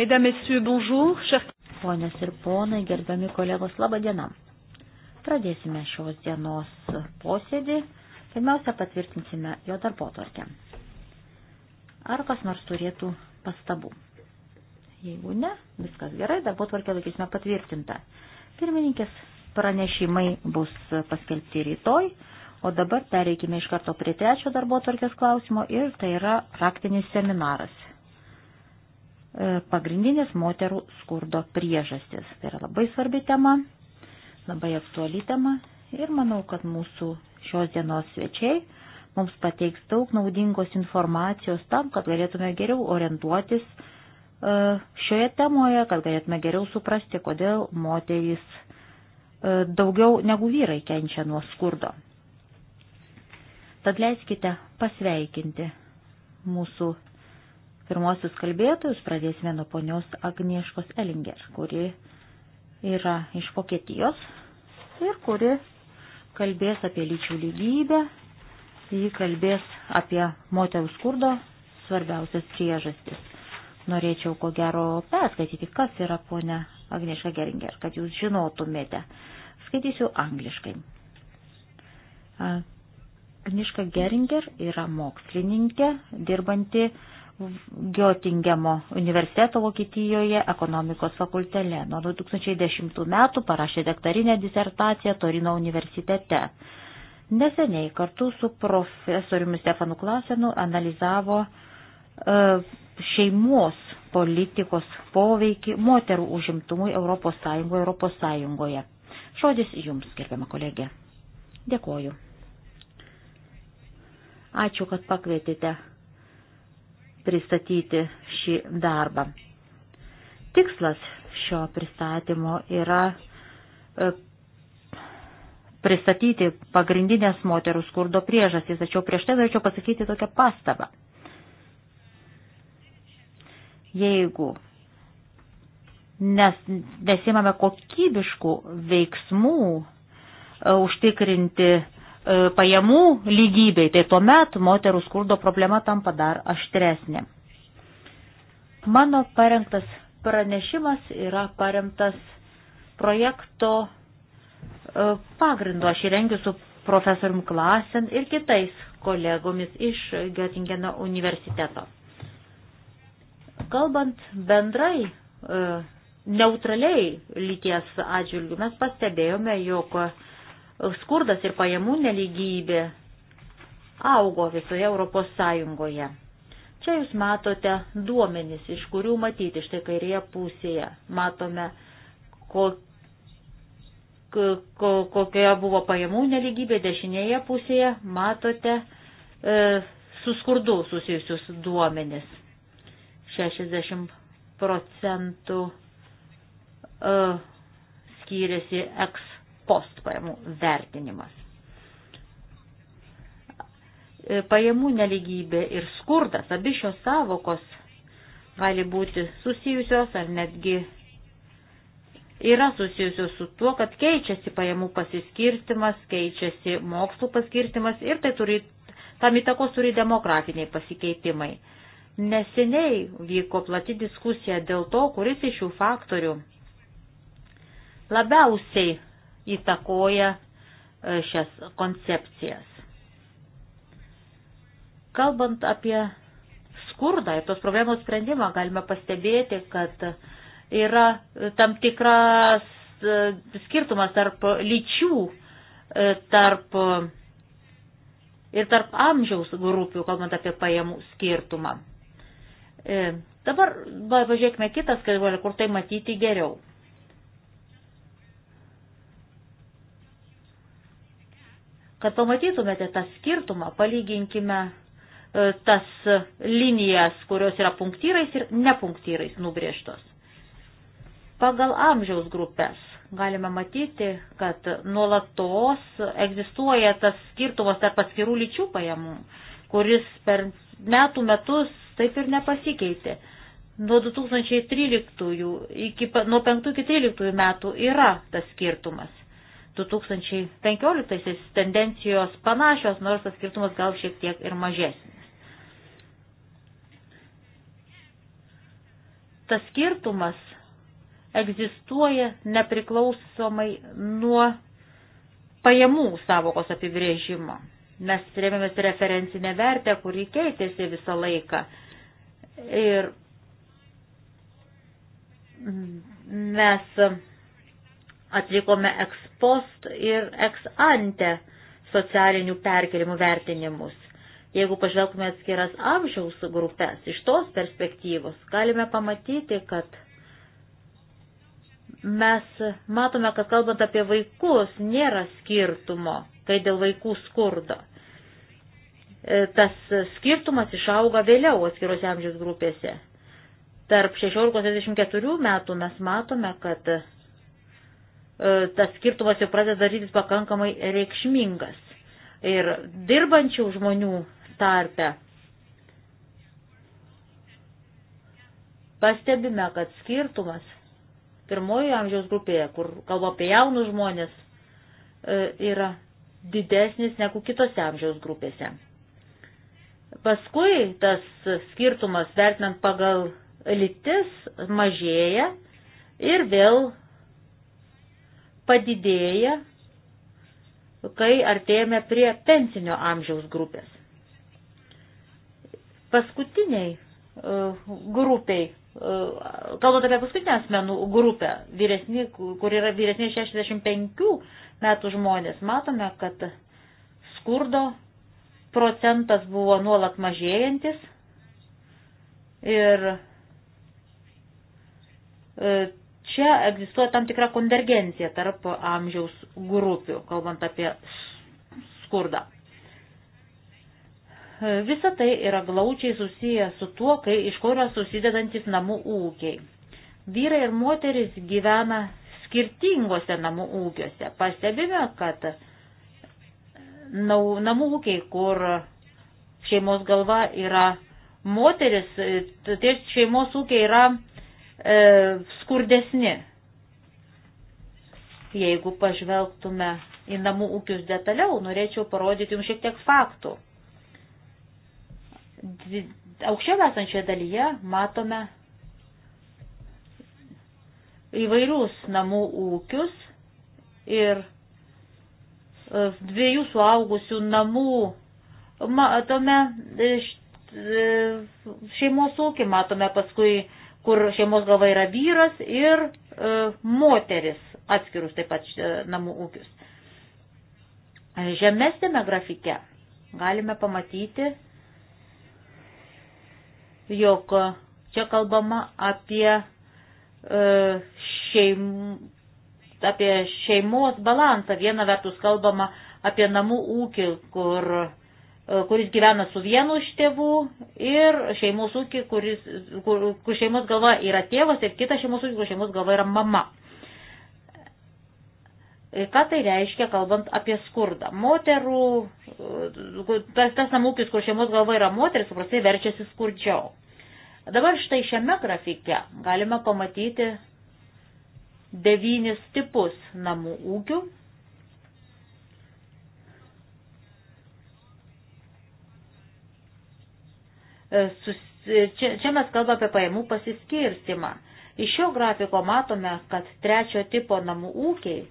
Mesdames, Messieurs, bonjour. Chers... Ponės ir ponai, gerbiami kolegos, laba diena. Pradėsime šios dienos posėdį. Pirmiausia, patvirtinsime jo darbo tvarkę. Ar kas nors turėtų pastabų? Jeigu ne, viskas gerai, darbo tvarkę laikysime patvirtintą. Pirmininkės pranešimai bus paskelbti rytoj, o dabar pereikime iš karto prie trečio darbo tvarkės klausimo ir tai yra praktinis seminaras E, pagrindinės moterų skurdo priežastis. Tai yra labai svarbi tema, labai aktuali tema ir manau, kad mūsų šios dienos svečiai mums pateiks daug naudingos informacijos tam, kad galėtume geriau orientuotis e, šioje temoje, kad galėtume geriau suprasti, kodėl moterys e, daugiau negu vyrai kenčia nuo skurdo. Tad leiskite pasveikinti mūsų pirmosius kalbėtojus pradėsime nuo ponios Agnieškos Elinger, kuri yra iš Vokietijos ir kuri kalbės apie lyčių lygybę, ji kalbės apie moterų skurdo svarbiausias priežastis. Norėčiau ko gero perskaityti, kas yra ponia Agnieška Geringer, kad jūs žinotumėte. Skaitysiu angliškai. Agnieška Geringer yra mokslininkė, dirbanti Giotingemo universiteto Vokietijoje ekonomikos fakultete. Nuo 2010 metų parašė dektarinę disertaciją Torino universitete. Neseniai kartu su profesoriumi Stefanu Klasenu analizavo uh, šeimos politikos poveikį moterų užimtumui Europos Sąjungoje, Europos Sąjungoje. Žodis jums, gerbiama kolegė. Dėkoju. Ačiū, kad pakvietėte pristatyti šį darbą. Tikslas šio pristatymo yra e, pristatyti pagrindinės moterų skurdo priežastys, tačiau prieš tai norėčiau pasakyti tokią pastabą. Jeigu nes, nesimame kokybiškų veiksmų, e, užtikrinti E, pajamų lygybei, tai tuomet moterų skurdo problema tampa dar aštresnė. Mano parengtas pranešimas yra paremtas projekto e, pagrindu. Aš įrengiu su profesorium Klasen ir kitais kolegomis iš Göttingeno universiteto. Kalbant bendrai, e, neutraliai lyties atžvilgių, mes pastebėjome, jog skurdas ir pajamų neligybė augo visoje Europos Sąjungoje. Čia jūs matote duomenis, iš kurių matyti, štai kairėje pusėje matome, ko, ko, kokia buvo pajamų neligybė, dešinėje pusėje matote e, su skurdu susijusius duomenis. 60 procentų e, skyrėsi eks post pajamų vertinimas. E, pajamų neligybė ir skurdas, abi šios savokos gali būti susijusios ar netgi yra susijusios su tuo, kad keičiasi pajamų pasiskirtimas, keičiasi mokslų paskirtimas ir tai turi, tam įtakos turi demografiniai pasikeitimai. Neseniai vyko plati diskusija dėl to, kuris iš šių faktorių labiausiai įtakoja e, šias koncepcijas. Kalbant apie skurdą ir tos problemos sprendimą, galime pastebėti, kad yra tam tikras e, skirtumas tarp lyčių, e, tarp ir tarp amžiaus grupių, kalbant apie pajamų skirtumą. E, dabar pažiūrėkime kitą skaidrolę, kur tai matyti geriau. Kad pamatytumėte tą skirtumą, palyginkime e, tas linijas, kurios yra punktyrais ir nepunktyrais nubrėžtos. Pagal amžiaus grupės galime matyti, kad nuolatos egzistuoja tas skirtumas tarp atskirų lyčių pajamų, kuris per metų metus taip ir nepasikeitė. Nuo 2013 iki, nuo 5 iki 13 metų yra tas skirtumas. 2015 tendencijos panašios, nors tas skirtumas gal šiek tiek ir mažesnis. Tas skirtumas egzistuoja nepriklausomai nuo pajamų savokos apibrėžimo. Mes remiamės referencinę vertę, kuri keitėsi visą laiką. Ir mes atlikome ex post ir ex ante socialinių perkelimų vertinimus. Jeigu pažvelgtume atskiras amžiaus grupės iš tos perspektyvos, galime pamatyti, kad mes matome, kad kalbant apie vaikus, nėra skirtumo, kai dėl vaikų skurdo. E, tas skirtumas išauga vėliau atskiruose amžiaus grupėse. Tarp 16-24 metų mes matome, kad E, tas skirtumas jau pradeda darytis pakankamai reikšmingas. Ir dirbančių žmonių tarpe pastebime, kad skirtumas pirmojo amžiaus grupėje, kur kalba apie jaunus žmonės, e, yra didesnis negu kitose amžiaus grupėse. Paskui tas skirtumas vertinant pagal lytis mažėja ir vėl padidėja, kai artėjame prie pensinio amžiaus grupės. Paskutiniai e, grupiai, e, kalbant apie paskutinę asmenų grupę, vyresni, kur yra vyresni 65 metų žmonės, matome, kad skurdo procentas buvo nuolat mažėjantis ir e, Čia egzistuoja tam tikra konvergencija tarp amžiaus grupių, kalbant apie skurdą. Visa tai yra glaučiai susiję su tuo, kai iš kur yra susidedantis namų ūkiai. Vyrai ir moteris gyvena skirtingose namų ūkiuose. Pastebime, kad namų ūkiai, kur šeimos galva yra moteris, tie šeimos ūkiai yra E, skurdesni. Jeigu pažvelgtume į namų ūkius detaliau, norėčiau parodyti jums šiek tiek faktų. Aukščiau esančioje dalyje matome įvairius namų ūkius ir e, dviejų suaugusių namų matome e, šeimos ūkį, matome paskui kur šeimos galva yra vyras ir e, moteris atskirus taip pat e, namų ūkius. Žemesnėme grafike galime pamatyti, jog čia kalbama apie, e, šeim, apie šeimos balansą. Viena vertus kalbama apie namų ūkį, kur kuris gyvena su vienu iš tėvų ir šeimos ūkį, kuris, kur, kur šeimos galva yra tėvas ir kita šeimos ūkį, kur šeimos galva yra mama. Ir ką tai reiškia, kalbant apie skurdą? Moterų, tas, tas namūkis, kur šeimos galva yra moteris, paprastai verčiasi skurdžiau. Dabar štai šiame grafike galime pamatyti devynis tipus namų ūkių, E, sus, čia, čia mes kalbame apie pajamų pasiskirstimą. Iš šio grafiko matome, kad trečio tipo namų ūkiai,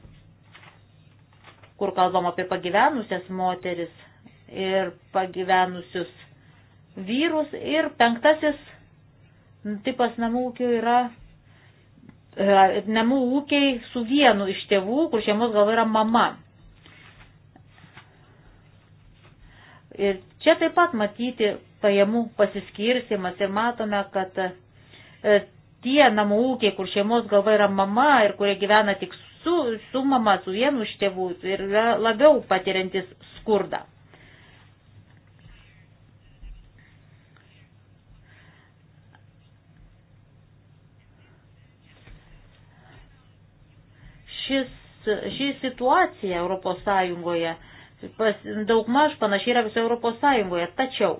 kur kalbam apie pagyvenusias moteris ir pagyvenusius vyrus, ir penktasis tipas namų ūkių yra e, namų ūkiai su vienu iš tėvų, kur šeimos galva yra mama. Ir čia taip pat matyti pajamų pasiskirstimas ir matome, kad e, tie namų ūkiai, kur šeimos galva yra mama ir kurie gyvena tik su, su mama, su vienu iš tėvų, yra labiau patiriantis skurdą. Šis, ši situacija Europos Sąjungoje daugmaž panašiai yra viso Europos Sąjungoje, tačiau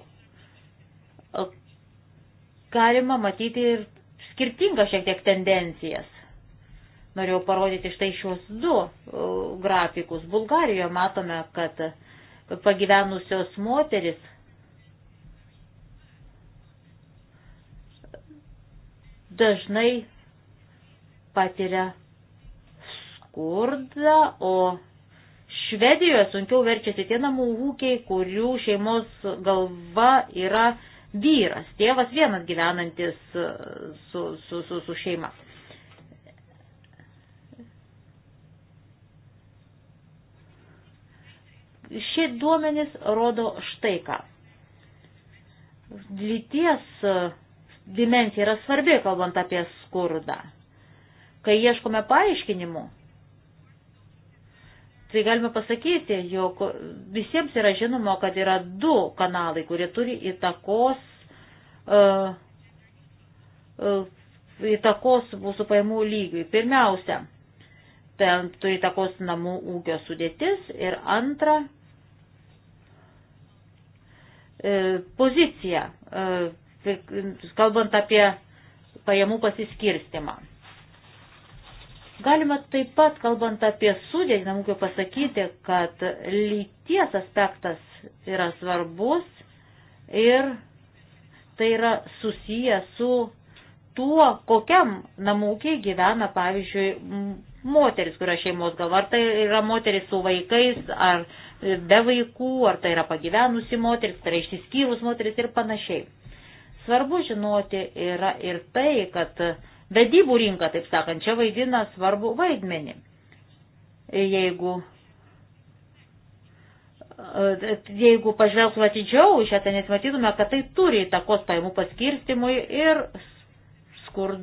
galima matyti ir skirtingą šiek tiek tendencijas. Norėjau parodyti štai šios du grafikus. Bulgarijoje matome, kad pagyvenusios moteris dažnai patiria skurdą, o Švedijoje sunkiau verčiasi tie namų ūkiai, kurių šeimos galva yra vyras, tėvas vienas gyvenantis e, su, su, su, su šeima. Šie duomenys rodo štai ką. Lyties e, dimensija yra svarbi, kalbant apie skurdą. Kai ieškome paaiškinimų, tai galime pasakyti, jog visiems yra žinoma, kad yra du kanalai, kurie turi įtakos, uh, uh, įtakos mūsų pajamų lygiui. Pirmiausia, ten turi įtakos namų ūkio sudėtis ir antra, uh, pozicija, kalbant apie pajamų pasiskirstimą. Galima taip pat, kalbant apie sudėtį, ūkio pasakyti, kad lyties aspektas yra svarbus ir tai yra susiję su tuo, kokiam namūkiai gyvena, pavyzdžiui, moteris, kurio šeimos gal, ar tai yra moteris su vaikais, ar be vaikų, ar tai yra pagyvenusi moteris, tai yra išsiskyrus moteris ir panašiai. Svarbu žinoti yra ir tai, kad Vedybų rinka, taip sakant, čia vaidina svarbu vaidmenį. Jeigu, jeigu pažvelgtume atidžiau, šią ten matytume, kad tai turi įtakos pajamų paskirstimui ir skur,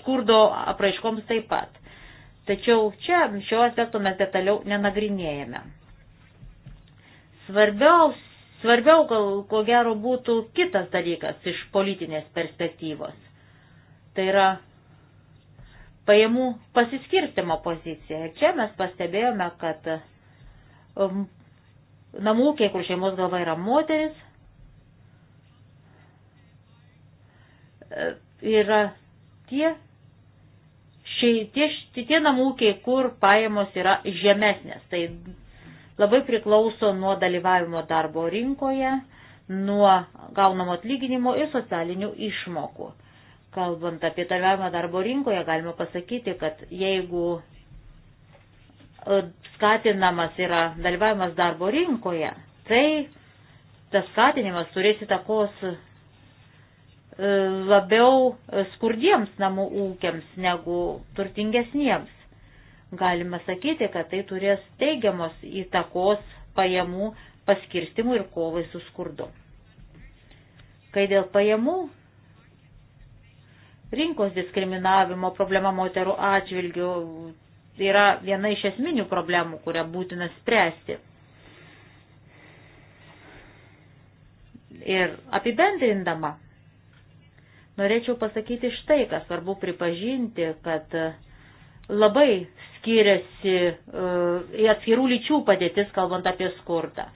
skurdo apraiškoms taip pat. Tačiau čia šio aspekto mes detaliau nenagrinėjame. Svarbiaus, svarbiau, gal, ko gero, būtų kitas dalykas iš politinės perspektyvos. Tai yra pajamų pasiskirstimo poziciją. Ir čia mes pastebėjome, kad um, namų ūkiai, kur šeimos galva yra moteris, e, yra tie, šie, tie, tie namų ūkiai, kur pajamos yra žemesnės. Tai labai priklauso nuo dalyvavimo darbo rinkoje, nuo gaunamo atlyginimo ir socialinių išmokų. Kalbant apie tarviavimą darbo rinkoje, galima pasakyti, kad jeigu e, skatinamas yra dalyvavimas darbo rinkoje, tai tas skatinimas turės įtakos e, labiau skurdiems namų ūkiams negu turtingesniems. Galima sakyti, kad tai turės teigiamos įtakos pajamų paskirstimų ir kovai su skurdu. Kai dėl pajamų Rinkos diskriminavimo problema moterų atžvilgių yra viena iš esminių problemų, kurią būtina spręsti. Ir apibendrindama, norėčiau pasakyti štai, kas svarbu pripažinti, kad labai skiriasi uh, atskirų lyčių padėtis, kalbant apie skurdą.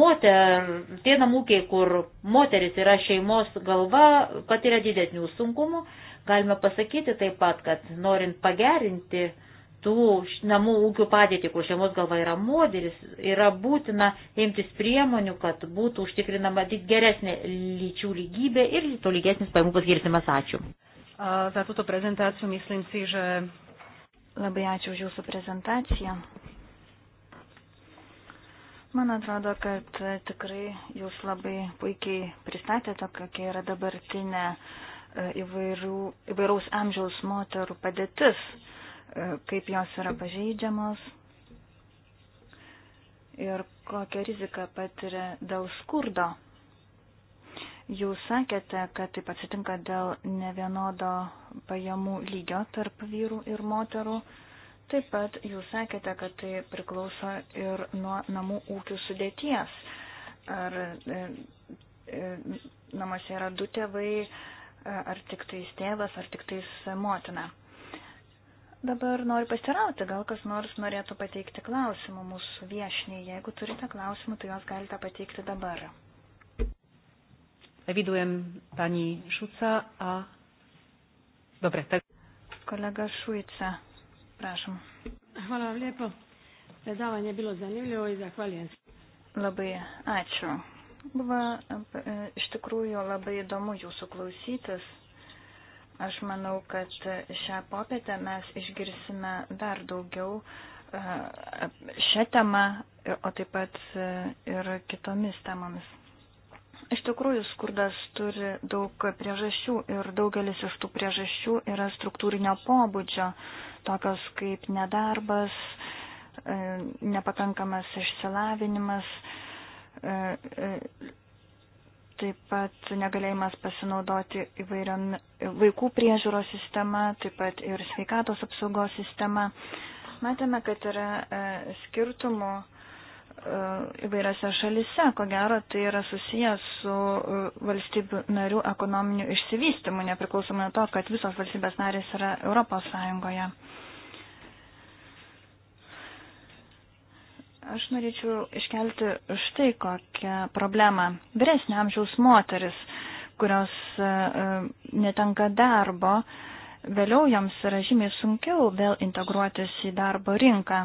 Moter, tie namūkiai, kur moteris yra šeimos galva, patiria didesnių sunkumų, uh, Galime pasakyti taip pat, kad norint pagerinti tų namų ūkių padėtį, kur šeimos galva yra moteris, yra būtina imtis priemonių, kad būtų užtikrinama geresnė lyčių lygybė ir to lygesnis paimų paskirstimas. Ačiū. Za tuto prezentaciją mislim si, že labai ačiū už jūsų prezentaciją. Man atrodo, kad tikrai jūs labai puikiai pristatėte, kokia yra dabartinė uh, E, įvairių, įvairaus amžiaus moterų padėtis, e, kaip jos yra pažeidžiamos ir kokią riziką patiria dėl skurdo. Jūs sakėte, kad taip atsitinka dėl nevienodo pajamų lygio tarp vyrų ir moterų. Taip pat jūs sakėte, kad tai priklauso ir nuo namų ūkių sudėties. Ar e, namuose yra du tėvai, ar tik tais tėvas, ar tik tais motina. Dabar noriu pasirauti, gal kas nors norėtų pateikti klausimų mūsų viešniai. Jeigu turite klausimų, tai juos galite pateikti dabar. Evidujem pani Šuca, a... Dobre, tak... Kolega Šujica, prašom. Hvala vam lijepo. Predavanje je bilo zanimljivo i zahvaljujem se. Labai ačiū Buvo e, iš tikrųjų labai įdomu jūsų klausytis. Aš manau, kad šią popietę mes išgirsime dar daugiau e, šią temą, o taip pat e, ir kitomis temomis. Iš tikrųjų, skurdas turi daug priežasčių ir daugelis iš tų priežasčių yra struktūrinio pobūdžio, tokios kaip nedarbas, nepakankamas išsilavinimas E, e, taip pat negalėjimas pasinaudoti įvairiom vaikų priežiūros sistema, taip pat ir sveikatos apsaugos sistema. Matėme, kad yra e, skirtumų įvairiose šalise, ko gero tai yra susijęs su valstybių narių ekonominiu išsivystymu, nepriklausomai nuo to, kad visos valstybės narės yra Europos Sąjungoje. Aš norėčiau iškelti štai kokią problemą. Vyresnio amžiaus moteris, kurios e, e, netenka darbo, vėliau joms yra žymiai sunkiau vėl integruotis į darbo rinką.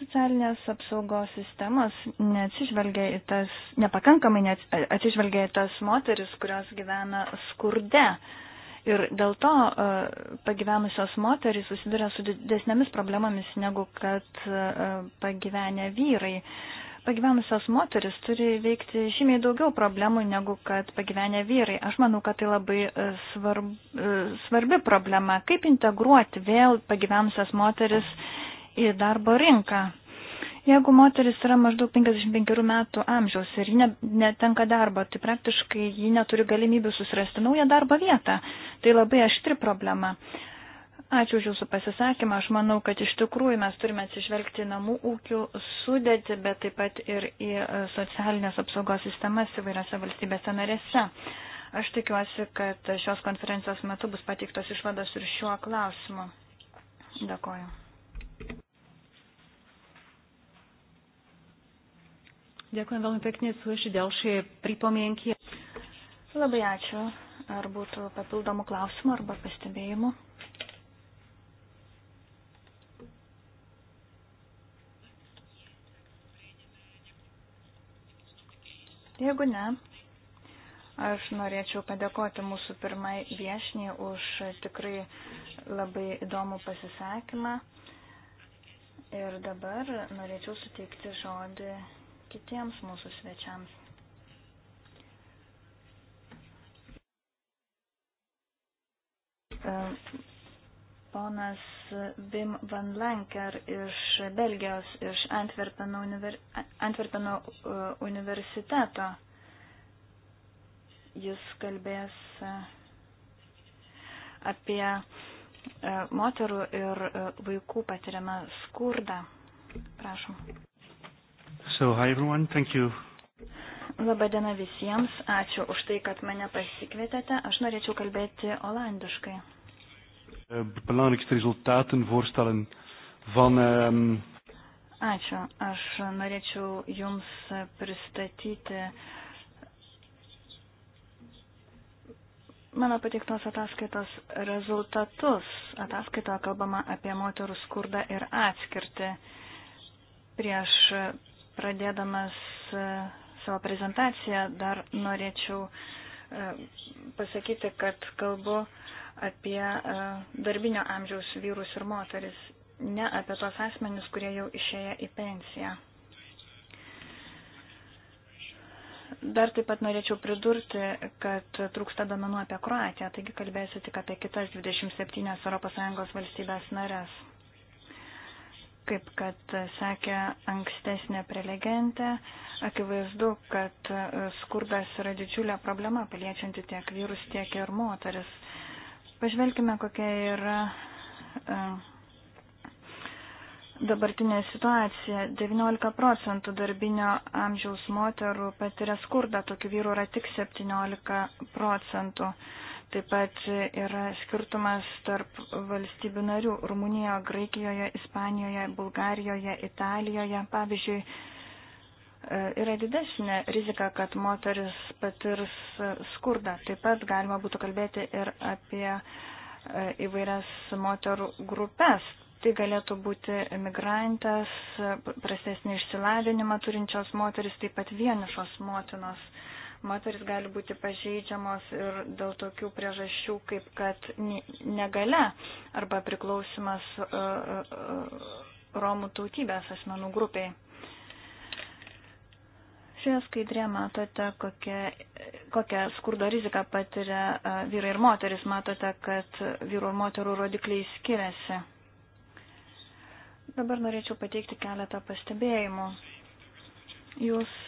Socialinės apsaugos sistemas neatsižvelgia į tas, nepakankamai neatsižvelgia į tas moteris, kurios gyvena skurde. Uh, Ir dėl to e, pagyvenusios moterys susiduria su didesnėmis problemomis negu kad e, pagyvenę vyrai. Pagyvenusios moteris turi veikti žymiai daugiau problemų negu kad pagyvenę vyrai. Aš manau, kad tai labai e, svarb, svarbi problema, kaip integruoti vėl pagyvenusias moteris į darbo rinką. Jeigu moteris yra maždaug 55 metų amžiaus ir ji ne, netenka darbo, tai praktiškai ji neturi galimybių susirasti naują darbo vietą. Tai labai aštri problema. Ačiū už Jūsų pasisakymą. Aš manau, kad iš tikrųjų mes turime atsižvelgti namų ūkių sudėti, bet taip pat ir į e, socialinės apsaugos sistemas įvairiose valstybėse narėse. Aš tikiuosi, kad šios konferencijos metu bus pateiktos išvados ir šiuo klausimu. Dėkoju. Ďakujem veľmi pekne. Sú ešte ďalšie pripomienky? Labai ačiū. Ar būtų papildomų klausimų arba pastebėjimų? Jeigu ne, aš norėčiau padėkoti mūsų pirmai viešniai už tikrai labai įdomų pasisakymą. Ir dabar norėčiau suteikti žodį kitiems mūsų svečiams. Ponas Vim van Lenker iš Belgijos, iš Antverpeno, univer... Antverpeno e, universiteto. Jis kalbės e, apie e, moterų ir vaikų patiriamą skurdą. Prašom. So, hi everyone, thank you. Labadiena visiems, ačiū už tai, kad mane pasikvietėte. Aš norėčiau kalbėti olandiškai. Eh, belangrijkste rezultaten voorstellen van. Um... Ačiū. Aš norėčiau Jums pristatyti mano pateiktos ataskaitos rezultatus. Ataskaitoje kalbama apie moterų skurdą ir atskirtį. Prieš Pradėdamas e, savo prezentaciją dar norėčiau e, pasakyti, kad kalbu apie e, darbinio amžiaus vyrus ir moteris, ne apie tos asmenis, kurie jau išėję į pensiją. Dar taip pat norėčiau pridurti, kad trūksta domenų apie Kroatiją, taigi kalbėsiu tik apie kitas 27 ES valstybės narės. Kaip kad sakė ankstesnė prelegentė, akivaizdu, kad skurdas yra didžiulė problema, paliečianti tiek vyrus, tiek ir moteris. Pažvelkime, kokia yra e, dabartinė situacija. 19 procentų darbinio amžiaus moterų patiria skurdą, tokių vyrų yra tik 17 procentų. Taip pat yra skirtumas tarp valstybių narių - Rumunijoje, Graikijoje, Ispanijoje, Bulgarijoje, Italijoje. Pavyzdžiui, e, yra didesnė rizika, kad moteris patirs skurdą. Taip pat galima būtų kalbėti ir apie e, įvairias moterų grupės. Tai galėtų būti migrantės, prastesnį išsilavinimą turinčios moteris, taip pat vienišos motinos moteris gali būti pažeidžiamos ir dėl tokių priežasčių, kaip kad negale arba priklausimas e, e, e, Romų tautybės asmenų grupiai. Šioje skaidrėje matote, kokia, kokią skurdo riziką patiria vyrai ir moteris. Matote, kad vyrų ir moterų rodikliai skiriasi. Dabar norėčiau pateikti keletą pastebėjimų. Jūs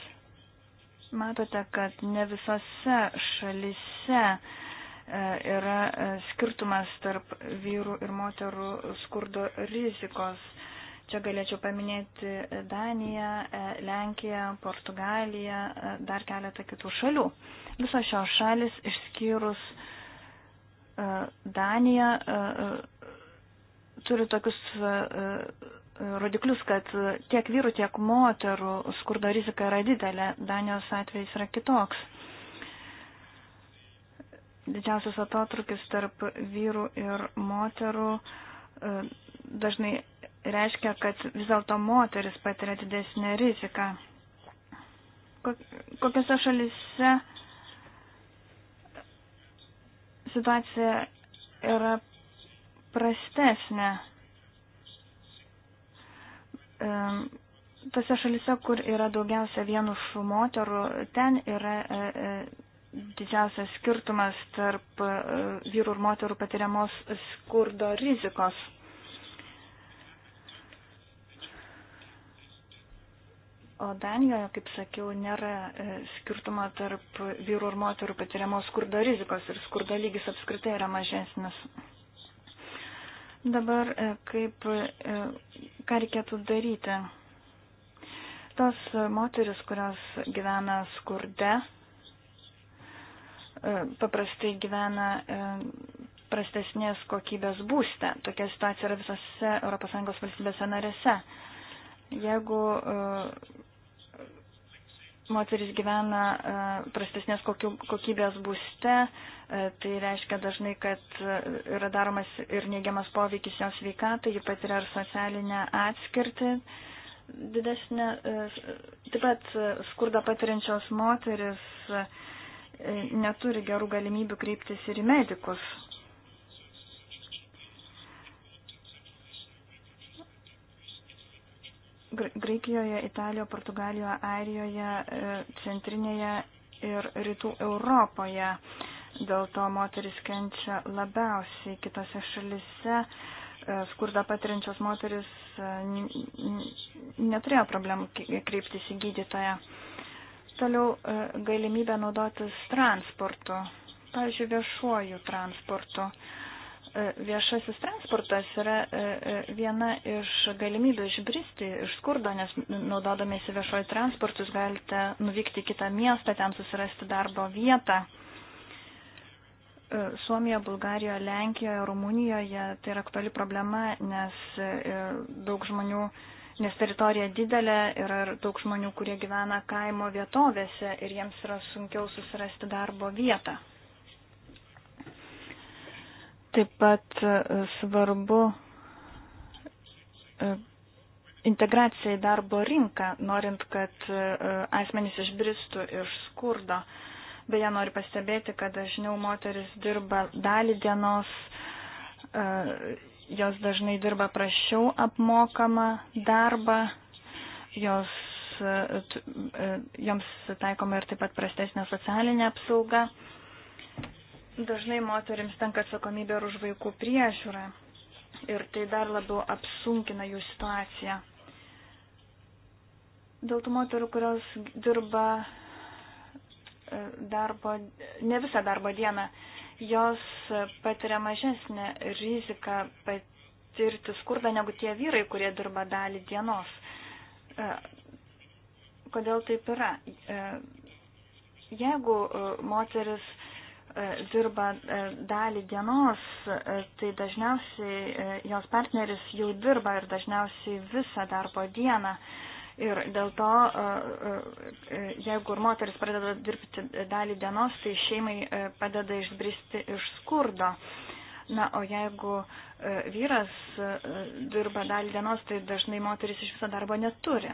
matote, kad ne visose šalise e, yra e, skirtumas tarp vyrų ir moterų skurdo rizikos. Čia galėčiau paminėti e, Daniją, Lenkiją, Portugaliją, dar keletą kitų šalių. Visos šios šalis išskyrus Daniją turi tokius rodiklius, kad tiek vyrų, tiek moterų skurdo rizika yra didelė, Danijos atvejais yra kitoks. Didžiausias atotrukis tarp vyrų ir moterų e, dažnai reiškia, kad vis dėlto moteris patiria didesnę riziką. Kokiose šalise situacija yra prastesnė? tose šalise, kur yra daugiausia vienušų moterų, ten yra e, e, didžiausias skirtumas tarp e, vyrų ir moterų patiriamos skurdo rizikos. O Danijoje, kaip sakiau, nėra skirtumo tarp vyrų ir moterų patiriamos skurdo rizikos ir skurdo lygis apskritai yra mažesnis. Dabar e, kaip, e, ką reikėtų daryti? Tos moteris, kurios gyvena skurde, e, paprastai gyvena prastesnės kokybės būste. Tokia situacija yra visose ES valstybėse narėse. Jeigu moteris gyvena e, prastesnės kokybės būste, e, tai reiškia dažnai, kad e, yra daromas ir neigiamas poveikis jos veikatai, ji patiria ir socialinę atskirtį. Didesnė, taip pat skurda patiriančios moteris neturi gerų galimybių kreiptis ir į medikus. Graikijoje, Italijoje, Portugalijoje, Airijoje, e, Centrinėje ir Rytų Europoje. Dėl to moteris kenčia labiausiai kitose šalise. Skurda patirinčios moteris e, neturėjo problemų kreiptis į gydytoją. Toliau e, galimybė naudotis transportu, pavyzdžiui, viešuoju transportu. E, viešasis transportas yra e, e, viena iš galimybių išbristi iš skurdo, nes naudodamėsi viešoji transportus galite nuvykti į kitą miestą, ten susirasti darbo vietą. Suomijoje, Bulgarijoje, Lenkijoje, Rumunijoje tai yra aktuali problema, nes daug žmonių, nes teritorija didelė, yra daug žmonių, kurie gyvena kaimo vietovėse ir jiems yra sunkiau susirasti darbo vietą. Taip pat e, svarbu e, integracija į darbo rinką, norint, kad e, asmenys išbristų iš skurdo. Beje, noriu pastebėti, kad dažniau moteris dirba dalį dienos, jos dažnai dirba prašiau apmokamą darbą, jos, joms taikoma ir taip pat prastesnė socialinė apsauga. Dažnai moterims tenka atsakomybė ir už vaikų priežiūrą ir tai dar labiau apsunkina jų situaciją. Dėl tų moterų, kurios dirba e, darbo, ne visą darbo dieną, jos patiria mažesnę riziką patirti skurdą negu tie vyrai, kurie dirba dalį dienos. E, kodėl taip yra? E, jeigu moteris E, dirba e, dalį dienos, e, tai dažniausiai jos partneris jau dirba ir dažniausiai visą darbo dieną. Ir dėl to, jeigu ir moteris pradeda dirbti dalį dienos, tai šeimai padeda išbristi iš skurdo. Na, o jeigu vyras dirba dalį dienos, tai dažnai moteris iš viso darbo neturi.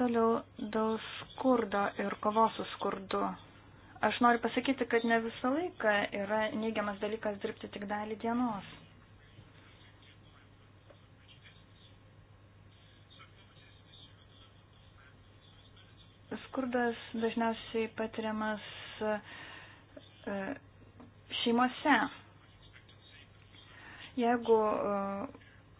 Toliau dėl skurdo ir kovos su skurdu. Aš noriu pasakyti, kad ne visą laiką yra neigiamas dalykas dirbti tik dalį dienos. Skurdas dažniausiai patiriamas e, šeimose. Jeigu e,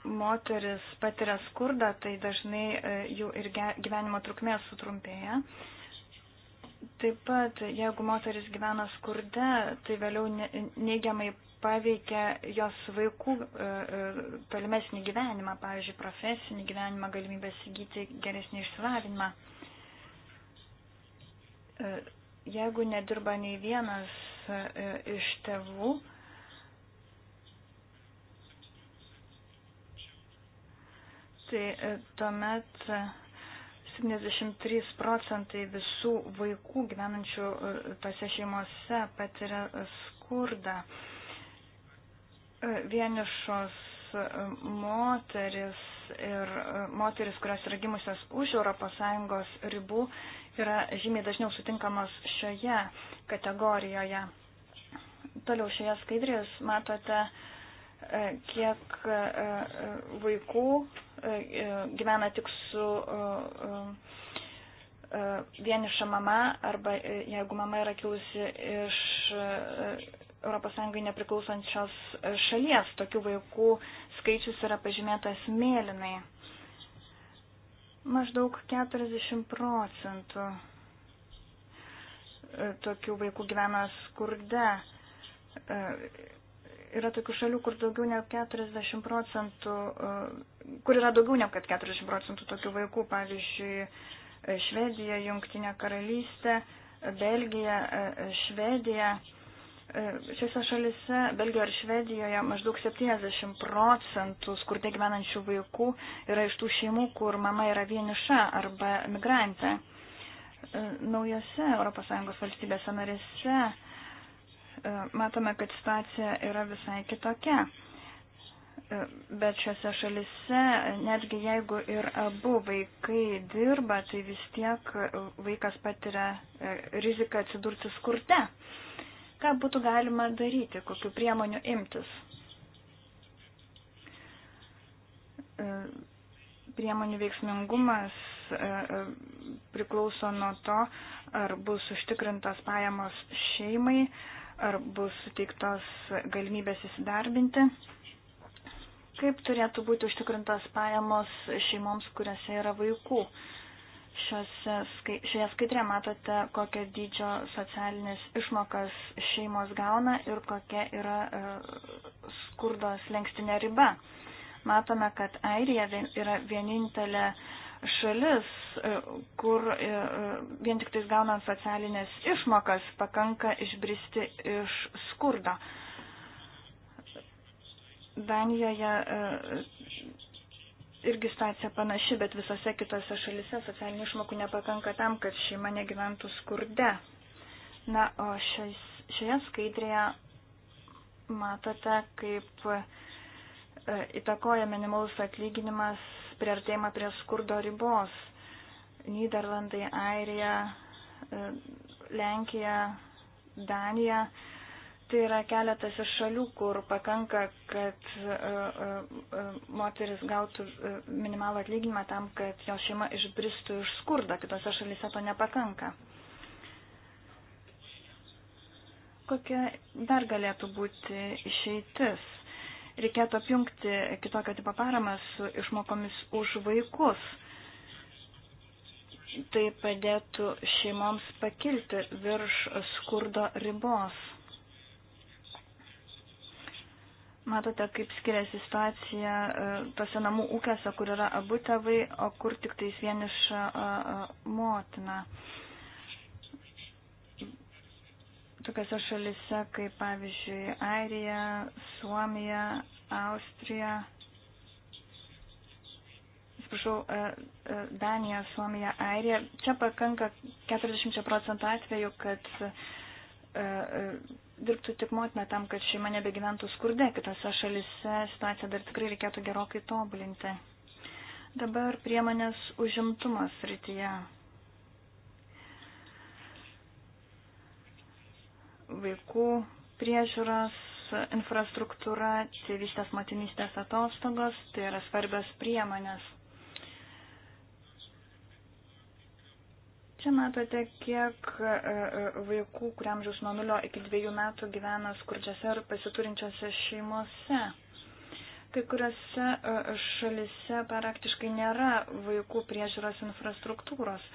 moteris patiria skurdą, tai dažnai e, jų ir gyvenimo trukmė sutrumpėja. Taip pat, jeigu moteris gyvena skurde, tai vėliau neigiamai paveikia jos vaikų e, e, tolimesnį gyvenimą, pavyzdžiui, profesinį gyvenimą, galimybę įgyti geresnį išsilavinimą. Jeigu nedirba nei vienas iš tėvų, tai e, tuomet 73 e, procentai visų vaikų gyvenančių e, tose šeimose patiria skurdą. Vienišos moteris ir moteris, kurios yra gimusios už ES ribų, yra žymiai dažniau sutinkamos šioje kategorijoje. Toliau šioje skaidrėje matote uh, kiek e, e, vaikų e, gyvena tik su vieniša mama arba jeigu mama yra kilusi iš ES nepriklausančios šalies, tokių vaikų skaičius yra pažymėtas mėlynai. Maždaug 40 procentų tokių vaikų gyvena skurde yra tokių šalių, kur daugiau negu 40 procentų, e, kur yra daugiau negu 40 procentų tokių vaikų, pavyzdžiui, e, Švedija, Jungtinė karalystė, Belgija, e, Švedija. Šiose šalise, Belgijoje ir Švedijoje, maždaug 70 procentų skurde gyvenančių vaikų yra iš tų šeimų, kur mama yra vieniša arba migrantė. Naujose ES valstybėse narėse E, matome, kad situacija yra visai kitokia. E, bet šiuose šalise, netgi jeigu ir abu vaikai dirba, tai vis tiek vaikas patiria e, riziką atsidurti skurte. Ką būtų galima daryti, kokiu priemoniu imtis? priemonių veiksmingumas priklauso nuo to, ar bus užtikrintos pajamos šeimai, ar bus suteiktos galimybės įsidarbinti, kaip turėtų būti užtikrintos pajamos šeimoms, kuriuose yra vaikų. Šiose, šioje skaidrė matote, kokią dydžio socialinės išmokas šeimos gauna ir kokia yra e, skurdos lengstinė riba. Matome, kad Airija yra vienintelė uh, šalis, e, kur e, vien tik tais gaunant socialinės išmokas pakanka išbristi iš skurdo. Danijoje e, irgi situacija panaši, bet visose kitose šalise socialinių išmokų nepakanka tam, kad šeima negyventų skurde. Na, o šiais, šioje skaidrėje matote, kaip įtakoja minimalus atlyginimas priartėjimą prie skurdo ribos. Niderlandai, Airija, e, Lenkija, Danija. Tai yra keletas iš šalių, kur pakanka, kad e, e, moteris gautų minimalų atlyginimą tam, kad jo šeima išbristų iš skurdo. Kitose šalyse to nepakanka. Kokia dar galėtų būti išeitis? reikėtų apjungti kitokio tipo paramą su išmokomis už vaikus. Tai padėtų šeimoms pakilti virš skurdo ribos. Matote, kaip skiriasi situacija e, tose namų ūkiuose, kur yra abu tėvai, o kur tik tais vieniša e, e, motina tokiose šalise kaip pavyzdžiui Airija, Suomija, Austrija, atsiprašau, e, e, Danija, Suomija, Airija. Čia pakanka 40 procentų atveju, kad e, dirbtų tik motina tam, kad šeima nebegyventų skurde, kitose šalise situaciją dar tikrai reikėtų gerokai tobulinti. Dabar priemonės užimtumas rytyje. vaikų priežiūros infrastruktūra, tėvystės motinystės atostogos, tai yra svarbios priemonės. Čia matote, kiek e, e, vaikų, kuriamžiaus nuo 0 iki 2 metų gyvena skurdžiose ir pasiturinčiose šeimose. Kai kuriuose e, šalise praktiškai nėra vaikų priežiūros infrastruktūros.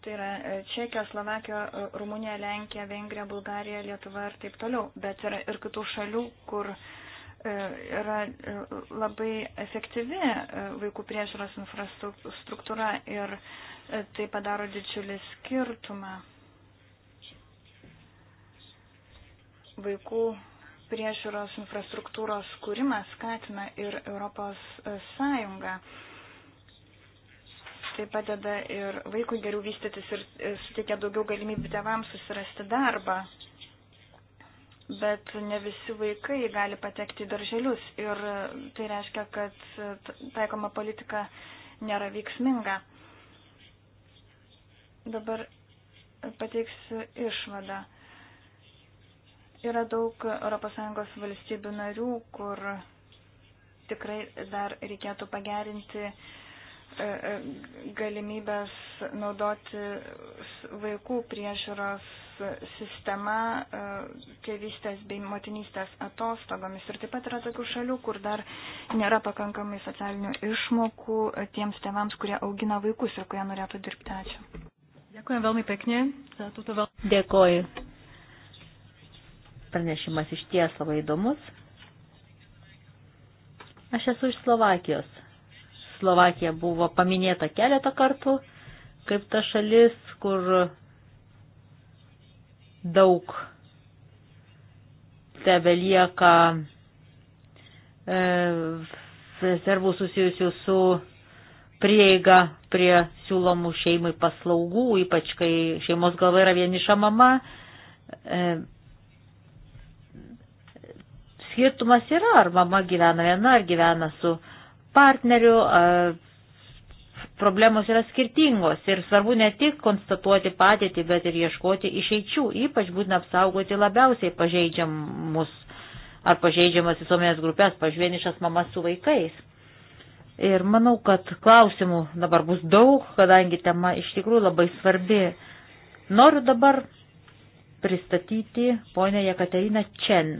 Tai yra e, Čekija, Slovakija, e, Rumunija, Lenkija, Vengrija, Bulgarija, Lietuva ir taip toliau. Bet yra ir kitų šalių, kur e, yra labai efektyvi vaikų priežiūros infrastruktūra ir tai padaro didžiulį skirtumą. Vaikų priežiūros infrastruktūros kūrimas skatina ir Europos Sąjungą tai padeda ir vaikui geriau vystytis ir suteikia daugiau galimybių tėvams susirasti darbą. Bet ne visi vaikai gali patekti į darželius ir tai reiškia, kad taikoma politika nėra veiksminga. Dabar pateiksiu išvadą. Yra daug ES valstybių narių, kur tikrai dar reikėtų pagerinti uh, E, e, galimybės naudoti vaikų priežiūros sistema e, tėvystės bei motinystės atostogomis. Ir taip pat yra tokių šalių, kur dar nėra pakankamai socialinių išmokų tiems tėvams, kurie augina vaikus ir kurie norėtų dirbti. Ačiū. Dėkuoju velmi pekne. Dėkuoju. Pranešimas iš ties labai įdomus. Aš esu iš Slovakijos Slovakija buvo paminėta keletą kartų kaip ta šalis, kur daug tebe lieka e, rezervų susijusių su prieiga prie siūlomų šeimai paslaugų, ypač kai šeimos galva yra vieniša mama. E, skirtumas yra, ar mama gyvena viena, ar gyvena su partnerių, problemos yra skirtingos ir svarbu ne tik konstatuoti padėtį, bet ir ieškoti išeičių, ypač būtina apsaugoti labiausiai pažeidžiamus ar pažeidžiamas visuomenės grupės, pažvienišas mamas su vaikais. Ir manau, kad klausimų dabar bus daug, kadangi tema iš tikrųjų labai svarbi. Noriu dabar pristatyti ponę Jekateriną Čen.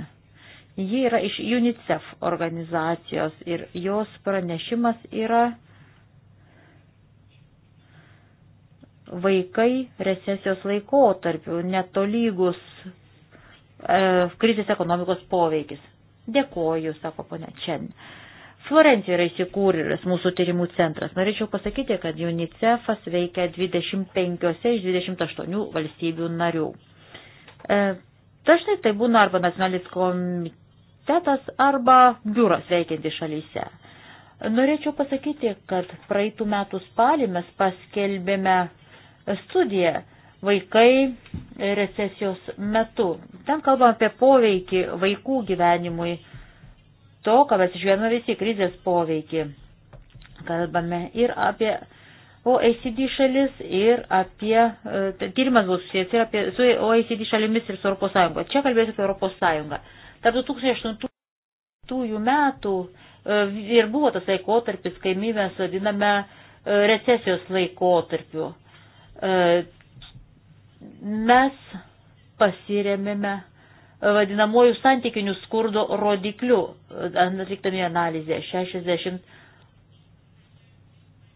Ji yra iš UNICEF organizacijos ir jos pranešimas yra vaikai recesijos laikotarpių netolygus e, krizės ekonomikos poveikis. Dėkoju, sako ponia Čen. Florencijoje yra įsikūręs mūsų tyrimų centras. Norėčiau pasakyti, kad UNICEF'as veikia 25 iš 28 valstybių narių. E, dažnai tai būna arba nacionalinis komitetas universitetas arba biuras veikianti šalyse. Norėčiau pasakyti, kad praeitų metų spalį mes paskelbėme studiją vaikai recesijos metu. Ten kalbam apie poveikį vaikų gyvenimui, to, ką mes išgyvename visi krizės poveikį. Kalbame ir apie OECD šalis ir apie, e, tai tyrimas bus susijęs ir apie, su OECD šalimis ir su Europos Sąjunga. Čia kalbėsiu apie Europos Sąjungą. Tarp 2008 metų e, ir buvo tas laikotarpis, kai mes vadiname e, recesijos laikotarpiu. E, mes pasiremėme vadinamojų santykinių skurdo rodiklių, atliktami analizę 60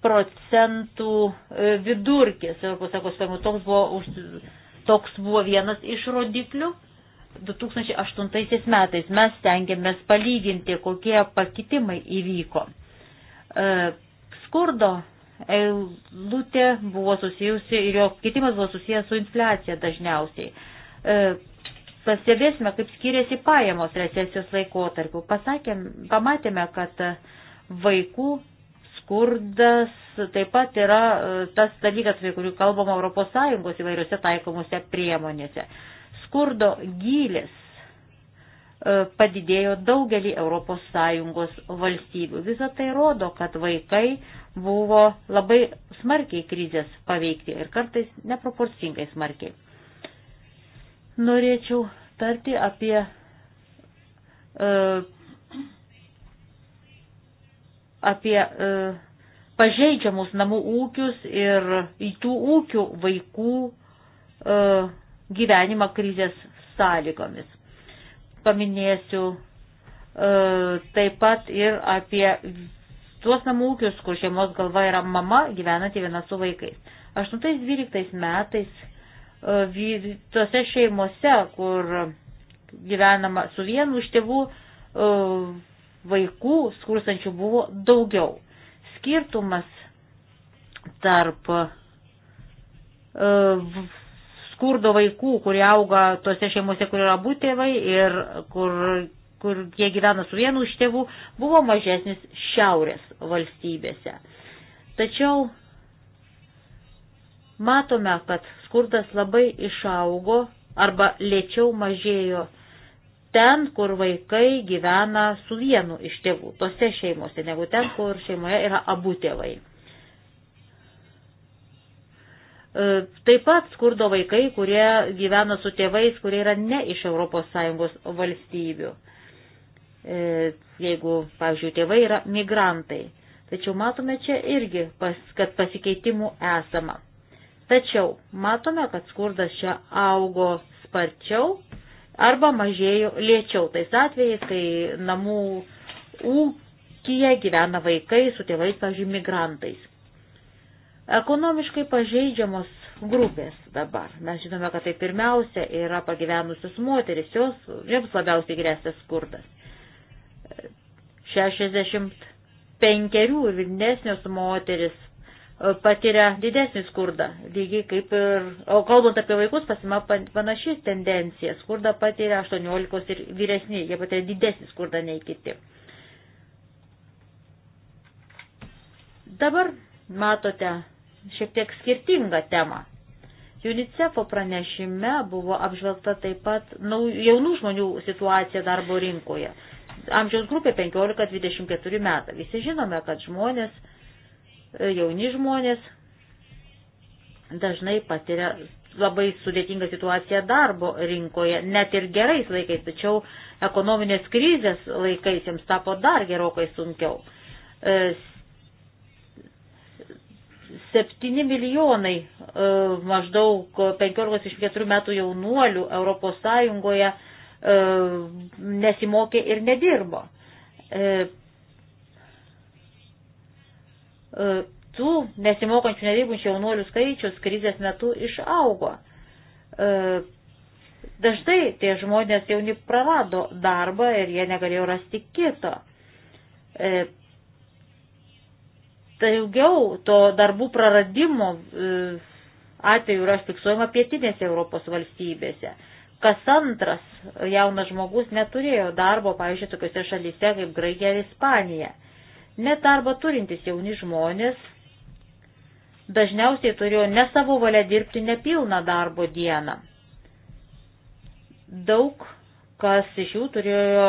procentų vidurkis. Europos Sąjungos pajamų toks buvo, toks buvo vienas iš rodiklių. 2008 metais mes tengiamės palyginti, kokie pakitimai įvyko. E, skurdo eilutė buvo susijusi ir jo kitimas buvo susijęs su infliacija dažniausiai. E, pastebėsime, kaip skiriasi pajamos recesijos laikotarpiu. Pasakėm, pamatėme, kad vaikų skurdas taip pat yra e, tas dalykas, apie kurį kalbama ES įvairiuose taikomuose priemonėse skurdo gylis e, padidėjo daugelį ES valstybių. Visą tai rodo, kad vaikai buvo labai smarkiai krizės paveikti ir kartais neproporcingai smarkiai. Norėčiau tarti apie e, apie e, pažeidžiamus namų ūkius ir į tų ūkių vaikų gyvenimą krizės sąlygomis. Paminėsiu e, taip pat ir apie tuos namų ūkius, kur šeimos galva yra mama gyvenanti viena su vaikais. 8-12 metais e, tose šeimose, kur gyvenama su vienu iš tėvų, e, vaikų skurstančių buvo daugiau. Skirtumas tarp e, skurdo vaikų, kurie auga tose šeimose, kur yra abu tėvai ir kur, kur jie gyvena su vienu iš tėvų, buvo mažesnis šiaurės valstybėse. Tačiau matome, kad skurdas labai išaugo arba lėčiau mažėjo ten, kur vaikai gyvena su vienu iš tėvų, tose šeimose, negu ten, kur šeimoje yra abu tėvai. E, taip pat skurdo vaikai, kurie gyvena su tėvais, kurie yra ne iš ES valstybių. E, jeigu, pavyzdžiui, tėvai yra migrantai. Tačiau matome čia irgi, pas, kad pasikeitimų esama. Tačiau matome, kad skurdas čia augo sparčiau arba mažėjo lėčiau. Tais atvejais, kai namų ūkija gyvena vaikai su tėvais, pavyzdžiui, migrantais. Ekonomiškai pažeidžiamos grupės dabar. Mes žinome, kad tai pirmiausia yra pagyvenusios moteris, jos, joms labiausiai grėsia skurdas. 65 ir vyresnios moteris e, patiria didesnį skurdą, lygiai kaip ir, o kalbant apie vaikus, pasima panaši tendencija, skurdą patiria 18 ir vyresni, jie patiria didesnį skurdą nei kiti. Dabar matote šiek tiek skirtingą temą. UNICEF'o pranešime buvo apžvelgta taip pat jaunų žmonių situacija darbo rinkoje. Amžiaus grupė 15-24 metai. Visi žinome, kad žmonės, e, jauni žmonės dažnai patiria labai sudėtingą situaciją darbo rinkoje, net ir gerais laikais, tačiau ekonominės krizės laikais jiems tapo dar gerokai sunkiau e, 7 milijonai e, maždaug 15 iš 4 metų jaunuolių Europos Sąjungoje e, nesimokė ir nedirbo. E, tų nesimokančių nedirbančių jaunuolių skaičius krizės metu išaugo. Dažnai tie žmonės jauni prarado darbą ir jie negalėjo rasti kito daugiau tai to darbų praradimo e, atveju yra fiksuojama pietinėse Europos valstybėse. Kas antras jaunas žmogus neturėjo darbo, pavyzdžiui, tokiuose šalyse kaip Graikija ir Ispanija. Net darbą turintys jauni žmonės dažniausiai turėjo ne savo valia dirbti nepilną darbo dieną. Daug kas iš jų turėjo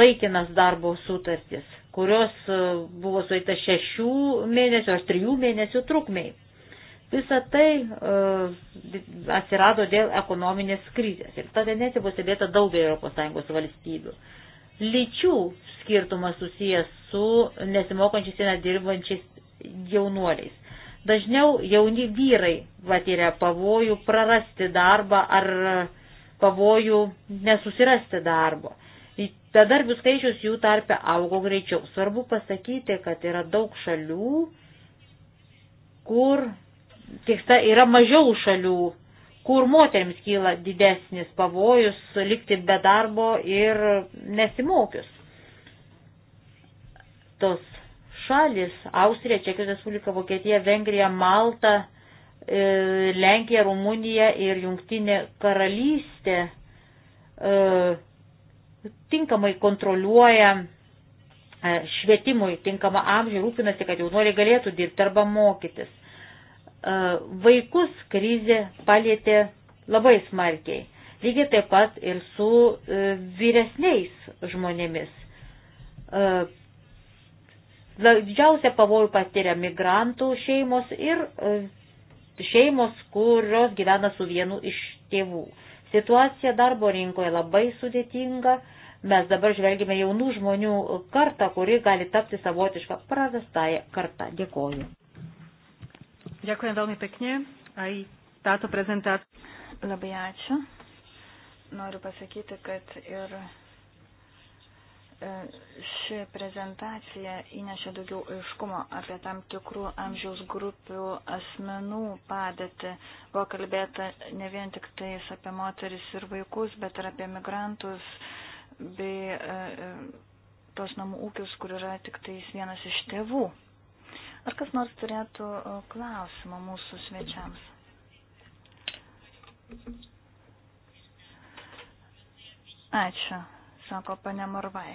laikinas darbo sutartis kurios e, buvo suėta šešių mėnesių ar trijų mėnesių trukmiai. Visa tai uh, atsirado dėl ekonominės krizės ir ta tendencija buvo stebėta daugelį ES valstybių. Lyčių skirtumas susijęs su nesimokančiais ir nedirbančiais jaunuoliais. Dažniau jauni vyrai patiria pavojų prarasti darbą ar pavojų nesusirasti darbo. Uh, Bedarbių skaičius jų tarpe augo greičiau. Svarbu pasakyti, kad yra daug šalių, kur, tiesa, yra mažiau šalių, kur moteriams kyla didesnis pavojus likti be darbo ir nesimokius. Tos šalis - Austrija, Čekijos Respublika, Vokietija, Vengrija, Malta, e, Lenkija, Rumunija ir Jungtinė karalystė e, tinkamai kontroliuoja e, švietimui tinkamą amžių, rūpinasi, kad jaunuoliai galėtų dirbti arba mokytis. E, vaikus krizė palėtė labai smarkiai. Lygiai taip pat ir su e, vyresniais žmonėmis. Didžiausia pavojų patiria migrantų šeimos ir šeimos, kurios gyvena su vienu iš tėvų. Situacija darbo rinkoje labai sudėtinga. Mes dabar žvelgime jaunų žmonių kartą, kuri gali tapti savotišką prarastąją kartą. Dėkoju. Dėkuoju veľmi pekne. Aj táto prezentácia. Labai ačiū. Noriu pasakyti, kad ir E, ši prezentacija įnešė daugiau aiškumo apie tam tikrų amžiaus grupių asmenų padėtį. Buvo kalbėta ne vien tik tais apie moteris ir vaikus, bet ir apie migrantus bei e, e tos namų ūkius, kur yra tik tais vienas iš tėvų. Ar kas nors turėtų e, klausimą mūsų svečiams? Ačiū, sako pane Morvai.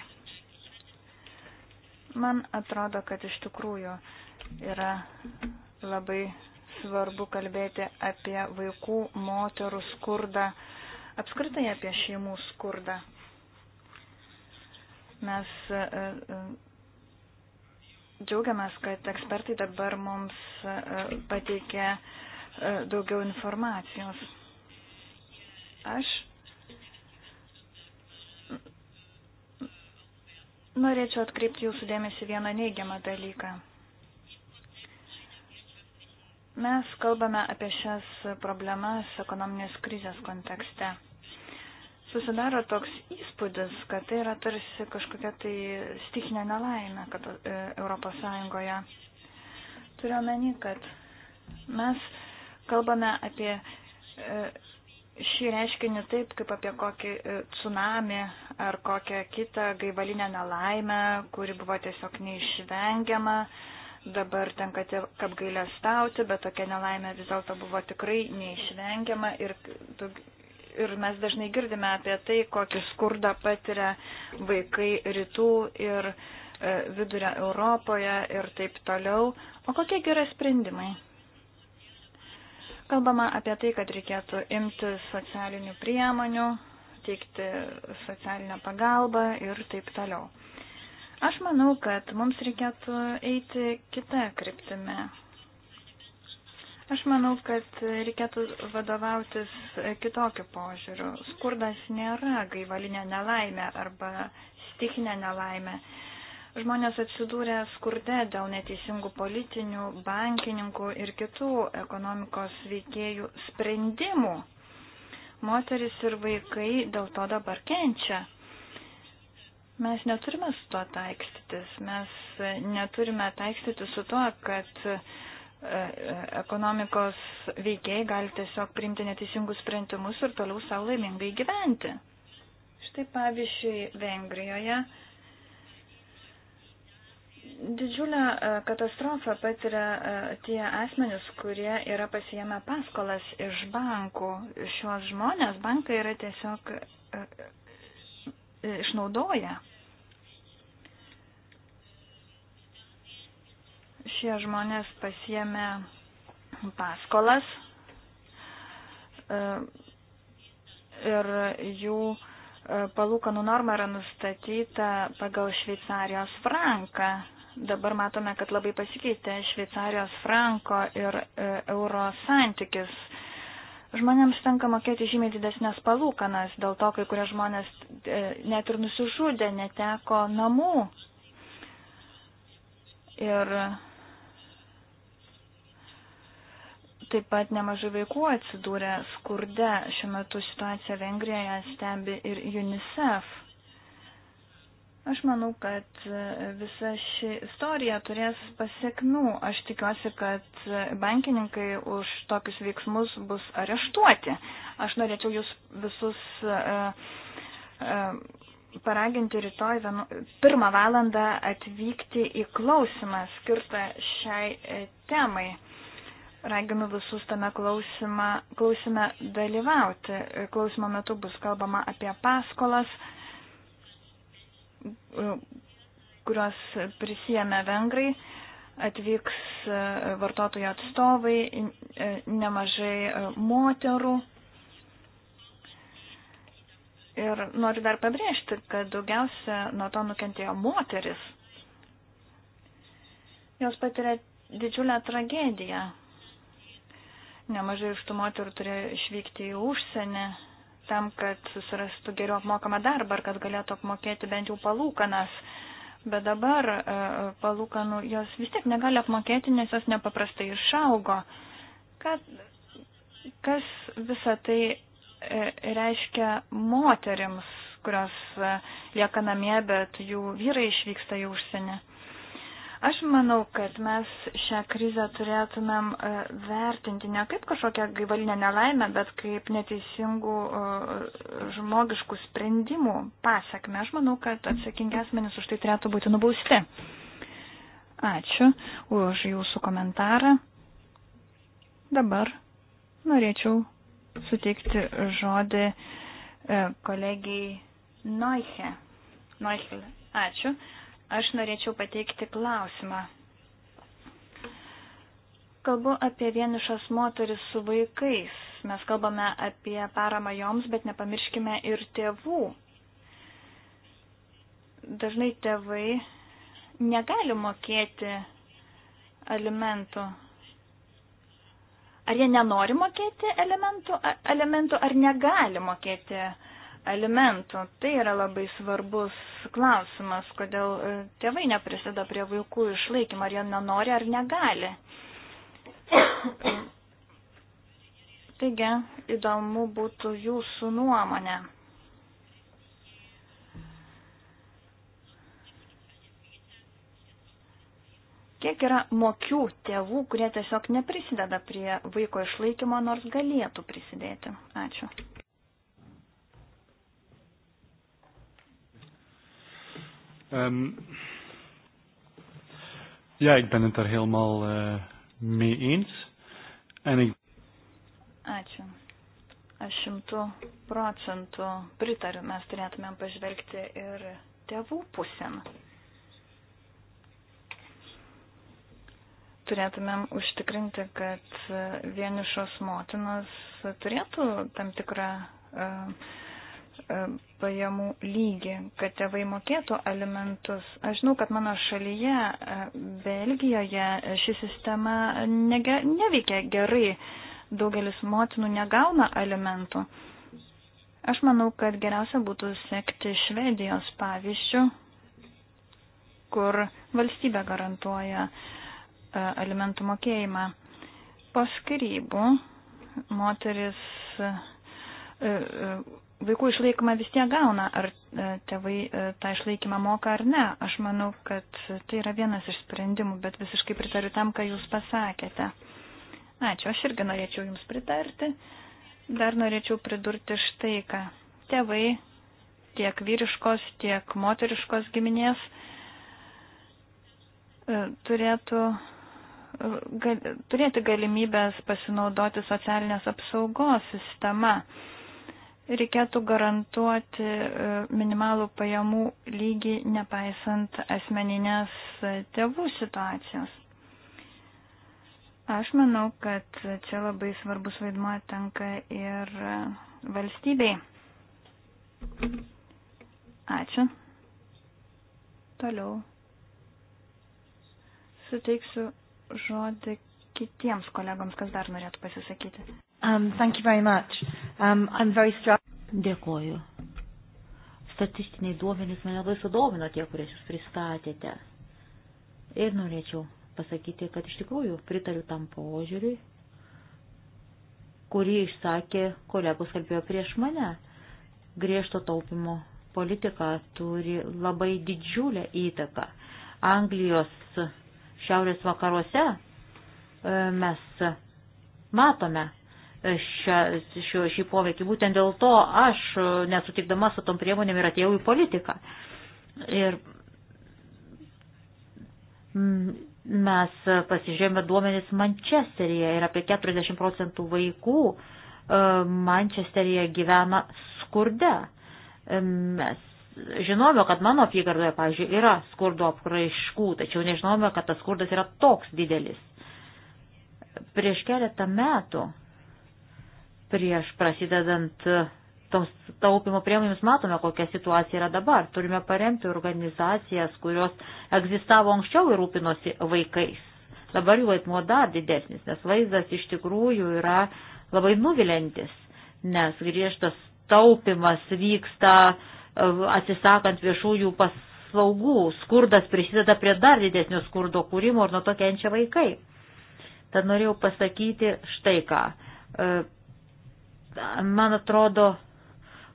Man atrodo, kad iš tikrųjų yra labai svarbu kalbėti apie vaikų, moterų skurdą, apskritai apie šeimų skurdą. Mes e, e, džiaugiamės, kad ekspertai dabar mums e, pateikė daugiau informacijos. Aš Norėčiau atkreipti jūsų dėmesį vieną neigiamą dalyką. Mes kalbame apie šias problemas ekonominės krizės kontekste. Susidaro toks įspūdis, kad tai yra tarsi kažkokia tai stichinė nelaimė kad, e, Europos Sąjungoje. Turiu omeny, kad mes kalbame apie e, šį reiškinį taip, kaip apie kokį e, tsunami ar kokią kitą gaivalinę nelaimę, kuri buvo tiesiog neišvengiama. Dabar tenka apgailę stauti, bet tokia nelaimė vis dėlto buvo tikrai neišvengiama ir, ir mes dažnai girdime apie tai, kokį skurdą patiria vaikai rytų ir e, vidurio Europoje ir taip toliau. O kokie yra sprendimai? Kalbama apie tai, kad reikėtų imti socialinių priemonių, teikti socialinę pagalbą ir taip toliau. Aš manau, kad mums reikėtų eiti kitą kryptimę. Aš manau, kad reikėtų vadovautis kitokiu požiūriu. Skurdas nėra gaivalinė nelaimė arba stichinė nelaimė. Žmonės atsidūrė skurde dėl neteisingų politinių, bankininkų ir kitų ekonomikos veikėjų sprendimų. Moteris ir vaikai dėl to dabar kenčia. Mes neturime su to taikstytis, mes neturime taikstyti su to, kad e, e, ekonomikos veikiai gali tiesiog priimti neteisingus sprendimus ir toliau savo laimingai gyventi. Štai pavyzdžiui, Vengrijoje Didžiulę e, katastrofą patiria e, tie asmenys, kurie yra pasijėmę paskolas iš bankų. Šios žmonės bankai yra tiesiog e, išnaudoja. Šie žmonės pasijėmė paskolas ir jų palūkanų norma yra nustatyta pagal Šveicarijos franką Dabar matome, kad labai pasikeitė Šveicarijos franko ir e, euro santykis. Žmonėms tenka mokėti žymiai didesnės palūkanas, dėl to kai kurie žmonės e, net ir nusižudė, neteko namų. Ir taip pat nemažai vaikų atsidūrė skurde. Šiuo metu situaciją Vengrijoje stebi ir UNICEF. Aš manau, kad e, visa ši istorija turės pasiekmių. Aš tikiuosi, kad e, bankininkai už tokius veiksmus bus areštuoti. Aš norėčiau jūs visus e, paraginti rytoj vienu, pirmą valandą atvykti į klausimą skirtą šiai temai. Raginu visus tame klausime, klausime dalyvauti. Klausimo metu bus kalbama apie paskolas kuriuos prisijėmė vengrai, atvyks e, vartotojų atstovai, e, nemažai e, moterų. Ir noriu dar pabrėžti, kad daugiausia nuo to nukentėjo moteris. Jos patiria didžiulę tragediją. Nemažai iš tų moterų turėjo išvykti į užsienį tam, kad susirastų geriau apmokamą darbą ar kad galėtų apmokėti bent jau palūkanas. Bet dabar e, palūkanų jos vis tiek negali apmokėti, nes jos nepaprastai išaugo. Kad, kas visą tai e, reiškia moterims, kurios e, lieka namie, bet jų vyrai išvyksta į užsienį? Aš manau, kad mes šią krizę turėtumėm e, vertinti ne kaip kažkokią gaivalinę nelaimę, bet kaip neteisingų e, žmogiškų sprendimų pasiekme. Aš manau, kad atsakingi asmenys už tai turėtų būti nubausti. Ačiū už jūsų komentarą. Dabar norėčiau suteikti žodį e, kolegijai Noiche. Noichel. Ačiū. Aš norėčiau pateikti klausimą. Kalbu apie vienišas moteris su vaikais. Mes kalbame apie paramą joms, bet nepamirškime ir tėvų. Dažnai tėvai negali mokėti alimentų. Ar jie nenori mokėti elementų, elementų, ar negali mokėti alimentų? alimentų. Tai yra labai svarbus klausimas, kodėl e, tėvai neprisida prie vaikų išlaikymą, ar jie nenori ar negali. Taigi, įdomu būtų jūsų nuomonė. Kiek yra mokių tėvų, kurie tiesiog neprisideda prie vaiko išlaikymo, nors galėtų prisidėti? Ačiū. Um, ja, ik ben het daar helemaal uh, mee eens. En ik... Ačiū. Aš šimtų procentų pritariu, mes turėtumėm pažvelgti ir tėvų pusėn. turėtumėm užtikrinti, kad vienišos motinos turėtų tam tikrą uh, E, pajamų lygį, kad tėvai mokėtų alimentus. Aš žinau, kad mano šalyje, e, Belgijoje, e, ši sistema nege, neveikia gerai. Daugelis motinų negauna alimentų. Aš manau, kad geriausia būtų sekti Švedijos pavyzdžių, kur valstybė garantuoja alimentų mokėjimą. Po skirybų moteris vaikų išlaikymą vis tiek gauna, ar e, tėvai e, tą išlaikymą moka ar ne. Aš manau, kad tai yra vienas iš sprendimų, bet visiškai pritariu tam, ką jūs pasakėte. Ačiū, aš irgi norėčiau jums pritarti. Dar norėčiau pridurti štai ką. Tėvai tiek vyriškos, tiek moteriškos giminės e, turėtų gal, turėti galimybės pasinaudoti socialinės apsaugos sistema reikėtų garantuoti e, minimalų pajamų lygį, nepaisant asmeninės e, tėvų situacijos. Aš manau, kad čia labai svarbus vaidmuo tenka ir e, valstybei. Ačiū. Toliau. Suteiksiu žodį kitiems kolegoms, kas dar norėtų pasisakyti. Um, thank you very much. Um, Dėkoju. Statistiniai duomenys mane labai sudomino tie, kuriuos jūs pristatėte. Ir norėčiau pasakyti, kad iš tikrųjų pritariu tam požiūriui, kurį išsakė kolegos kalbėjo prieš mane. Griežto taupimo politika turi labai didžiulę įtaką. Anglijos šiaurės vakaruose e, mes matome, šia, šio, šį poveikį. Būtent dėl to aš, nesutikdama su tom priemonėm, ir atėjau į politiką. Ir mes pasižiūrėjome duomenis Mančesteryje ir apie 40 procentų vaikų e, Mančesteryje gyvena skurde. E, mes žinome, kad mano apygardoje, pavyzdžiui, yra skurdo apraiškų, tačiau nežinome, kad tas skurdas yra toks didelis. Prieš keletą metų prieš prasidedant e, toms taupimo priemonėms matome, kokia situacija yra dabar. Turime paremti organizacijas, kurios egzistavo anksčiau ir rūpinosi vaikais. Dabar jų vaidmuo dar didesnis, nes vaizdas iš tikrųjų yra labai nuvilintis, nes griežtas taupimas vyksta e, atsisakant viešųjų paslaugų, skurdas prisideda prie dar didesnio skurdo kūrimo ir nuo to kenčia vaikai. Tad norėjau pasakyti štai ką e, man atrodo,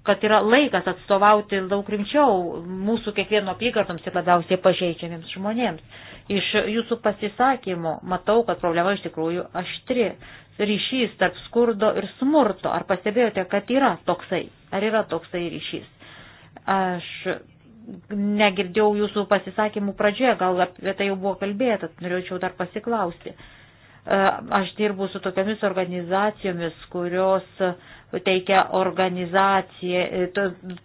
kad yra laikas atstovauti daug rimčiau mūsų kiekvieno apygardoms ir labiausiai pažeidžiamiems žmonėms. Iš jūsų pasisakymų matau, kad problema iš tikrųjų aštri. Ryšys tarp skurdo ir smurto. Ar pastebėjote, kad yra toksai? Ar yra toksai ryšys? Aš negirdėjau jūsų pasisakymų pradžioje, gal apie tai jau buvo kalbėta, norėčiau dar pasiklausti. Uh, E, aš dirbu su tokiamis organizacijomis, kurios e, teikia, e,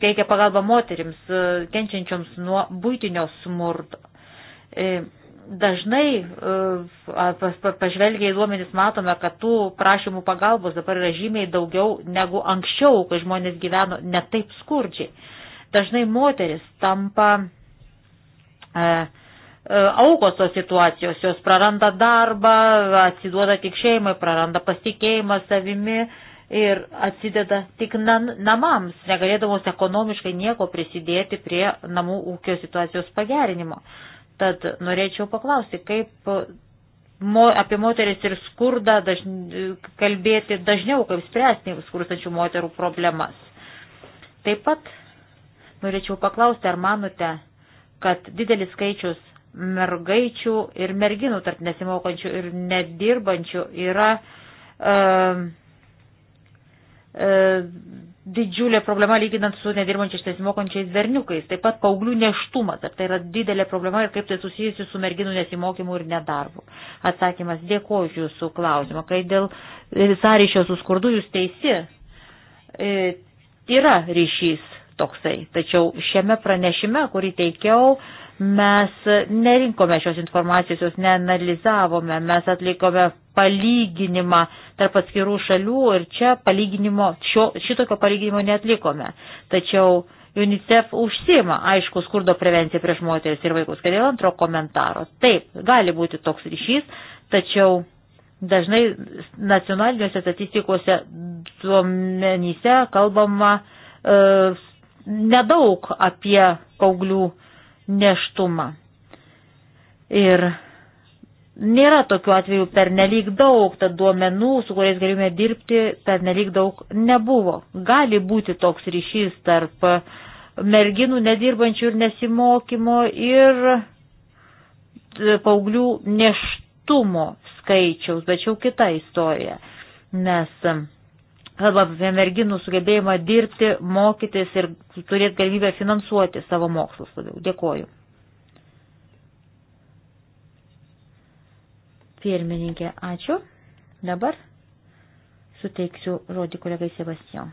teikia pagalbą moterims, kenčiančioms nuo būtinio smurto. Dažnai pažvelgiai duomenys matome, kad tų prašymų pagalbos dabar yra žymiai daugiau negu anksčiau, kai žmonės gyveno netaip skurdžiai. Dažnai moteris tampa e, E, aukos tos situacijos, jos praranda darbą, atsiduoda tik šeimai, praranda pasitikėjimą savimi ir atsideda tik namams, negalėdamos ekonomiškai nieko prisidėti prie namų ūkio situacijos pagerinimo. Tad norėčiau paklausti, kaip mo, apie moteris ir skurdą daž, kalbėti dažniau, kaip spręsti skurstančių moterų problemas. Taip pat norėčiau paklausti, ar manote, kad didelis skaičius mergaičių ir merginų tarp nesimokančių ir nedirbančių yra e, e, didžiulė problema lyginant su nedirbančiais nesimokančiais berniukais. Taip pat paauglių neštumas, ar tai yra didelė problema ir kaip tai susijusi su merginų nesimokymu ir nedarbu. Atsakymas, dėkoju jūsų klausimą, kai dėl sąryšio su skurdu jūs teisi, e, yra ryšys toksai. Tačiau šiame pranešime, kurį teikiau, e, Mes nerinkome šios informacijos, jos neanalizavome, mes atlikome palyginimą tarp atskirų šalių ir čia palyginimo, šio, šitokio palyginimo netlikome. Tačiau UNICEF užsima, aišku, skurdo prevenciją prieš moteris ir vaikus. Kad dėl antro komentaro. Taip, gali būti toks ryšys, tačiau dažnai nacionaliniuose statistikuose duomenyse kalbama e, nedaug apie paauglių neštumą. Ir nėra tokių atvejų per nelik daug, tad duomenų, su kuriais galime dirbti, per nelik daug nebuvo. Gali būti toks ryšys tarp merginų nedirbančių ir nesimokymo ir paauglių neštumo skaičiaus, bet jau kita istorija. Nes kalba apie merginų sugebėjimą dirbti, mokytis ir turėti galimybę finansuoti savo mokslus. Dėkoju. Pirmininkė, ačiū. Dabar suteiksiu žodį kolegai Sebastian.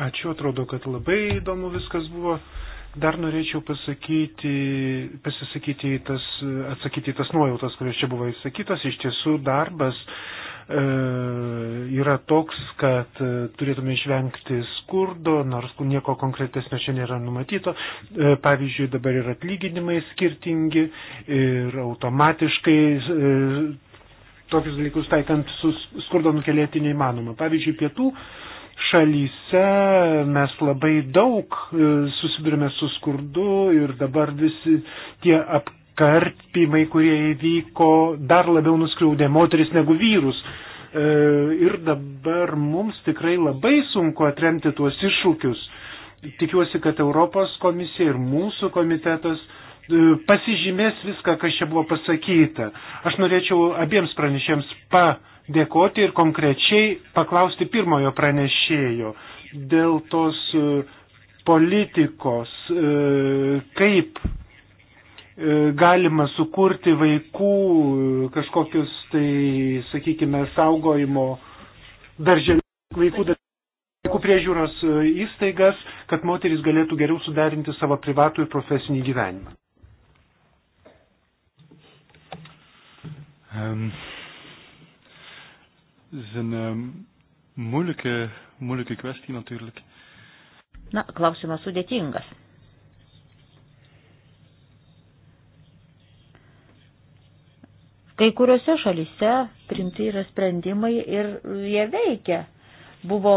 Ačiū, atrodo, kad labai įdomu viskas buvo. Dar norėčiau pasakyti, pasisakyti tas, atsakyti tas nuojautas, kurios čia buvo įsakytas. Iš tiesų darbas E, yra toks, kad e, turėtume išvengti skurdo, nors nieko konkretesnio čia nėra numatyto. E, pavyzdžiui, dabar ir atlyginimai skirtingi ir automatiškai tokius dalykus taikant su skurdo nukelėti neįmanoma. Pavyzdžiui, pietų šalyse mes labai daug susidurime su skurdu ir dabar visi tie ap, karpimai, kurie įvyko, dar labiau nuskriaudė moteris negu vyrus. E, ir dabar mums tikrai labai sunku atremti tuos iššūkius. Tikiuosi, kad Europos komisija ir mūsų komitetas e, pasižymės viską, kas čia buvo pasakyta. Aš norėčiau abiems pranešėms padėkoti ir konkrečiai paklausti pirmojo pranešėjo dėl tos e, politikos, kaip E, galima sukurti vaikų e, kažkokius, tai, sakykime, saugojimo darželių, vaikų, vaikų priežiūros e, įstaigas, kad moteris galėtų geriau suderinti savo privatų ir profesinį gyvenimą. Um, is een um, moeilijke, moeilijke kwestie natuurlijk. Na, klausimas sudėtingas. Kai kuriuose šalise primti yra sprendimai ir jie veikia. Buvo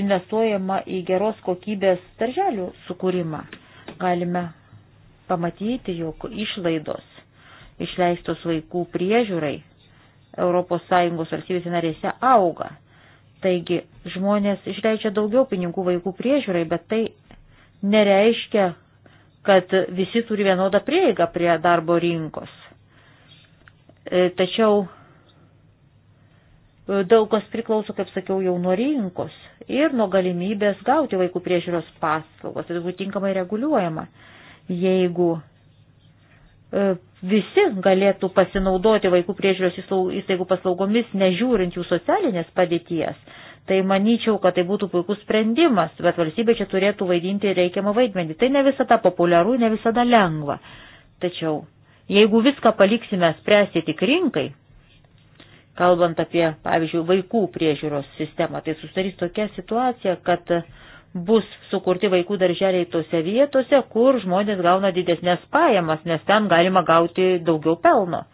investuojama į geros kokybės darželių sukūrimą. Galime pamatyti, jog išlaidos išleistos vaikų priežiūrai ES valstybėse narėse auga. Taigi žmonės išleidžia daugiau pinigų vaikų priežiūrai, bet tai nereiškia, kad visi turi vienodą prieigą prie darbo rinkos. E, tačiau e, daug kas priklauso, kaip sakiau, jau nuo rinkos ir nuo galimybės gauti vaikų priežiūros paslaugas. Tai būtų tinkamai reguliuojama. Jeigu e, visi galėtų pasinaudoti vaikų priežiūros įstaigų paslaugomis, nežiūrint jų socialinės padėties, tai manyčiau, kad tai būtų puikus sprendimas, bet valstybė čia turėtų vaidinti reikiamą vaidmenį. Tai ne visada populiaru, ne visada lengva. Tačiau Jeigu viską paliksime spręsti tik rinkai, kalbant apie, pavyzdžiui, vaikų priežiūros sistemą, tai susidarys tokia situacija, kad bus sukurti vaikų darželiai tose vietose, kur žmonės gauna didesnės pajamas, nes ten galima gauti daugiau pelno.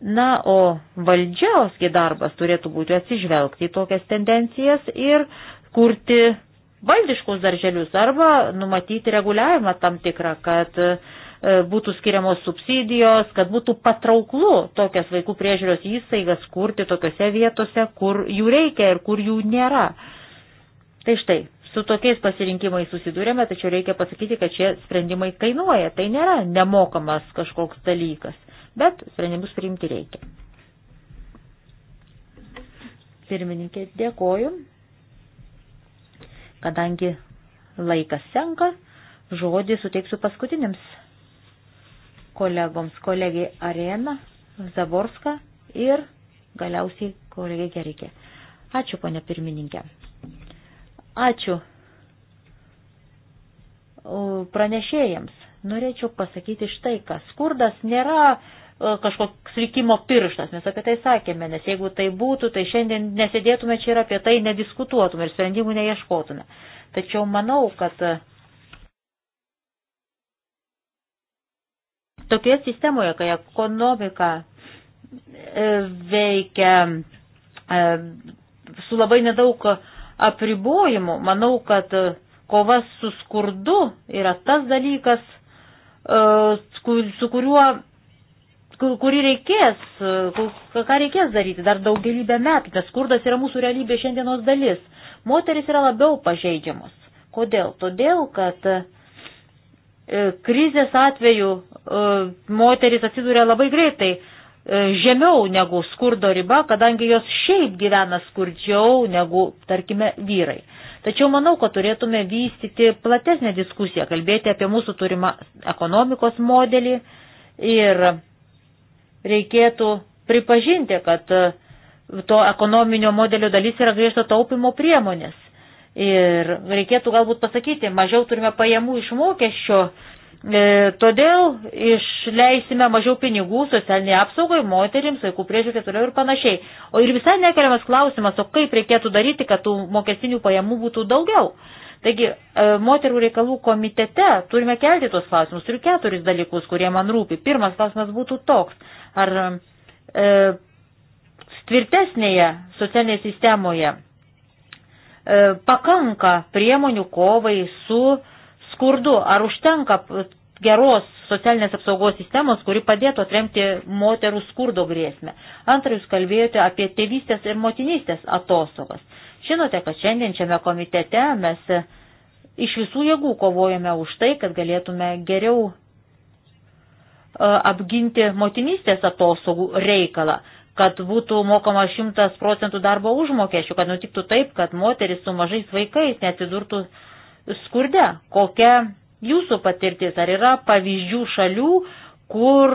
Na, o valdžiauski darbas turėtų būti atsižvelgti į tokias tendencijas ir kurti valdiškus darželius arba numatyti reguliavimą tam tikrą, kad uh, E, būtų skiriamos subsidijos, kad būtų patrauklu tokias vaikų priežiūros įstaigas kurti tokiuose vietose, kur jų reikia ir kur jų nėra. Tai štai, su tokiais pasirinkimais susidūrėme, tačiau reikia pasakyti, kad šie sprendimai kainuoja, tai nėra nemokamas kažkoks dalykas, bet sprendimus priimti reikia. Pirmininkė, dėkoju. Kadangi laikas senka, žodį suteiksiu paskutiniams kolegoms kolegiai Arena, Zaborska ir galiausiai kolegiai Gerikė. Ačiū, ponė pirmininkė. Ačiū pranešėjams. Norėčiau pasakyti štai, kas skurdas nėra kažkoks likimo pirštas, mes apie tai sakėme, nes jeigu tai būtų, tai šiandien nesėdėtume čia ir apie tai nediskutuotume ir sprendimų neieškotume. Tačiau manau, kad Tokioje sistemoje, kai ekonomika e, veikia e, su labai nedaug apribojimų, manau, kad kova su skurdu yra tas dalykas, e, su kuriuo, kurį reikės, ką reikės daryti dar daugelybę metų, nes skurdas yra mūsų realybė šiandienos dalis. Moteris yra labiau pažeidžiamos. Kodėl? Todėl, kad E, krizės atveju e, moteris atsiduria labai greitai e, žemiau negu skurdo riba, kadangi jos šiaip gyvena skurdžiau negu, tarkime, vyrai. Tačiau manau, kad turėtume vystyti platesnę diskusiją, kalbėti apie mūsų turimą ekonomikos modelį ir reikėtų pripažinti, kad to ekonominio modelio dalis yra griežto taupimo priemonės. Ir reikėtų galbūt pasakyti, mažiau turime pajamų iš mokesčio, e, todėl išleisime mažiau pinigų socialiniai apsaugai, moterims, vaikų priežiūrė toliau ir panašiai. O ir visai nekeliamas klausimas, o kaip reikėtų daryti, kad tų mokestinių pajamų būtų daugiau. Taigi, e, moterų reikalų komitete turime kelti tuos klausimus. Turiu keturis dalykus, kurie man rūpi. Pirmas klausimas būtų toks. Ar e, tvirtesnėje socialinėje sistemoje E, pakanka priemonių kovai su skurdu, ar užtenka geros socialinės apsaugos sistemos, kuri padėtų atremti moterų skurdo grėsmę. Antra, jūs kalbėjote apie tėvystės ir motinystės atostogas. Žinote, kad šiandien šiame komitete mes iš visų jėgų kovojame už tai, kad galėtume geriau e, apginti motinystės atostogų reikalą kad būtų mokama 100 procentų darbo užmokesčių, kad nutiktų taip, kad moteris su mažais vaikais netidurtų skurde. Kokia jūsų patirtis? Ar yra pavyzdžių šalių, kur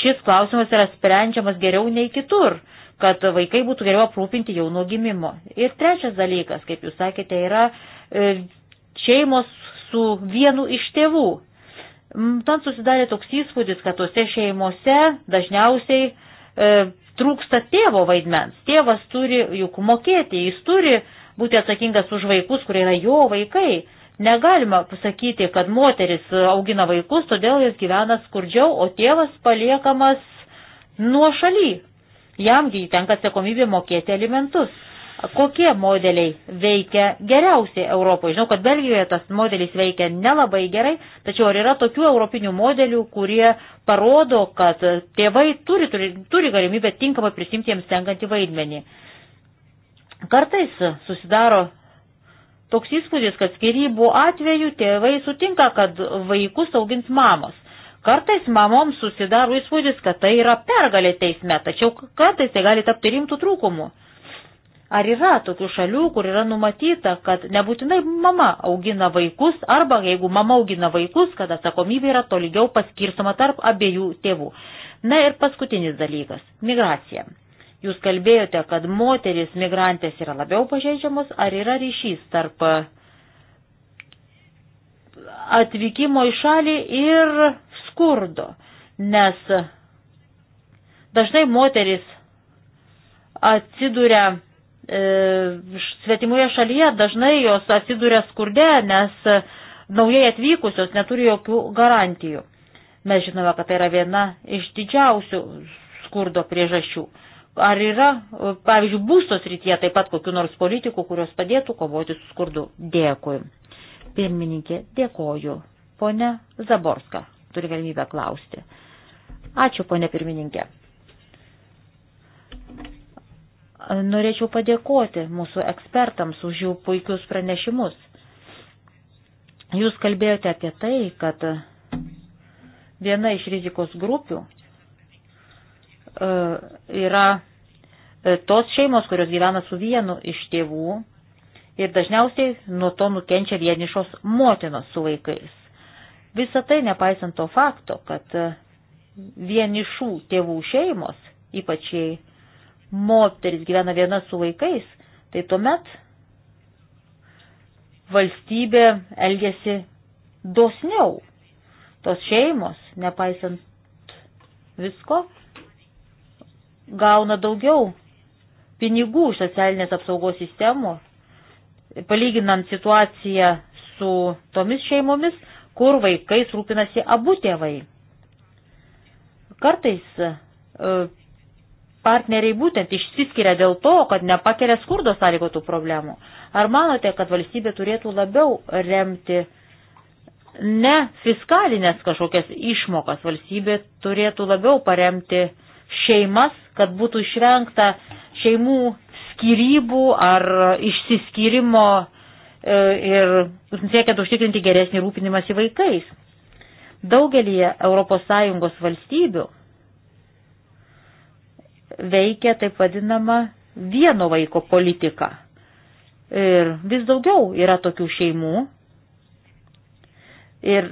šis klausimas yra sprendžiamas geriau nei kitur, kad vaikai būtų geriau aprūpinti jau nuo gimimo? Ir trečias dalykas, kaip jūs sakėte, yra e, šeimos su vienu iš tėvų. Tam mm, susidarė toks įspūdis, kad tose šeimose dažniausiai e, trūksta tėvo vaidmens. Tėvas turi juk mokėti, jis turi būti atsakingas už vaikus, kurie yra jo vaikai. Negalima pasakyti, kad moteris augina vaikus, todėl jis gyvena skurdžiau, o tėvas paliekamas nuo šaly. Jamgi tenka atsakomybė mokėti alimentus kokie modeliai veikia geriausiai Europoje. Žinau, kad Belgijoje tas modelis veikia nelabai gerai, tačiau ar yra tokių europinių modelių, kurie parodo, kad tėvai turi, turi, turi galimybę tinkamai prisimti jiems tenkantį vaidmenį. Kartais susidaro toks įspūdis, kad skirybų atveju tėvai sutinka, kad vaikus augins mamos. Kartais mamoms susidaro įspūdis, kad tai yra pergalė teisme, tačiau kartais tai gali tapti rimtų trūkumų. Ar yra tokių šalių, kur yra numatyta, kad nebūtinai mama augina vaikus, arba jeigu mama augina vaikus, kad atsakomybė yra tolygiau paskirstama tarp abiejų tėvų. Na ir paskutinis dalykas - migracija. Jūs kalbėjote, kad moteris migrantės yra labiau pažeidžiamos, ar yra ryšys tarp atvykimo į šalį ir skurdo, nes dažnai moteris atsiduria E, svetimoje šalyje dažnai jos atsiduria skurde, nes e, naujai atvykusios neturi jokių garantijų. Mes žinome, kad tai yra viena iš didžiausių skurdo priežasčių. Ar yra, e, pavyzdžiui, būstos rytyje taip pat kokiu nors politikų, kurios padėtų kovoti su skurdu? Dėkui. Pirmininkė, dėkoju. Pone Zaborska turi galimybę klausti. Ačiū, ponė pirmininkė. Norėčiau padėkoti mūsų ekspertams už jų puikius pranešimus. Jūs kalbėjote apie tai, kad viena iš rizikos grupių e, yra e, tos šeimos, kurios gyvena su vienu iš tėvų ir dažniausiai nuo to nukenčia vienišos motinos su vaikais. Visą tai nepaisant to fakto, kad vienišų tėvų šeimos, ypač jei moteris gyvena viena su vaikais, tai tuomet valstybė elgesi dosniau. Tos šeimos, nepaisant visko, gauna daugiau pinigų iš socialinės apsaugos sistemų, palyginant situaciją su tomis šeimomis, kur vaikais rūpinasi abu tėvai. Kartais e, partneriai būtent išsiskiria dėl to, kad nepakelia skurdo sąlygotų problemų. Ar manote, kad valstybė turėtų labiau remti ne fiskalinės kažkokias išmokas, valstybė turėtų labiau paremti šeimas, kad būtų išvengta šeimų skirybų ar išsiskirimo e, ir siekiant užtikrinti geresnį rūpinimąsi vaikais. Daugelį ES valstybių veikia taip vadinama vieno vaiko politika. Ir vis daugiau yra tokių šeimų. Ir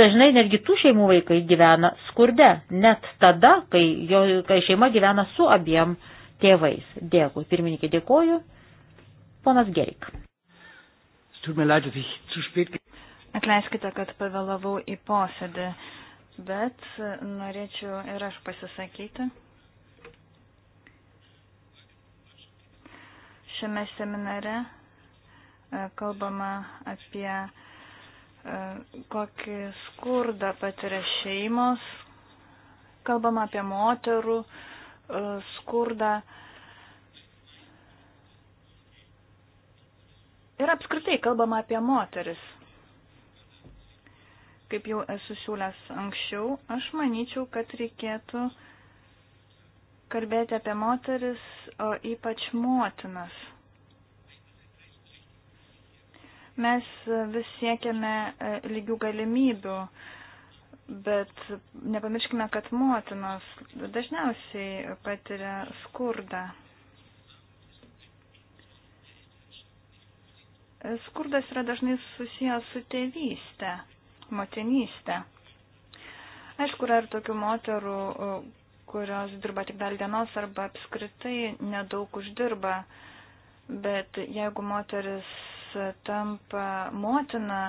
dažnai netgi tų šeimų vaikai gyvena skurde, net tada, kai, jo, kai šeima gyvena su abiem tėvais. Dėkui. Pirmininkė, dėkoju. Ponas Gerik. Atleiskite, kad pavėlavau į posėdį, bet norėčiau ir aš pasisakyti. Šiame seminare e, kalbama apie e, kokį skurdą patiria šeimos, kalbama apie moterų e, skurdą. Ir apskritai kalbama apie moteris. Kaip jau esu siūlęs anksčiau, aš manyčiau, kad reikėtų uh, kalbėti apie moteris, o ypač motinas. Mes vis siekiame e, lygių galimybių, bet nepamirškime, kad motinos dažniausiai patiria skurdą. Skurdas yra dažnai susijęs su tėvystė, motinystė. Aišku, yra ir tokių moterų, kurios dirba tik dal dienos arba apskritai nedaug uždirba. Bet jeigu moteris tampa motina,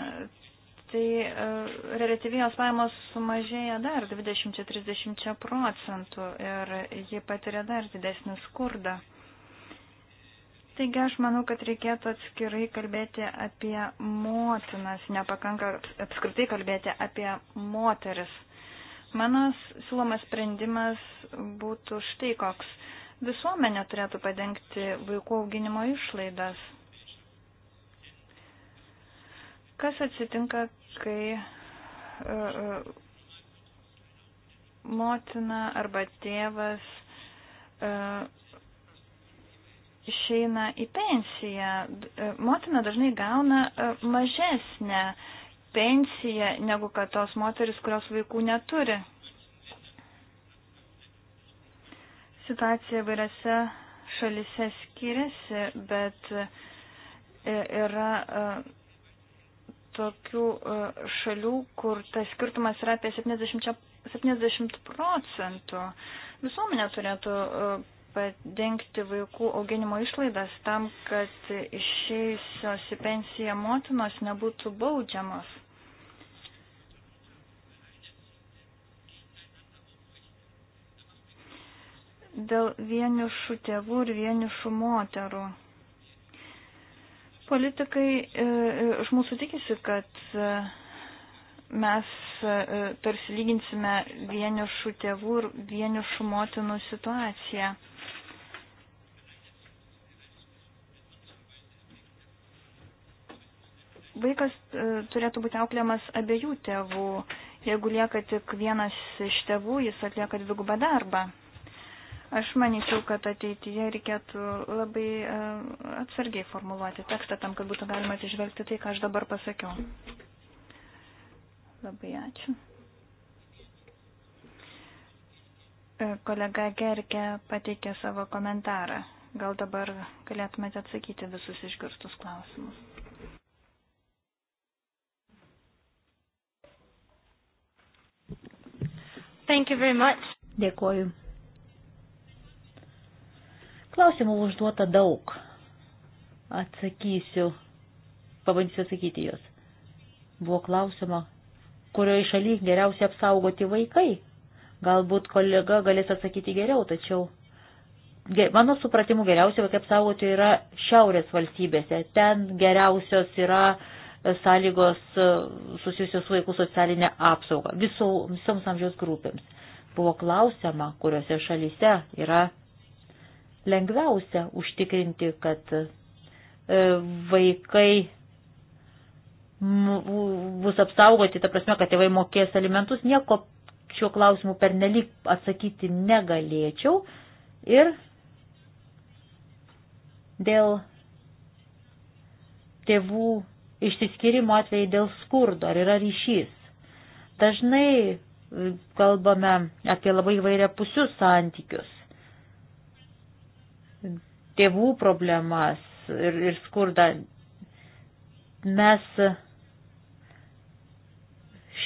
tai e, relatyvijos pajamos sumažėja dar 20-30 procentų ir ji patiria dar didesnį skurdą. Taigi aš manau, kad reikėtų atskirai kalbėti apie motinas, nepakanka apskritai kalbėti apie moteris. Mano siūlomas sprendimas būtų štai koks. Visuomenė turėtų padengti vaikų auginimo išlaidas. Kas atsitinka, kai uh, motina arba tėvas uh, išeina į pensiją. Motina dažnai gauna mažesnę uh, pensiją negu kad tos moteris, kurios vaikų neturi. Situacija vairiose šalise skiriasi, bet e, yra e, tokių e, šalių, kur tas skirtumas yra apie 70, 70 procentų. Visuomenė turėtų padengti vaikų auginimo išlaidas tam, kad išėjusios į pensiją motinos nebūtų baudžiamos. dėl vienišų tėvų ir vienišų moterų. Politikai iš e, e, mūsų tikisi, kad e, mes tarsi lyginsime vienišų tėvų ir vienišų motinų situaciją. Vaikas turėtų būti auklėmas abiejų tėvų. Jeigu lieka tik vienas iš tėvų, jis atlieka dvigubą darbą. Aš manyčiau, kad ateityje reikėtų labai e, atsargiai formuluoti tekstą tam, kad būtų galima atsižvelgti tai, ką aš dabar pasakiau. Labai ačiū. E, kolega Gerke pateikė savo komentarą. Gal dabar galėtumėte atsakyti visus išgirstus klausimus. Thank you very much. Dėkoju. Klausimų užduota daug. Atsakysiu, pabandysiu atsakyti juos. Buvo klausima, kurioje šalyje geriausiai apsaugoti vaikai. Galbūt kolega galės atsakyti geriau, tačiau mano supratimu geriausiai vaikai apsaugoti yra šiaurės valstybėse. Ten geriausios yra sąlygos e, susijusios vaikų socialinė apsauga visoms amžiaus grupėms. Buvo klausima, kuriuose šalyse yra lengviausia užtikrinti, kad e, vaikai bus apsaugoti, ta prasme, kad tėvai mokės alimentus, nieko šiuo klausimu per nelik atsakyti negalėčiau. Ir dėl tėvų išsiskirimo atvejai dėl skurdo, ar yra ryšys. Dažnai e, kalbame apie labai įvairia pusius santykius tėvų problemas ir, ir skurdą. Mes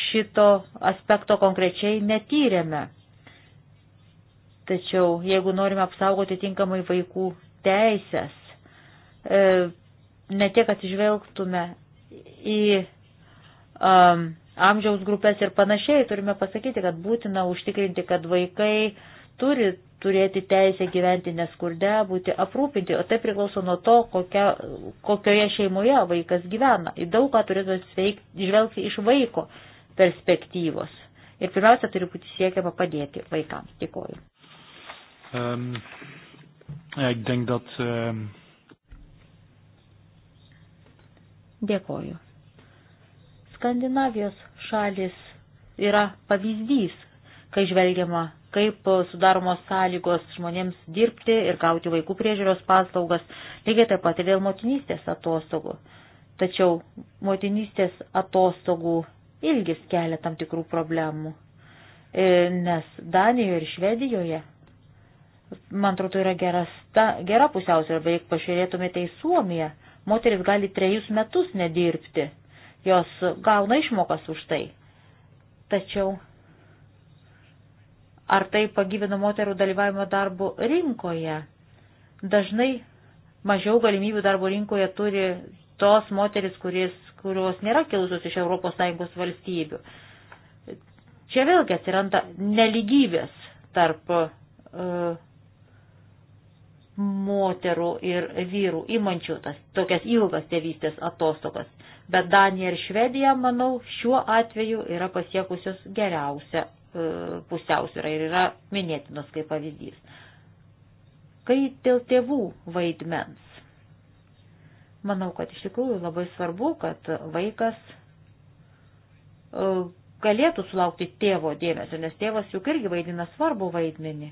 šito aspekto konkrečiai netyrėme. Tačiau jeigu norime apsaugoti tinkamai vaikų teisės, e, ne tiek atsižvelgtume į um, amžiaus grupės ir panašiai, turime pasakyti, kad būtina užtikrinti, kad vaikai turi turėti teisę gyventi neskurde, būti aprūpinti, o tai priklauso nuo to, kokia, kokioje šeimoje vaikas gyvena. Į daug ką turėtume žvelgti iš vaiko perspektyvos. Ir pirmiausia, turi būti siekiama padėti vaikams. Dėkoju. Um, ehm, ik denk dat, um... Ehm, Dėkoju. Skandinavijos šalis yra pavyzdys, kai žvelgiama kaip sudaromos sąlygos žmonėms dirbti ir gauti vaikų priežiūros paslaugas, lygiai taip pat ir dėl motinystės atostogų. Tačiau motinystės atostogų ilgis kelia tam tikrų problemų, e, nes Danijoje ir Švedijoje, man atrodo, tai yra gera, ta, gera pusiausvė, arba jeigu pažiūrėtumėte į Suomiją, moteris gali trejus metus nedirbti, jos gauna išmokas už tai. Tačiau Ar tai pagyvino moterų dalyvavimo darbo rinkoje? Dažnai mažiau galimybių darbo rinkoje turi tos moteris, kuris, kurios nėra kilusios iš ES valstybių. Čia vėlgi atsiranda neligybės tarp uh, moterų ir vyrų įmančių tas tokias ilgas tėvystės atostogas. Bet Danija ir Švedija, manau, šiuo atveju yra pasiekusios geriausią E, pusiausvyrą ir yra minėtinos kaip pavyzdys. Kai dėl tėvų vaidmens. Manau, kad iš tikrųjų labai svarbu, kad vaikas e, galėtų sulaukti tėvo dėmesio, nes tėvas juk irgi vaidina svarbu vaidmenį.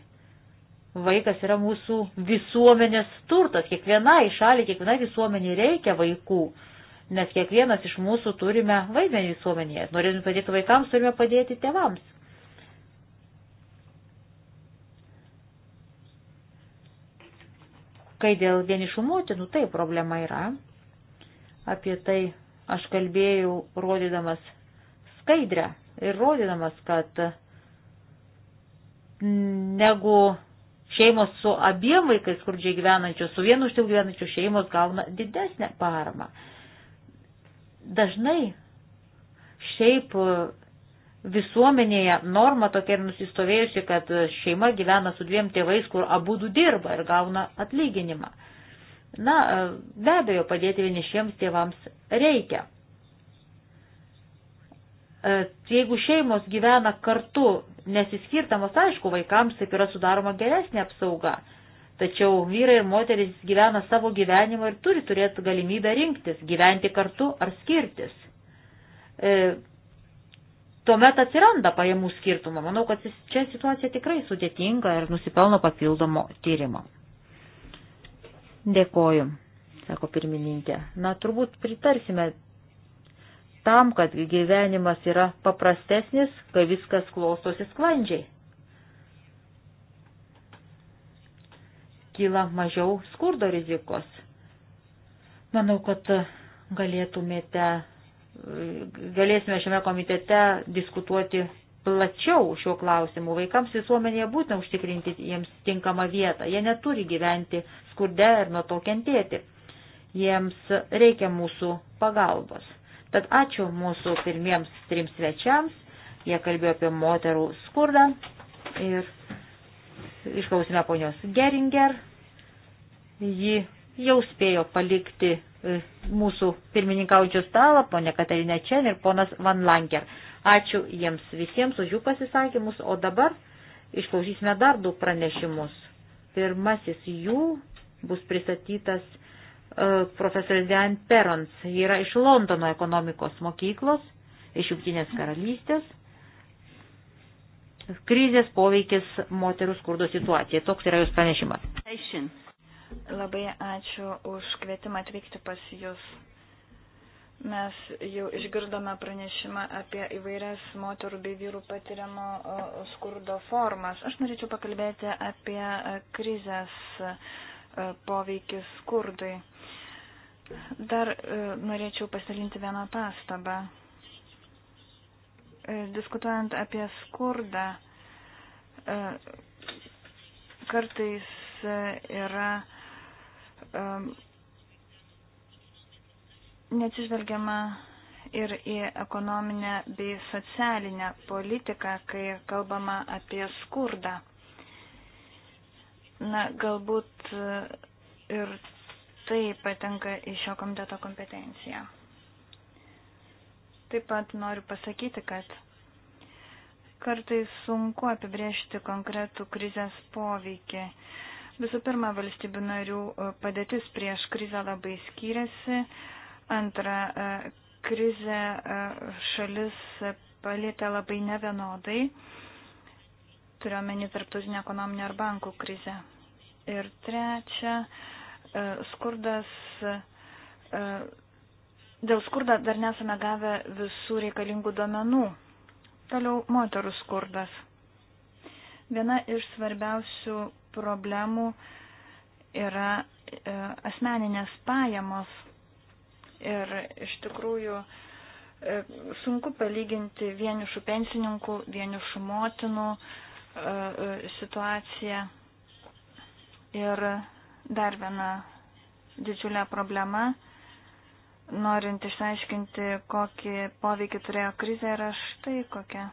Vaikas yra mūsų visuomenės turtas, kiekvienai šaliai, kiekvienai visuomeniai reikia vaikų, nes kiekvienas iš mūsų turime vaidmenį visuomenėje. Norėdami padėti vaikams, turime padėti tėvams. Kai dėl vienišų motinų, tai problema yra. Apie tai aš kalbėjau rodydamas skaidrę ir rodydamas, kad negu šeimos su abiem vaikais skurdžiai gyvenančios, su vienu iš tėvų gyvenančių šeimos gauna didesnę paramą. Dažnai šiaip visuomenėje norma tokia ir nusistovėjusi, kad šeima gyvena su dviem tėvais, kur abu du dirba ir gauna atlyginimą. Na, be abejo, padėti vienišiems tėvams reikia. E, jeigu šeimos gyvena kartu nesiskirtamos, aišku, vaikams taip yra sudaroma geresnė apsauga. Tačiau vyrai ir moteris gyvena savo gyvenimą ir turi turėti galimybę rinktis, gyventi kartu ar skirtis e, tuomet atsiranda pajamų skirtumo. Manau, kad čia situacija tikrai sudėtinga ir nusipelno papildomo tyrimo. Dėkoju, sako pirmininkė. Na, turbūt pritarsime tam, kad gyvenimas yra paprastesnis, kai viskas klostosi sklandžiai. Kyla mažiau skurdo rizikos. Manau, kad galėtumėte galėsime šiame komitete diskutuoti plačiau šiuo klausimu. Vaikams visuomenėje būtina užtikrinti jiems tinkamą vietą. Jie neturi gyventi skurde ir nuo to kentėti. Jiems reikia mūsų pagalbos. Tad ačiū mūsų pirmiems trims svečiams. Jie kalbėjo apie moterų skurdą ir išklausime ponios Geringer. Ji jau spėjo palikti mūsų pirmininkaujančio stalą, ponė Katarina Čen ir ponas Van Langer. Ačiū jiems visiems už jų pasisakymus, o dabar išklausysime dar du pranešimus. Pirmasis jų bus pristatytas uh, profesorius Dean Perons. Jis yra iš Londono ekonomikos mokyklos, iš Junktinės karalystės. Krizės poveikis moterų skurdo situacijai. Toks yra jūs pranešimas. Labai ačiū už kvietimą atvykti pas Jūs. Mes jau išgirdome pranešimą apie įvairias moterų bei vyrų patiriamo skurdo formas. Aš norėčiau pakalbėti apie krizės e, poveikį skurdui. Dar e, norėčiau pasidalinti vieną pastabą. E, diskutuojant apie skurdą, kartais yra neatsižvelgiama ir į ekonominę bei socialinę politiką, kai kalbama apie skurdą. Na, galbūt e, ir tai patenka į šio komiteto kompetenciją. Taip pat noriu pasakyti, kad kartais sunku apibriežti konkretų krizės poveikį. Visų pirma, valstybių narių e, padėtis prieš krizę labai skiriasi. Antra, e, krizė e, šalis palėtė labai nevienodai. Turiuomenį tarptautinę ekonominę ar bankų krizę. Ir trečia, skurdas Dėl skurdo dar nesame gavę visų reikalingų duomenų. Toliau moterų skurdas. Viena iš svarbiausių problemų yra e, asmeninės pajamos. Ir iš tikrųjų e, sunku palyginti vienišų pensininkų, vienišų motinų e, situaciją. Ir dar viena didžiulė problema, norint išsiaiškinti, kokį poveikį turėjo krizė, yra štai kokia.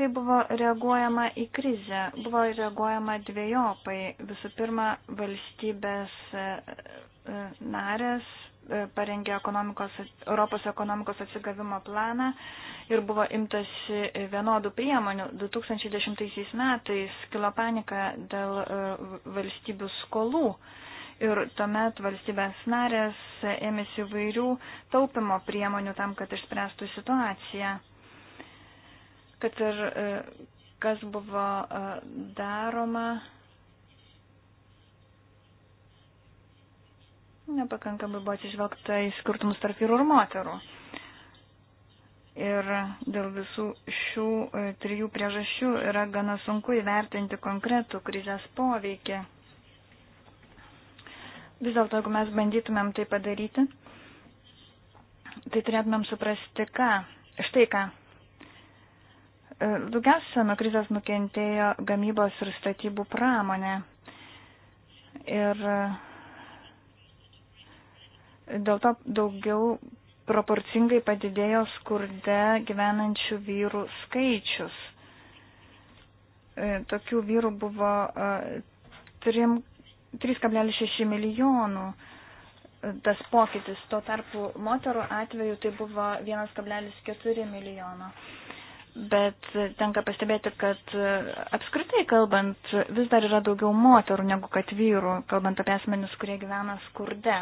Kaip buvo reaguojama į krizę? Buvo reaguojama dviejopai. Visų pirma, valstybės e, e, narės e, parengė ekonomikos, Europos ekonomikos atsigavimo planą ir buvo imtasi vienodų priemonių. 2010 metais kilo panika dėl valstybių skolų ir tuomet valstybės narės ėmėsi vairių taupimo priemonių tam, kad išspręstų situaciją kad ir e, kas buvo e, daroma, nepakankamai buvo atsižvelgta į skirtumus tarp vyrų ir moterų. Ir dėl visų šių e, trijų priežasčių yra gana sunku įvertinti konkretų krizės poveikį. Vis dėlto, jeigu mes bandytumėm tai padaryti, tai turėtumėm suprasti, ką. Štai ką. E, daugiausia nuo krizės nukentėjo gamybos ir statybų pramonė. Ir e, dėl to daugiau proporcingai padidėjo skurde gyvenančių vyrų skaičius. E, tokių vyrų buvo 3,6 milijonų tas pokytis, tuo tarpu moterų atveju tai buvo 1,4 milijono bet tenka pastebėti, kad apskritai kalbant vis dar yra daugiau moterų negu kad vyrų, kalbant apie asmenis, kurie gyvena skurde.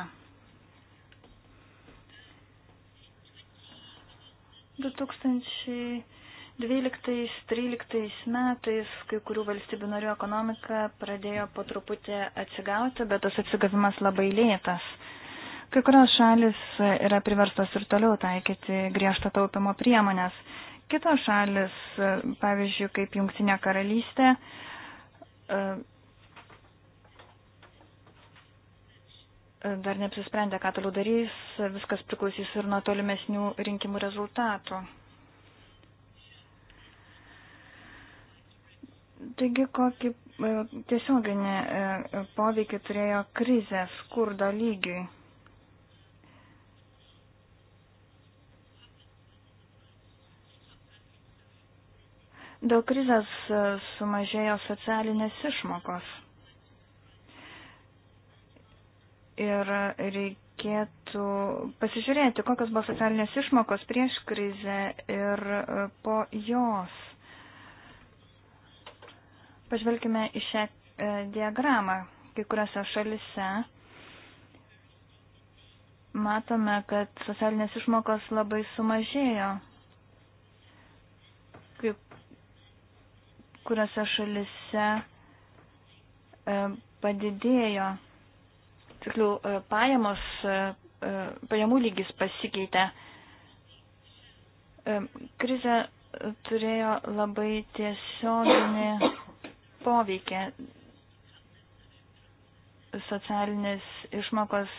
2012-2013 metais kai kurių valstybių narių ekonomika pradėjo po truputį atsigauti, bet tas atsigavimas labai lėtas. Kai kurios šalis yra priverstos ir toliau taikyti griežtą taupimo priemonės. Kitos šalis, pavyzdžiui, kaip Jungtinė karalystė, dar neapsisprendė, ką toliau darys, viskas priklausys ir nuo tolimesnių rinkimų rezultatų. Taigi, kokį e, tiesioginį e, poveikį turėjo krizė skurdo lygiui? Dėl krizės e, sumažėjo socialinės išmokos. Ir reikėtų pasižiūrėti, kokios buvo socialinės išmokos prieš krizę ir e, po jos. Pažvelkime į šią e, diagramą. Kai kuriuose šalise matome, kad socialinės išmokos labai sumažėjo kuriuose šalise e, padidėjo, tiksliau, e, pajamos, e, pajamų lygis pasikeitė. Krize turėjo labai tiesioginį poveikį. Socialinės išmokos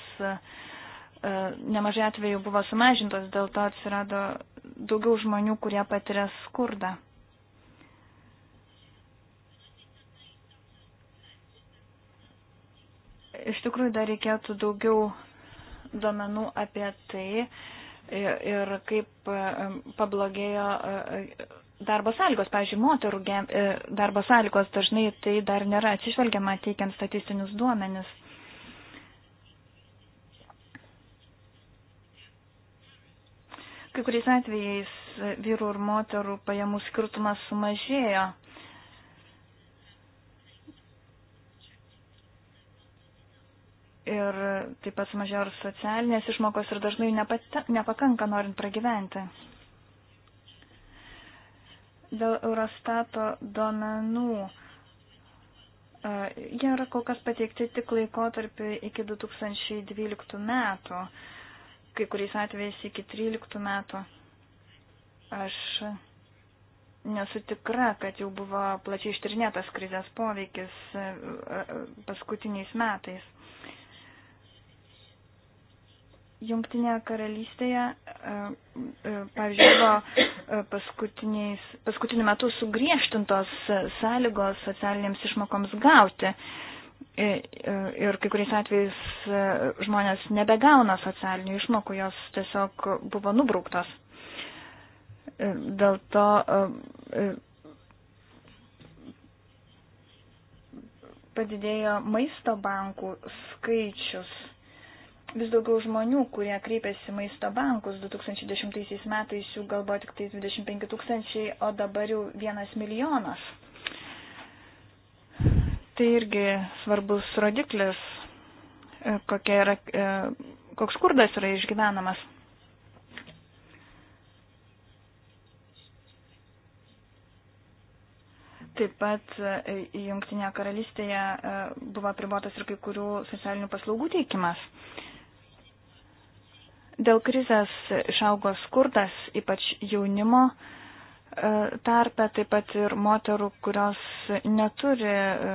nemažai atveju buvo sumažintos, dėl to atsirado daugiau žmonių, kurie patiria skurdą. Iš tikrųjų, dar reikėtų daugiau duomenų apie tai ir kaip e, pablogėjo e, darbo sąlygos. Pavyzdžiui, moterų e, darbo sąlygos dažnai tai dar nėra atsižvelgiama teikiant statistinius duomenis. Kai kuriais atvejais vyrų ir moterų pajamų skirtumas sumažėjo. ir taip pat sumažėjo ir socialinės išmokos ir dažnai nepakanka norint pragyventi. Dėl Eurostato duomenų e, jie yra kol kas pateikti tik laikotarpiu iki 2012 metų, kai kuriais atvejais iki 2013 metų. Aš nesu tikra, kad jau buvo plačiai ištirnėtas krizės poveikis e, e, paskutiniais metais. Jungtinėje karalystėje, e, e, pavyzdžiui, buvo e, paskutiniu metu sugriežtintos sąlygos socialinėms išmokoms gauti. Ir kai kuriais atvejais žmonės nebegauna socialinių išmokų, jos tiesiog buvo nubrauktos. Dėl to padidėjo maisto bankų skaičius vis daugiau žmonių, kurie kreipiasi maisto bankus. 2010 metais jų gal buvo tik tai 25 tūkstančiai, o dabar jau vienas milijonas. Tai irgi svarbus rodiklis, e, kokia yra, e, koks skurdas yra išgyvenamas. Taip pat e, Junktinėje karalystėje buvo pribotas ir kai kurių socialinių paslaugų teikimas. Dėl krizės išaugo skurdas, ypač jaunimo e, tarpe, taip pat ir moterų, kurios neturi e,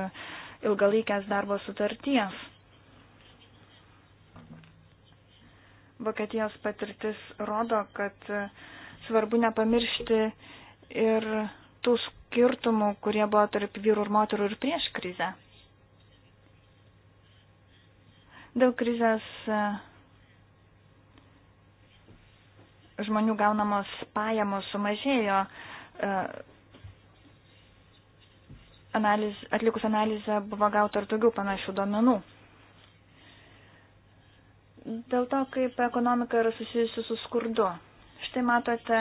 ilgalaikės darbo sutarties. Vokietijos patirtis rodo, kad e, svarbu nepamiršti ir tų skirtumų, kurie buvo tarp vyrų ir moterų ir prieš krizę. Dėl krizės žmonių gaunamos pajamos sumažėjo. E, analiz, atlikus analizę buvo gauta ir daugiau panašių duomenų. Dėl to, kaip ekonomika yra susijusi su skurdu. Štai matote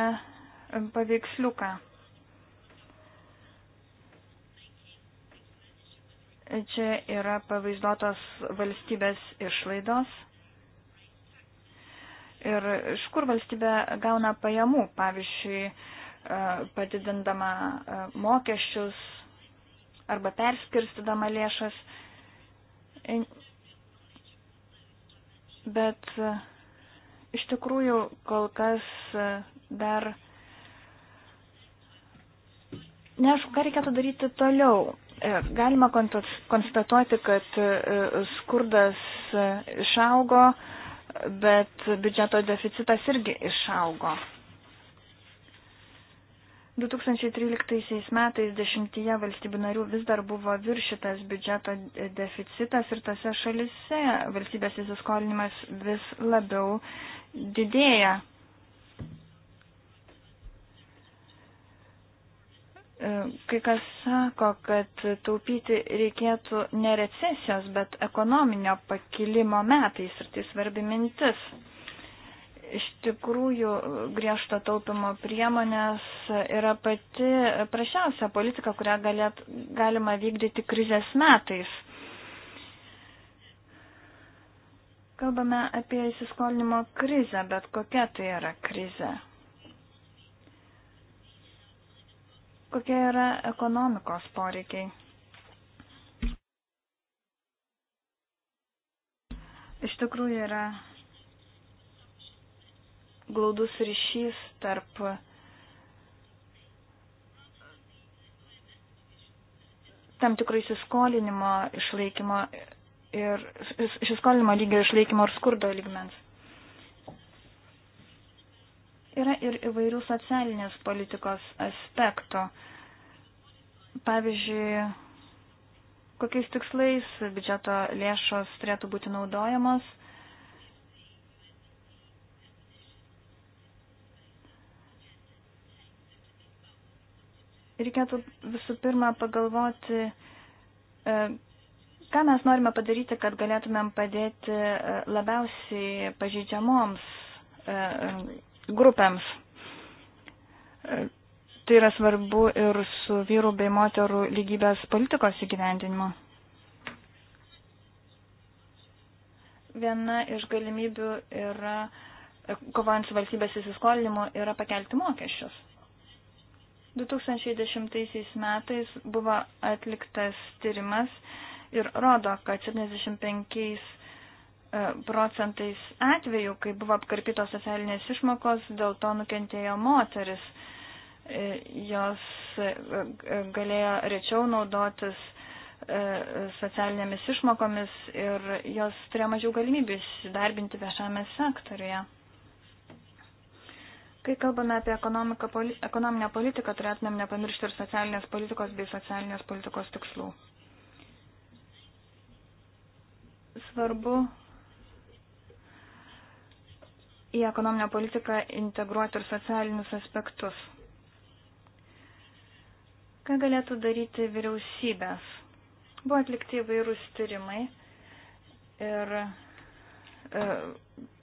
paveiksliuką. Čia yra pavaizduotos valstybės išlaidos ir iš kur valstybė gauna pajamų, pavyzdžiui, e, padidindama e, mokesčius arba perskirstydama lėšas. Bet e, iš tikrųjų kol kas dar neaišku, ką reikėtų daryti toliau. Galima konstatuoti, kad skurdas išaugo, bet biudžeto deficitas irgi išaugo. 2013 metais dešimtyje valstybių narių vis dar buvo viršytas biudžeto deficitas ir tose šalise valstybės įsiskolinimas vis labiau didėja. E, kai kas sako, kad taupyti reikėtų ne recesijos, bet ekonominio pakilimo metais ir tai svarbi mintis. Iš tikrųjų, griežto taupimo priemonės yra pati prašiausia politika, kurią galėt, galima vykdyti krizės metais. Kalbame apie įsiskolinimo krizę, bet kokia tai yra krizė? Kokie yra ekonomikos poreikiai? Iš tikrųjų yra glaudus ryšys tarp tam tikro įsiskolinimo išlaikymo ir įsiskolinimo lygio išlaikymo ir skurdo lygmens. Yra ir įvairių socialinės politikos aspektų. Pavyzdžiui, kokiais tikslais biudžeto lėšos turėtų būti naudojamos. Reikėtų visų pirma pagalvoti, e, ką mes norime padaryti, kad galėtumėm padėti e, labiausiai pažeidžiamoms e, grupėms. E, tai yra svarbu ir su vyrų bei moterų lygybės politikos įgyvendinimu. Viena iš galimybių yra, e, kovojant su valstybės įsiskolinimu, yra pakelti mokesčius. 2010 metais buvo atliktas tyrimas ir rodo, kad 75 E, procentais atvejų, kai buvo apkarpytos socialinės išmokos, dėl to nukentėjo moteris. E, jos e, galėjo rečiau naudotis socialinėmis išmokomis ir jos turėjo mažiau galimybių įsidarbinti viešame sektoriuje. Kai kalbame apie poli, ekonominę politiką, turėtumėm nepamiršti ir socialinės politikos bei socialinės politikos tikslų. Svarbu į ekonominę politiką integruoti ir socialinius aspektus. Ką galėtų daryti vyriausybės? Buvo atlikti įvairūs tyrimai ir e,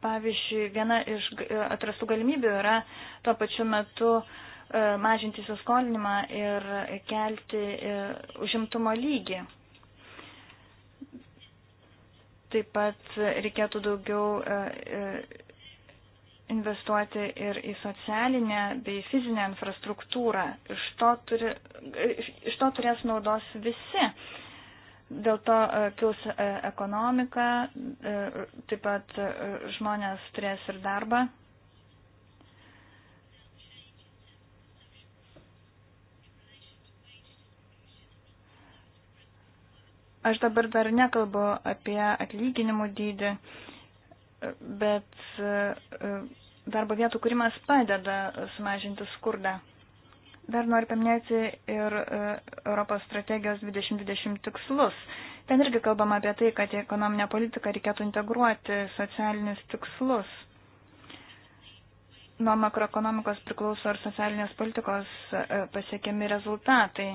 pavyzdžiui, viena iš e, atrastų galimybių yra tuo pačiu metu e, mažinti įsiskolinimą ir kelti užimtumo lygį. Taip pat reikėtų daugiau investuoti ir į socialinę bei fizinę infrastruktūrą. Iš to, turi, iš to turės naudos visi. Dėl to e, kils e, ekonomika, e, taip pat žmonės turės ir darbą. Aš dabar dar nekalbu apie atlyginimų dydį, bet darbo vietų kūrimas padeda sumažinti skurdą. Dar noriu paminėti ir e, Europos strategijos 2020 tikslus. Ten irgi kalbama apie tai, kad į ekonominę politiką reikėtų integruoti socialinius tikslus. Nuo makroekonomikos priklauso ir socialinės politikos e, pasiekiami rezultatai.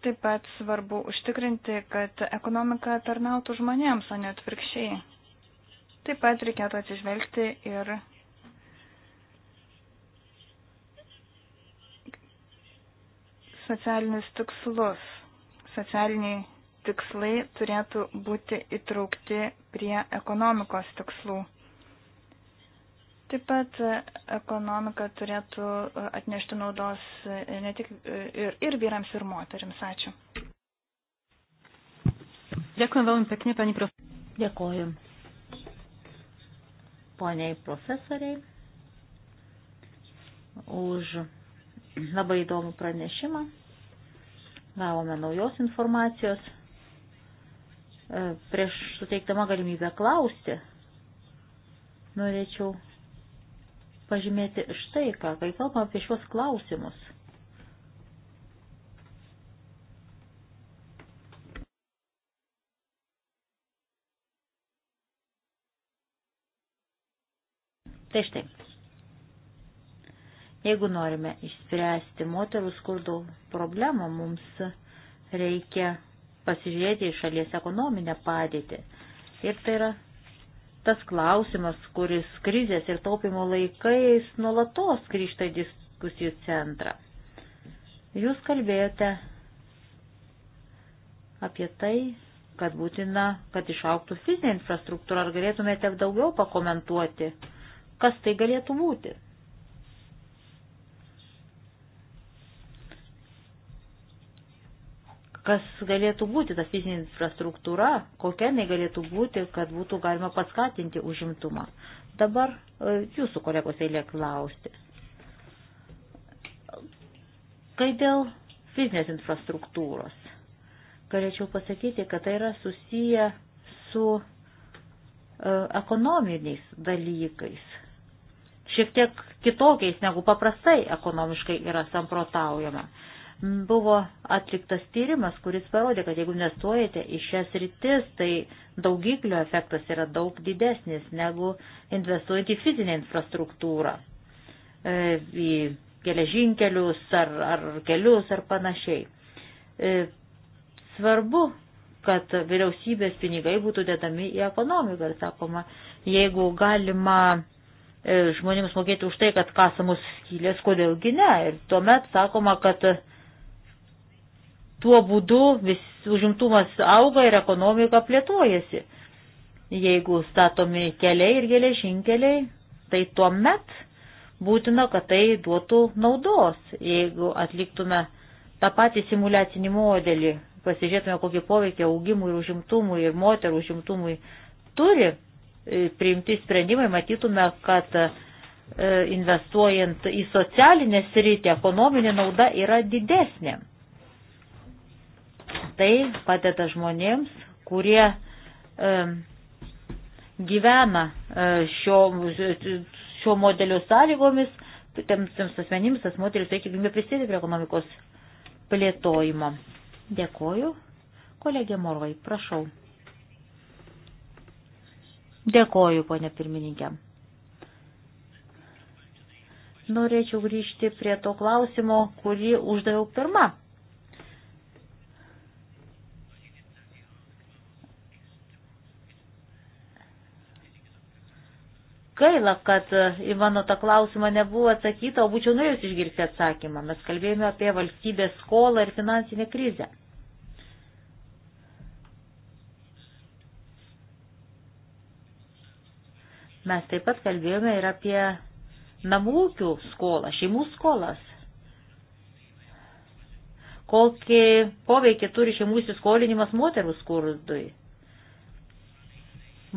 Taip pat svarbu užtikrinti, kad ekonomika tarnautų žmonėms, o ne atvirkščiai. Taip pat reikėtų atsižvelgti ir socialinius tikslus. Socialiniai tikslai turėtų būti įtraukti prie ekonomikos tikslų. Taip pat ekonomika turėtų atnešti naudos ne tik ir, ir vyrams, ir moteriams. Ačiū. Dėkuoju labai pekni, pani profesorė. Dėkuoju poniai profesoriai už labai įdomų pranešimą. Gavome naujos informacijos. E, prieš suteikdama galimybę klausti, norėčiau pažymėti štai ką, kai kalbam apie šios klausimus – Tai štai. Jeigu norime išspręsti moterų skurdo problemą, mums reikia pasižiūrėti į šalies ekonominę padėtį. Ir tai yra tas klausimas, kuris krizės ir taupimo laikais nuolatos grįžta į diskusijų centrą. Jūs kalbėjote apie tai, kad būtina, kad išauktų fizinė infrastruktūra. Ar galėtumėte daugiau pakomentuoti? kas tai galėtų būti. Kas galėtų būti ta fizinė infrastruktūra, kokia jinai galėtų būti, kad būtų galima paskatinti užimtumą. Dabar e, jūsų kolegos eilė klausti. Kai dėl fizinės infrastruktūros, galėčiau pasakyti, kad tai yra susiję su e, ekonominiais dalykais šiek tiek kitokiais negu paprastai ekonomiškai yra samprotaujama. Buvo atliktas tyrimas, kuris parodė, kad jeigu investuojate į šias rytis, tai daugiklio efektas yra daug didesnis negu investuojant į fizinę infrastruktūrą, e, į geležinkelius ar, ar kelius ar panašiai. E, svarbu kad vyriausybės pinigai būtų dedami į ekonomiką ir sakoma, jeigu galima E, žmonėms mokėti už tai, kad kasamos skylės, kodėlgi ne. Ir tuomet sakoma, kad tuo būdu vis užimtumas auga ir ekonomika plėtojasi. Jeigu statomi keliai ir geležinkeliai, tai tuomet būtina, kad tai duotų naudos. Jeigu atliktume tą patį simulacinį modelį, pasižiūrėtume, kokį poveikį augimui ir užimtumui ir moterų užimtumui turi E, priimti sprendimai, matytume, kad e, investuojant į socialinę sritį, ekonominė nauda yra didesnė. Tai padeda žmonėms, kurie e, gyvena šio, šio modelio sąlygomis, tiems, tiems asmenims tas modelis reikia galimybę prisidėti prie ekonomikos plėtojimo. Dėkoju. Kolegė Morvai, prašau. Dėkoju, ponė pirmininkė. Norėčiau grįžti prie to klausimo, kurį uždaviau pirmą. gaila, kad į mano tą klausimą nebuvo atsakyta, o būčiau norėjus išgirsti atsakymą. Mes kalbėjome apie valstybės skolą ir finansinę krizę. Mes taip pat kalbėjome ir apie namūkių skolą, šeimų skolas. Kokį poveikį turi šeimų įsiskolinimas moterų skurdui.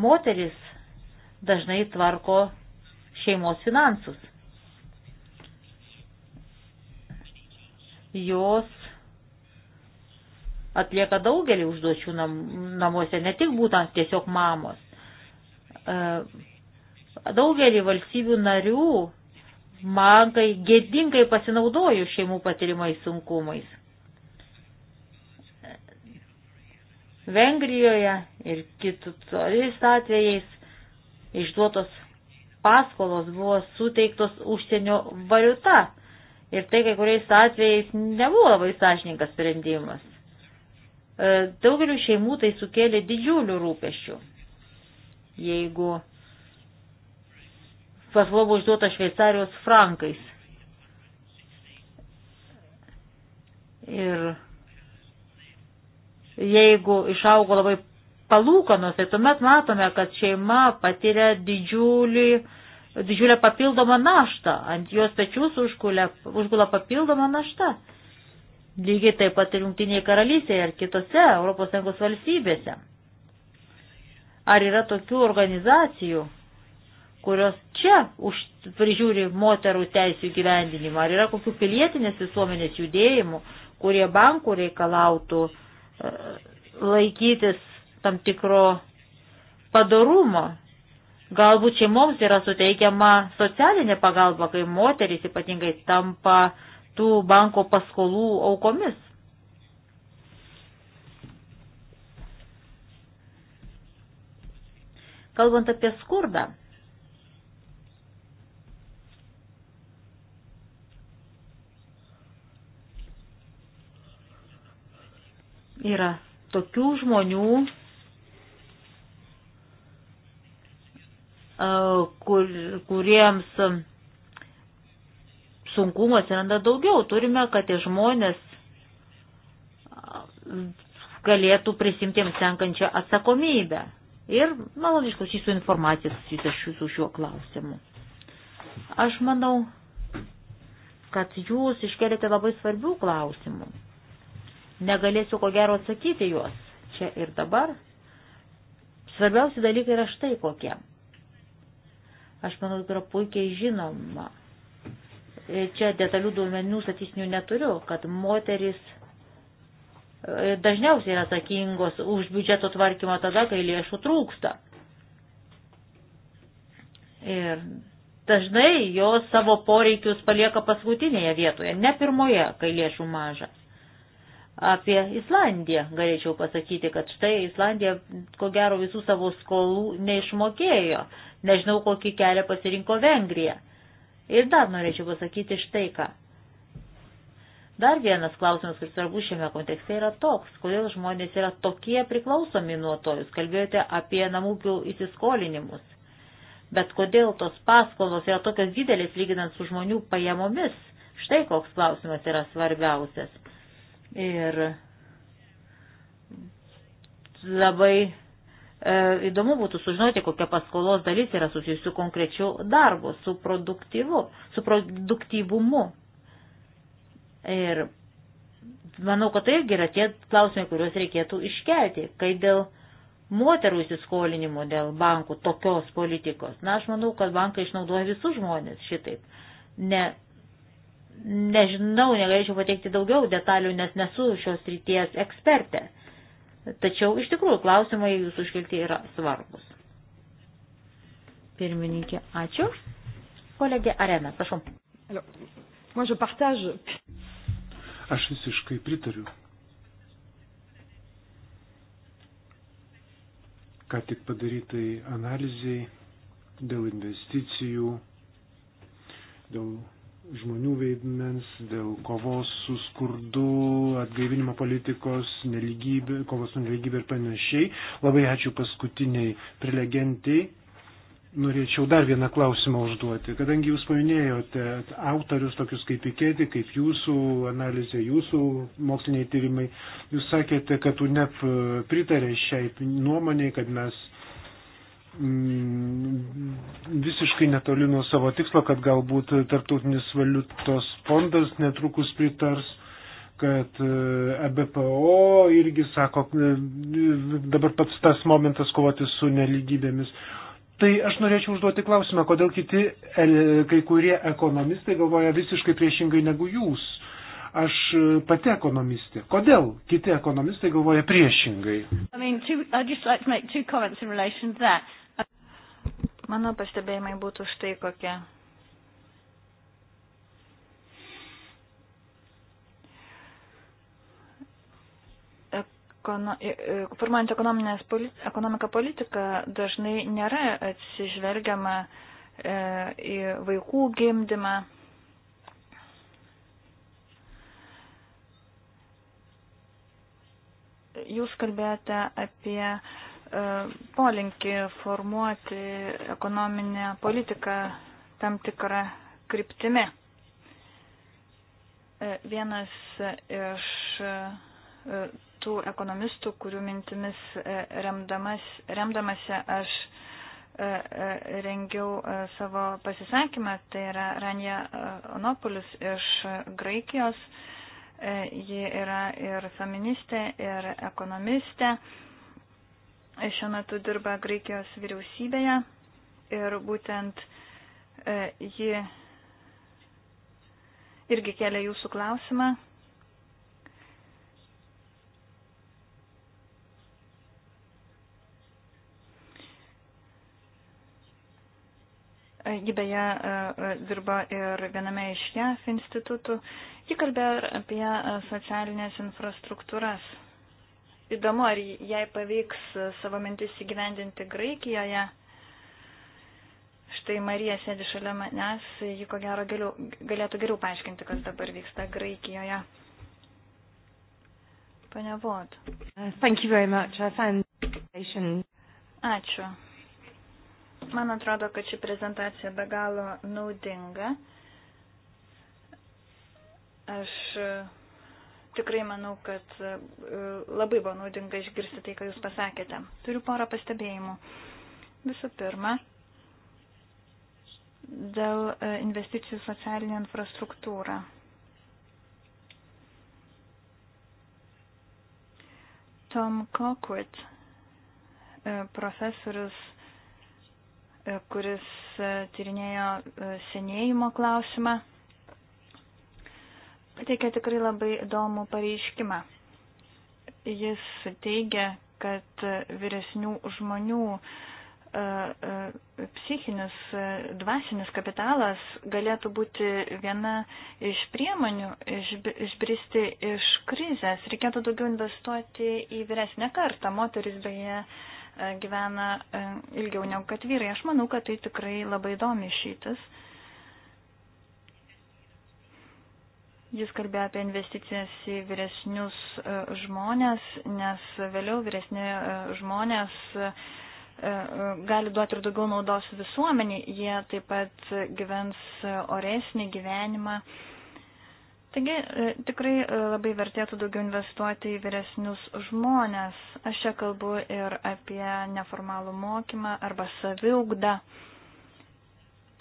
Moteris dažnai tvarko šeimos finansus. Jos atlieka daugelį užduočių namuose, ne tik būtent tiesiog mamos. E, daugelį valstybių narių bankai gėdingai pasinaudojo šeimų patirimais sunkumais. Vengrijoje ir kitus atvejais išduotos paskolos buvo suteiktos užsienio valiuta ir tai kai kuriais atvejais nebuvo labai sąžininkas sprendimas. E, daugeliu šeimų tai sukėlė didžiulių rūpešių. Jeigu paskola buvo išduota šveicarijos frankais. Ir jeigu išaugo labai palūkanos, tai tuomet matome, kad šeima patiria didžiulį, didžiulę papildomą naštą, ant jos pečius užgula papildoma našta. Lygiai taip pat ir Junktinėje karalystėje ar kitose ES valstybėse. Ar yra tokių organizacijų, kurios čia už, prižiūri moterų teisų gyvendinimą? Ar yra kokių pilietinės visuomenės judėjimų, kurie bankų reikalautų e, laikytis tam tikro padarumo? Galbūt šeimoms yra suteikiama socialinė pagalba, kai moteris ypatingai tampa tų banko paskolų aukomis. Kalbant apie skurdą, Yra tokių žmonių, kur, kuriems sunkumų atsiranda daugiau. Turime, kad tie žmonės galėtų prisimti jiems tenkančią atsakomybę. Ir malonu išklausyti su informacija susijusią su šiuo klausimu. Aš manau, kad jūs iškelite labai svarbių klausimų negalėsiu ko gero atsakyti juos čia ir dabar. Svarbiausi dalykai yra štai kokie. Aš manau, yra puikiai žinoma. E, čia detalių duomenių statistinių neturiu, kad moteris e, dažniausiai yra atsakingos už biudžeto tvarkymą tada, kai lėšų trūksta. Ir dažnai jos savo poreikius palieka paskutinėje vietoje, ne pirmoje, kai lėšų mažas apie Islandiją. Galėčiau pasakyti, kad štai Islandija ko gero visų savo skolų neišmokėjo. Nežinau, kokį kelią pasirinko Vengrija. Ir dar norėčiau pasakyti štai ką. Dar vienas klausimas, kuris svarbus šiame kontekste, yra toks, kodėl žmonės yra tokie priklausomi nuo to. Jūs kalbėjote apie namūkių įsiskolinimus. Bet kodėl tos paskolos yra tokios didelės lyginant su žmonių pajamomis? Štai koks klausimas yra svarbiausias Ir labai e, įdomu būtų sužinoti, kokia paskolos dalis yra susijusi su konkrečiu darbu, su, su produktyvumu. Ir manau, kad tai irgi yra tie klausimai, kuriuos reikėtų iškelti, kai dėl moterų įsiskolinimo, dėl bankų tokios politikos. Na, aš manau, kad bankai išnaudoja visus žmonės šitaip. Ne Nežinau, negalėčiau pateikti daugiau detalių, nes nesu šios ryties ekspertė. Tačiau iš tikrųjų klausimai jūsų iškelti yra svarbus. Pirmininkė, ačiū. Kolegė Arena, prašom. Aš visiškai pritariu. Ką tik padarytai analizai dėl investicijų, dėl žmonių veidmens, dėl kovos su skurdu, atgaivinimo politikos, neligybė, kovos su neligybė ir panašiai. Labai ačiū paskutiniai prelegentiai. Norėčiau dar vieną klausimą užduoti, kadangi jūs paminėjote autorius tokius kaip Pikėti, kaip jūsų analizė, jūsų moksliniai tyrimai, jūs sakėte, kad UNEP pritarė šiai nuomonėje, kad mes Mm, visiškai netoli nuo savo tikslo, kad galbūt Tartautinis valiutos fondas netrukus pritars, kad EBPO e irgi sako, e, dabar pats tas momentas kovoti su neligybėmis. Tai aš norėčiau užduoti klausimą, kodėl kiti, e, kai kurie ekonomistai galvoja visiškai priešingai negu jūs. Aš pati ekonomistė. Kodėl kiti ekonomistai galvoja priešingai? I mean, two, Mano pastebėjimai būtų štai kokie. Ekono, e, e, formuojant ekonomiką politiką dažnai nėra atsižvelgiama e, į vaikų gimdymą. Jūs kalbėjote apie e, E, polinkį formuoti ekonominę politiką tam tikrą kryptimį. E, vienas iš e, tų ekonomistų, kurių mintimis remdamas, remdamasi aš rengiau savo pasisakymą, tai yra Ranja Onopolis iš Graikijos. Ji yra ir feministė, ir ekonomistė šiuo metu dirba Graikijos vyriausybėje ir būtent e, ji irgi kelia jūsų klausimą. Ji beje e, e, dirba ir viename iš JAF institutų. Ji kalbėjo apie socialinės infrastruktūras. Įdomu, ar jai pavyks e, savo mintis įgyvendinti Graikijoje. Štai Marija sėdi šalia manęs, ji ko gero galiu, galėtų geriau paaiškinti, kas dabar vyksta Graikijoje. Pane Vod. Uh, Ačiū. Man atrodo, kad ši prezentacija be galo naudinga. Aš tikrai manau, kad e, labai buvo naudinga išgirsti tai, ką Jūs pasakėte. Turiu porą pastebėjimų. Visų pirma, dėl e, investicijų socialinę infrastruktūrą. Tom Cockwood, e, profesorius, kuris tyrinėjo senėjimo klausimą, teikia tikrai labai įdomų pareiškimą. Jis teigia, kad vyresnių žmonių e, e, psichinis, e, dvasinis kapitalas galėtų būti viena iš priemonių išbristi iš krizės. Reikėtų daugiau investuoti į vyresnę kartą. Moteris beje gyvena ilgiau negu kad vyrai. Aš manau, kad tai tikrai labai įdomi šytis. Jis kalbėjo apie investicijas į vyresnius e, žmonės, nes vėliau vyresni e, žmonės e, gali duoti ir daugiau naudos visuomenį, jie taip pat gyvens oresnį gyvenimą. Taigi tikrai labai vertėtų daugiau investuoti į vyresnius žmonės. Aš čia kalbu ir apie neformalų mokymą arba saviugdą.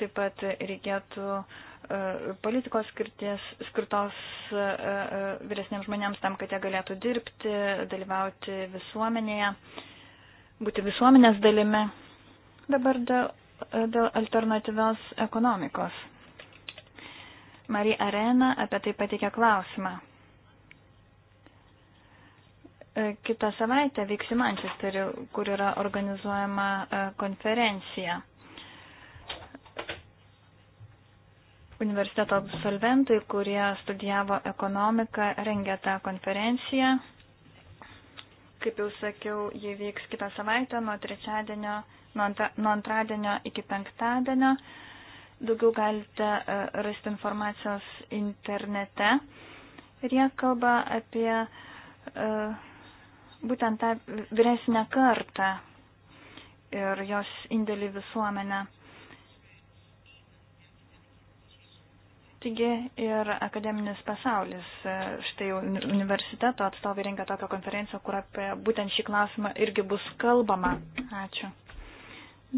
Taip pat reikėtų e, politikos skirties, skirtos e, e, vyresniems žmonėms tam, kad jie galėtų dirbti, dalyvauti visuomenėje, būti visuomenės dalimi. Dabar dėl, dėl alternatyvios ekonomikos. Marija Arena apie tai pateikė klausimą. Kita savaitė vyks į Mančesterį, kur yra organizuojama konferencija. universiteto absolventai, kurie studijavo ekonomiką, rengia tą konferenciją. Kaip jau sakiau, jie vyks kitą savaitę nuo, nuo, antra, nuo antradienio iki penktadienio. Daugiau galite e, rasti informacijos internete. Ir jie kalba apie uh, būtent tą vyresnę kartą ir jos indėlį visuomenę. Taigi ir akademinis pasaulis, štai universiteto atstovai renka tokią konferenciją, kur apie būtent šį klausimą irgi bus kalbama. Ačiū.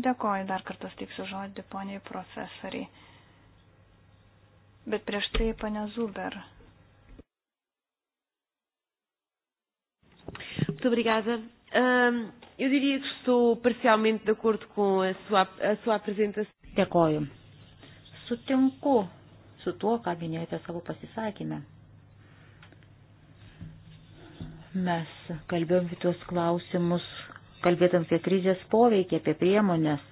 Dėkoju dar kartą steiksiu žodį poniai profesoriai. Bet prieš tai ponia Zuber. Muito obrigada. Um, eu diria que estou parcialmente de acordo com a sua, a sua apresentação. Dėkoju. Sutinku su tuo, ką minėjote savo pasisakymę. Mes kalbėjom apie tuos klausimus, kalbėtam apie krizės poveikį, apie priemonės,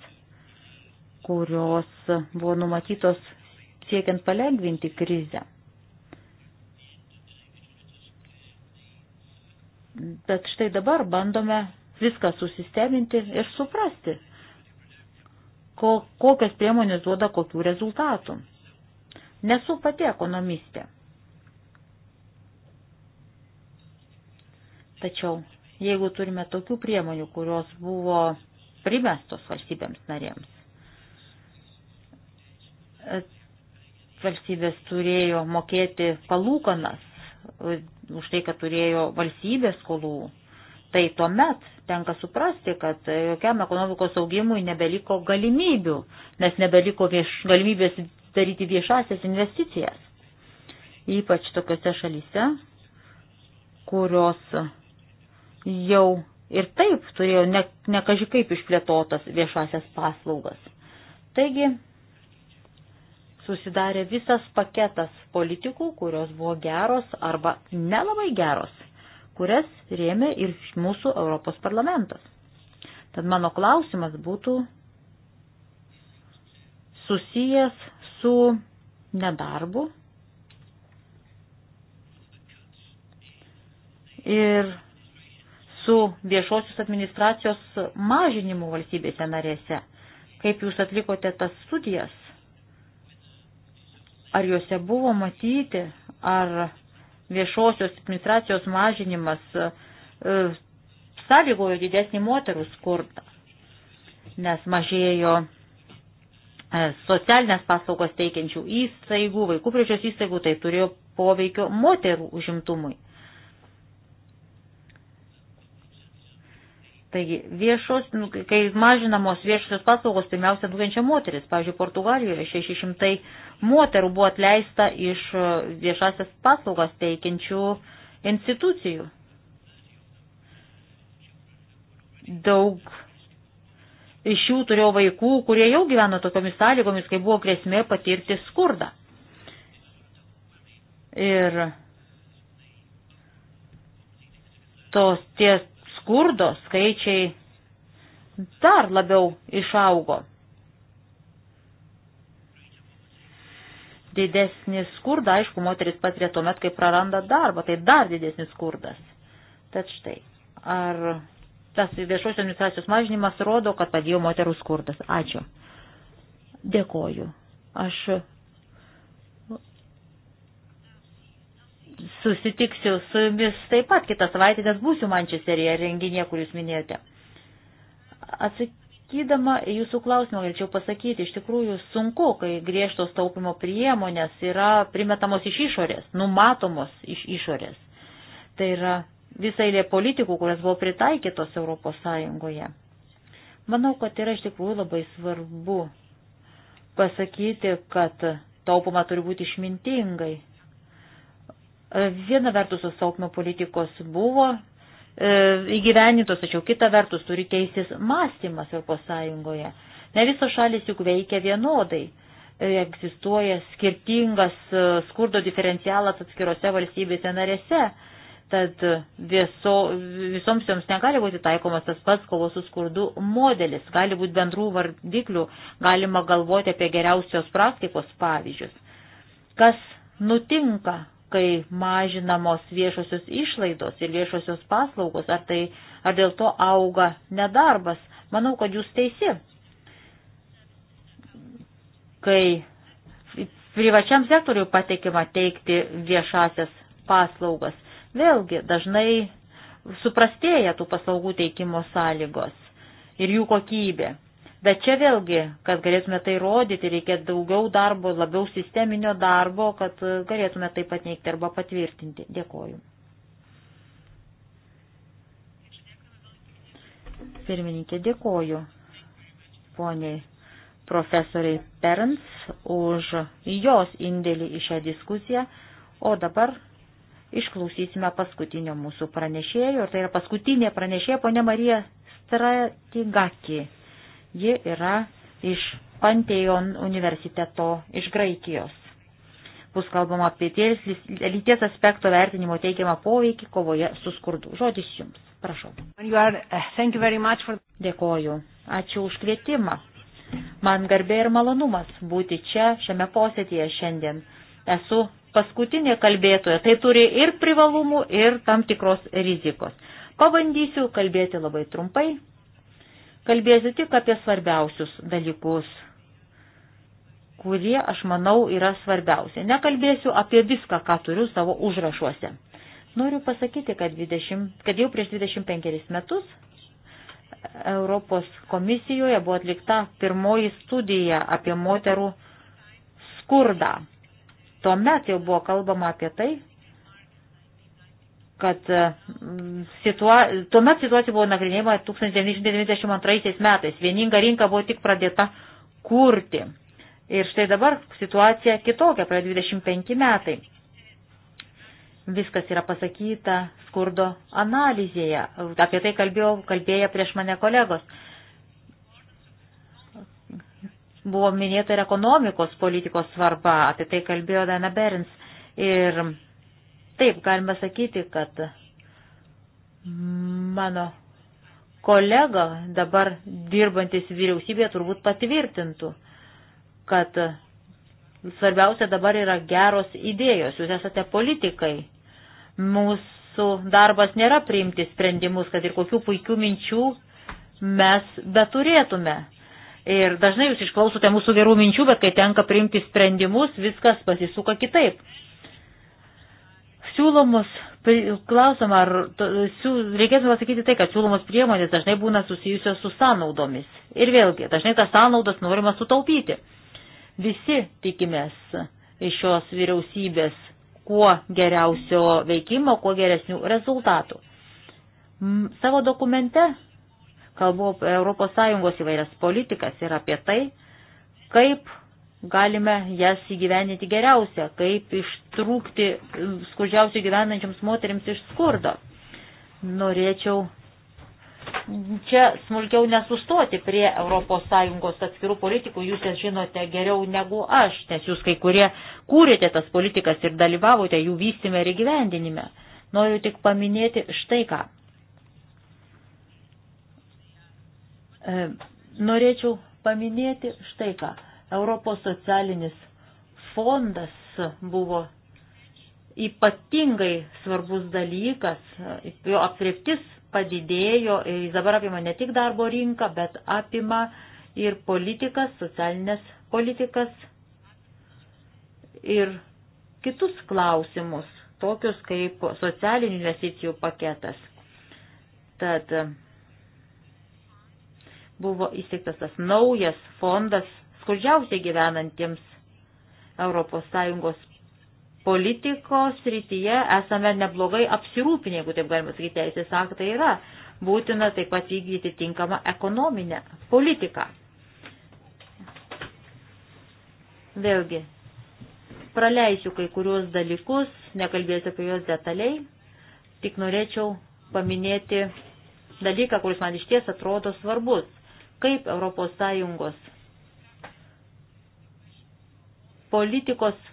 kurios buvo numatytos siekiant palengvinti krizę. Bet štai dabar bandome viską susisteminti ir suprasti, ko, kokios priemonės duoda kokių rezultatų. Nesu pati ekonomistė. Tačiau, jeigu turime tokių priemonių, kurios buvo primestos valstybėms narėms, valstybės turėjo mokėti palūkanas e, už tai, kad turėjo valstybės skolų, tai tuomet tenka suprasti, kad jokiam ekonomikos augimui nebeliko galimybių, nes nebeliko vieš, galimybės daryti viešasias investicijas, ypač tokiuose šalyse, kurios jau ir taip turėjo ne, ne kažkaip išplėtotas viešasias paslaugas. Taigi, susidarė visas paketas politikų, kurios buvo geros arba nelabai geros, kurias rėmė ir mūsų Europos parlamentas. Tad mano klausimas būtų susijęs su nedarbu. Ir su viešosios administracijos mažinimu valstybėse narėse. Kaip jūs atlikote tas studijas? Ar juose buvo matyti, ar viešosios administracijos mažinimas e, sąlygojo didesnį moterų skurdą, nes mažėjo E, socialinės paslaugos teikiančių įstaigų, vaikų priežios įstaigų, tai turėjo poveikio moterų užimtumui. Taigi, viešos, nu, kai mažinamos viešosios paslaugos, pirmiausia, nukenčia moteris. Pavyzdžiui, Portugalijoje 600 moterų buvo atleista iš e, viešasias paslaugas teikiančių institucijų. Daug iš jų turėjo vaikų, kurie jau gyveno tokiomis sąlygomis, kai buvo grėsmė patirti skurdą. Ir tos tie skurdo skaičiai dar labiau išaugo. Didesnis skurda, aišku, moteris patiria tuomet, kai praranda darbą, tai dar didesnis skurdas. Tad štai, ar tas viešos administracijos mažinimas rodo, kad padėjo moterų skurdas. Ačiū. Dėkoju. Aš susitiksiu su jumis taip pat kitą savaitę, nes būsiu Mančesteryje renginėje, kur jūs minėjote. Atsakydama jūsų klausimą, galėčiau pasakyti, iš tikrųjų sunku, kai griežtos taupimo priemonės yra primetamos iš išorės, numatomos iš išorės. Tai yra visai lė politikų, kurios buvo pritaikytos Europos Sąjungoje. Manau, kad yra iš tikrųjų labai svarbu pasakyti, kad taupoma turi būti išmintingai. Viena vertus tos taupimo politikos buvo e, įgyvenintos, tačiau kita vertus turi keistis mąstymas Europos Sąjungoje. Ne visos šalis juk veikia vienodai. E, egzistuoja skirtingas e, skurdo diferencialas atskirose valstybėse narėse. Tad viso, visoms joms negali būti taikomas tas pats kovos su skurdu modelis, gali būti bendrų vardiklių, galima galvoti apie geriausios praktikos pavyzdžius. Kas nutinka, kai mažinamos viešosios išlaidos ir viešosios paslaugos, ar, tai, ar dėl to auga nedarbas. Manau, kad jūs teisi. Kai privačiam sektoriu patikima teikti viešasias paslaugas, Vėlgi, dažnai suprastėja tų paslaugų teikimo sąlygos ir jų kokybė. Bet čia vėlgi, kad galėtume tai rodyti, reikia daugiau darbo, labiau sisteminio darbo, kad galėtume tai pateikti arba patvirtinti. Dėkoju. Pirmininkė, dėkoju poniai profesoriai Perns už jos indėlį į šią diskusiją. O dabar Išklausysime paskutinio mūsų pranešėjo, ir tai yra paskutinė pranešėja ponė Marija Stratigaki. Ji yra iš Panteon universiteto iš Graikijos. Bus kalbama apie tėlis, lyties aspekto vertinimo teikiamą poveikį kovoje su skurdu. Žodis jums. Prašau. Are, eh, for... Dėkoju. Ačiū už kvietimą. Man garbė ir malonumas būti čia, šiame posėdėje šiandien. Esu paskutinė kalbėtoja, tai turi ir privalumų, ir tam tikros rizikos. Pabandysiu kalbėti labai trumpai. Kalbėsiu tik apie svarbiausius dalykus, kurie, aš manau, yra svarbiausia. Nekalbėsiu apie viską, ką turiu savo užrašuose. Noriu pasakyti, kad, 20, kad jau prieš 25 metus Europos komisijoje buvo atlikta pirmoji studija apie moterų skurdą. Tuomet jau buvo kalbama apie tai, kad e, situa tuomet situacija buvo nagrinėjama 1992 metais. Vieninga rinka buvo tik pradėta kurti. Ir štai dabar situacija kitokia, praėjo 25 metai. Viskas yra pasakyta skurdo analizėje. Apie tai kalbėjau, kalbėjo prieš mane kolegos. Buvo minėta ir ekonomikos politikos svarba, apie tai kalbėjo Dana Berins. Ir taip, galima sakyti, kad mano kolega dabar dirbantis vyriausybėje turbūt patvirtintų, kad svarbiausia dabar yra geros idėjos, jūs esate politikai. Mūsų darbas nėra priimti sprendimus, kad ir kokių puikių minčių mes beturėtume. Ir dažnai jūs išklausote mūsų gerų minčių, bet kai tenka priimti sprendimus, viskas pasisuka kitaip. Siūlomos, klausom, ar reikėtų pasakyti tai, kad siūlomos priemonės dažnai būna susijusios su sąnaudomis. Ir vėlgi, dažnai tas sąnaudas norima sutaupyti. Visi tikimės iš šios vyriausybės kuo geriausio veikimo, kuo geresnių rezultatų. Savo dokumente kalbu apie ES įvairias politikas ir apie tai, kaip galime jas įgyveninti geriausia, kaip ištrūkti skurdžiausiai gyvenančiams moteriams iš skurdo. Norėčiau čia smulkiau nesustoti prie ES atskirų politikų, jūs jas žinote geriau negu aš, nes jūs kai kurie kūrėte tas politikas ir dalyvavote jų vystime ir įgyvendinime. Noriu tik paminėti štai ką. E, norėčiau paminėti štai ką. Europos socialinis fondas buvo ypatingai svarbus dalykas, jo apriptis padidėjo, jis dabar apima ne tik darbo rinką, bet apima ir politikas, socialinės politikas ir kitus klausimus, tokius kaip socialinių investicijų paketas. Tad buvo įsteigtas tas naujas fondas skurdžiausiai gyvenantiems ES politikos rytyje esame neblogai apsirūpinę, jeigu taip galima sakyti, teisės aktai yra. Būtina taip pat vykdyti tinkamą ekonominę politiką. Vėlgi, praleisiu kai kuriuos dalykus, nekalbėsiu apie juos detaliai, tik norėčiau paminėti dalyką, kuris man iš ties atrodo svarbus kaip ES politikos e,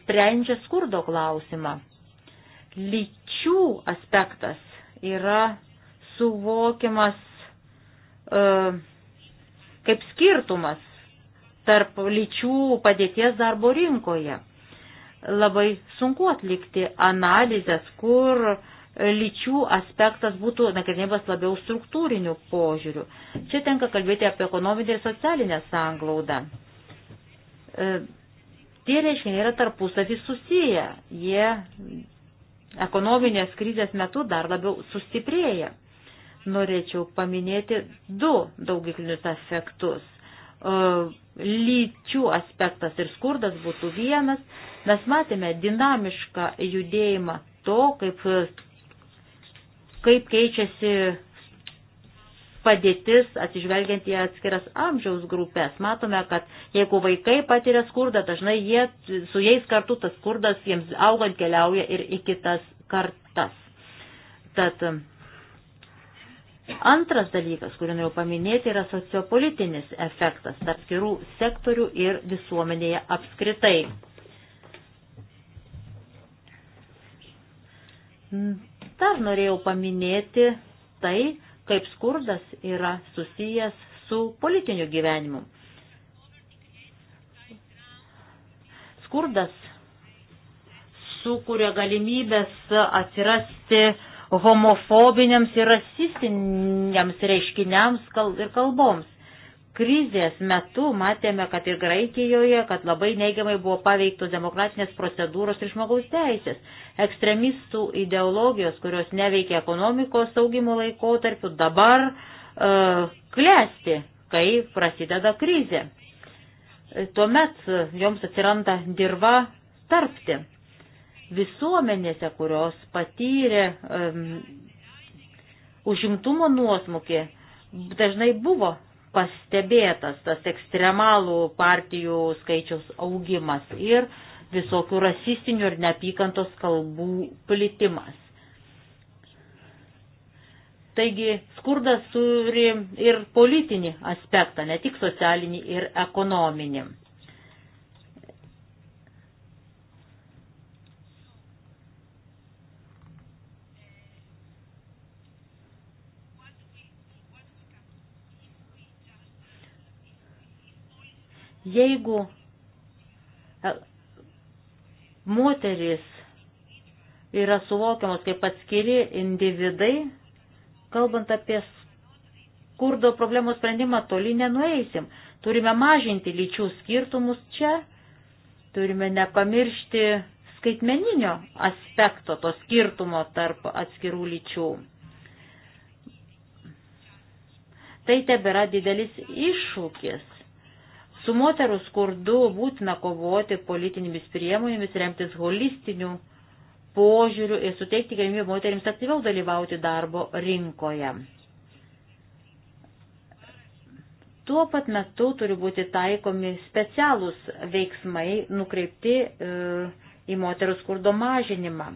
sprendžia skurdo klausimą. Lyčių aspektas yra suvokiamas e, kaip skirtumas tarp lyčių padėties darbo rinkoje. Labai sunku atlikti analizės, kur uh, lyčių aspektas būtų nagrinėjimas labiau struktūrinių požiūrių. Čia tenka kalbėti apie ekonominę ir socialinę sanglaudą. E, tie reiškiniai yra tarpusavį susiję. Jie ekonominės krizės metu dar labiau sustiprėja. Norėčiau paminėti du daugiklinius aspektus. E, lyčių aspektas ir skurdas būtų vienas. Mes matėme dinamišką judėjimą to, kaip kaip keičiasi padėtis atsižvelgiant į atskiras amžiaus grupės. Matome, kad jeigu vaikai patiria skurdą, dažnai jie, su jais kartu tas skurdas jiems augant keliauja ir į kitas kartas. Tad antras dalykas, kurį norėjau paminėti, yra sociopolitinis efektas tarp skirų sektorių ir visuomenėje apskritai. Dar norėjau paminėti tai, kaip skurdas yra susijęs su politiniu gyvenimu. Skurdas sukuria galimybės atsirasti homofobiniams ir rasistiniams reiškiniams ir kalboms. Krizės metu matėme, kad ir Graikijoje, kad labai neigiamai buvo paveiktos demokratinės procedūros ir žmogaus teisės. Ekstremistų ideologijos, kurios neveikia ekonomikos saugimo laikotarpiu, dabar uh, klesti, kai prasideda krizė. E, tuomet e, joms atsiranda dirba tarpti. Visuomenėse, kurios patyrė um, užimtumo nuosmukį, dažnai buvo pastebėtas tas ekstremalų partijų skaičiaus augimas ir visokių rasistinių ir neapykantos kalbų plitimas. Taigi skurdas turi ir politinį aspektą, ne tik socialinį ir ekonominį. Jeigu e, moteris yra suvokiamos kaip atskiri individai, kalbant apie skurdo problemų sprendimą, toli nenueisim. Turime mažinti lyčių skirtumus čia, turime nepamiršti skaitmeninio aspekto, to skirtumo tarp atskirų lyčių. Tai tebėra didelis iššūkis Su moterų skurdu būtina kovoti politinėmis priemonėmis, remtis holistiniu požiūriu ir suteikti galimybę moteriams aktyviau dalyvauti darbo rinkoje. Tuo pat metu turi būti taikomi specialūs veiksmai nukreipti e, į moterų skurdo mažinimą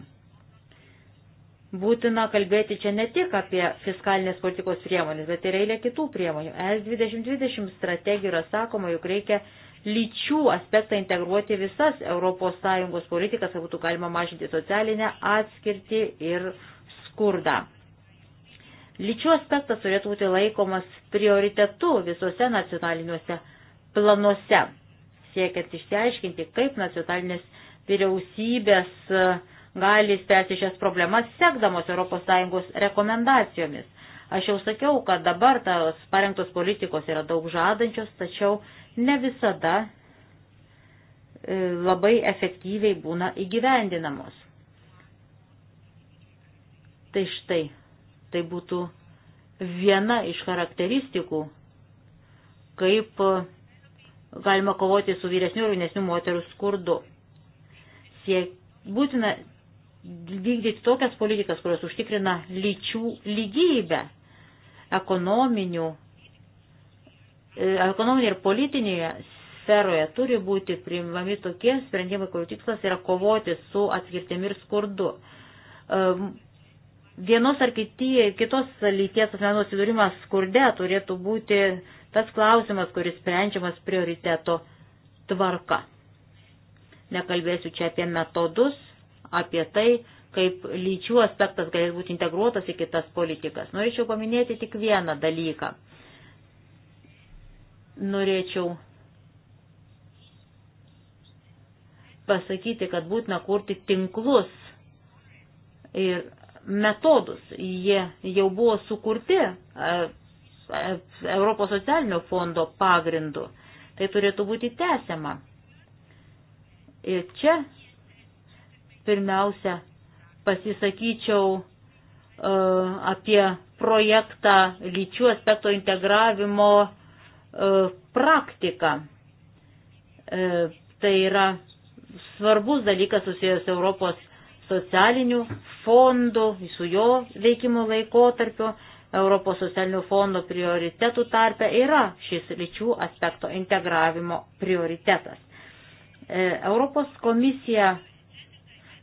būtina kalbėti čia ne tik apie fiskalinės politikos priemonės, bet ir eilę kitų priemonių. ES 2020 strategija yra sakoma, jog reikia lyčių aspektą integruoti visas ES politikas, kad būtų galima mažinti socialinę atskirtį ir skurdą. Lyčių aspektas turėtų būti laikomas prioritetu visose nacionaliniuose planuose, siekiant išsiaiškinti, kaip nacionalinės vyriausybės uh, gali spręsti šias problemas, sekdamos ES rekomendacijomis. Aš jau sakiau, kad dabar tos parengtos politikos yra daug žadančios, tačiau ne visada e, labai efektyviai būna įgyvendinamos. Tai štai, tai būtų viena iš charakteristikų, kaip galima kovoti su vyresnių ir jaunesnių moterų skurdu. Siek, būtina vykdyti tokias politikas, kurios užtikrina lyčių lygybę ekonominių, e, ekonominėje ir politinėje sferoje turi būti priimami tokie sprendimai, kurių tikslas yra kovoti su atskirtimi ir skurdu. E, vienos ar kiti, kitos lyties asmenų atsidūrimas skurde turėtų būti tas klausimas, kuris sprendžiamas prioriteto tvarka. Nekalbėsiu čia apie metodus, apie tai, kaip lyčių aspektas galės būti integruotas į kitas politikas. Norėčiau paminėti tik vieną dalyką. Norėčiau pasakyti, kad būtina kurti tinklus ir metodus. Jie jau buvo sukurti e, e, Europos socialinio fondo pagrindu. Tai turėtų būti tęsiama. Ir čia pirmiausia pasisakyčiau e, apie projektą lyčių aspekto integravimo e, praktiką. E, tai yra svarbus dalykas susijęs Europos socialinių fondų, su jo veikimo laikotarpiu, Europos socialinių fondų prioritetų tarpe yra šis lyčių aspekto integravimo prioritetas. Europos komisija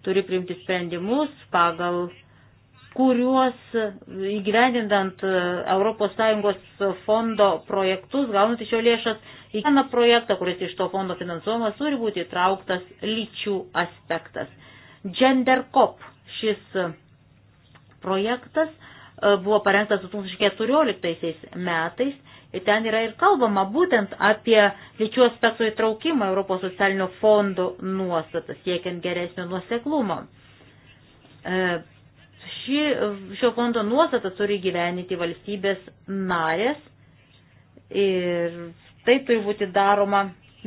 turi priimti sprendimus, pagal kuriuos įgyvendinant ES fondo projektus, gaunant iš jo lėšas, į vieną projektą, kuris iš to fondo finansuojamas, turi būti įtrauktas lyčių aspektas. GenderCop šis projektas e, buvo parengtas 2014 metais Ir ten yra ir kalbama būtent apie lyčių aspektų įtraukimą Europos socialinio fondo nuostatą, siekiant geresnio nuoseklumo. E, ši, šio fondo nuostatą turi gyveninti valstybės narės ir tai turi būti daroma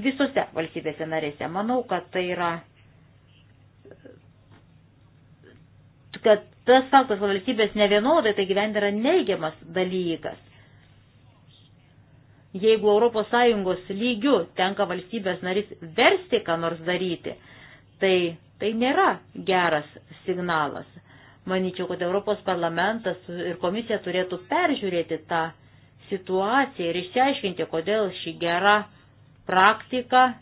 visose valstybėse narėse. Manau, kad tai yra kad tas faktas, kad valstybės nevienodai, tai gyventi yra neigiamas dalykas jeigu ES lygių tenka valstybės narys versti, ką nors daryti, tai tai nėra geras signalas. Manyčiau, kad Europos parlamentas ir komisija turėtų peržiūrėti tą situaciją ir išsiaiškinti, kodėl ši gera praktika e,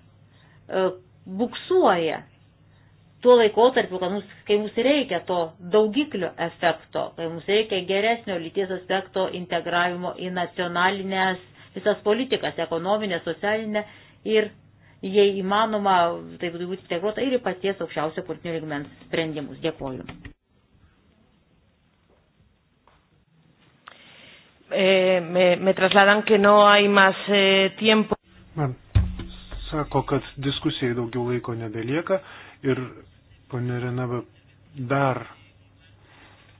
buksuoja tuo laikotarpiu, kai mums reikia to daugiklio efekto, kai mums reikia geresnio lyties aspekto integravimo į nacionalinės visas politikas, ekonominę, socialinę ir jei įmanoma, tai būtų būti integruota ir į paties aukščiausio politinio lygmens sprendimus. Dėkoju. Eh, me, me trasladan que no hay más eh, tiempo. Man sako, kad diskusijai daugiau laiko nebelieka ir ponė Renava dar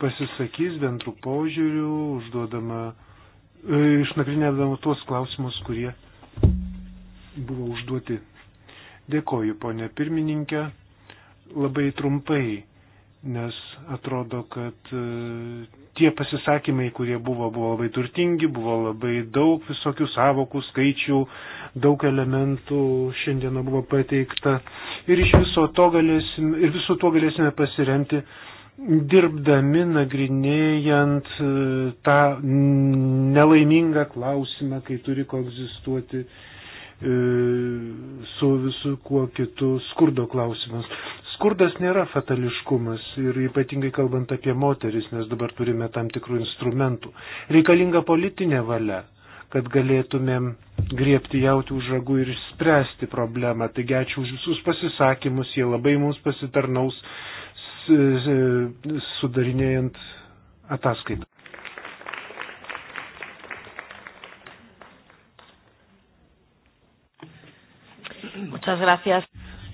pasisakys bendrų požiūrių, užduodama E, išnagrinėdama tuos klausimus, kurie buvo užduoti. Dėkoju, ponė pirmininkė, labai trumpai, nes atrodo, kad e, tie pasisakymai, kurie buvo, buvo labai turtingi, buvo labai daug visokių savokų, skaičių, daug elementų šiandieną buvo pateikta ir iš viso to galėsime, ir viso to galėsime pasiremti dirbdami, nagrinėjant e, tą nelaimingą klausimą, kai turi koegzistuoti e, su visu kuo kitu skurdo klausimas. Skurdas nėra fatališkumas ir ypatingai kalbant apie moteris, nes dabar turime tam tikrų instrumentų. Reikalinga politinė valia, kad galėtumėm griepti jauti už ragų ir išspręsti problemą. Taigi ačiū už visus pasisakymus, jie labai mums pasitarnaus sudarinėjant ataskaitą.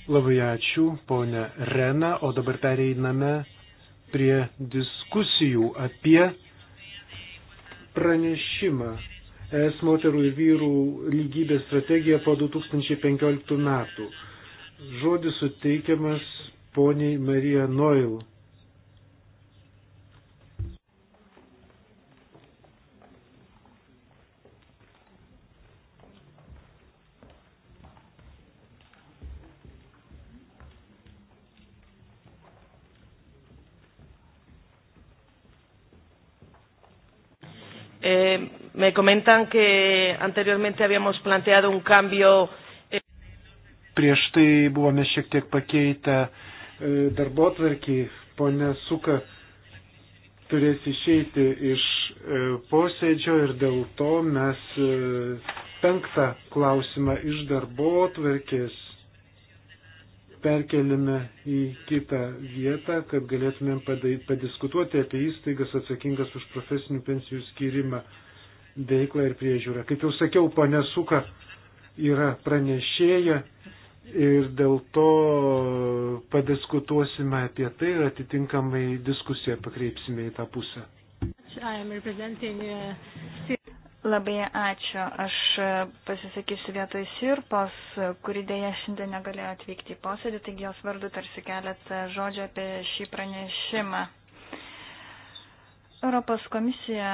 Labai ačiū, ponė Rena, o dabar pereiname prie diskusijų apie pranešimą ES moterų ir vyrų lygybės strategija po 2015 metų. Žodis suteikiamas poniai Marija Noil. Eh, me comentan que anteriormente habíamos planteado un cambio. Eh, Prieš tai buvome šiek tiek pakeitę E, darbo tvarkį, ponė Suka turės išeiti iš e, posėdžio ir dėl to mes e, penktą klausimą iš darbo tvarkės perkelime į kitą vietą, kad galėtumėm padiskutuoti apie įstaigas atsakingas už profesinių pensijų skirimą, veiklą ir priežiūrą. Kaip jau sakiau, ponė Suka yra pranešėja Ir dėl to padiskutuosime apie tai ir atitinkamai diskusiją pakreipsime į tą pusę. Labai ačiū. Aš pasisakysiu vietoj Sirpos, kuri dėja šiandien negalėjo atvykti į posėdį, taigi jos vardu tarsi keletą žodžių apie šį pranešimą. Europos komisija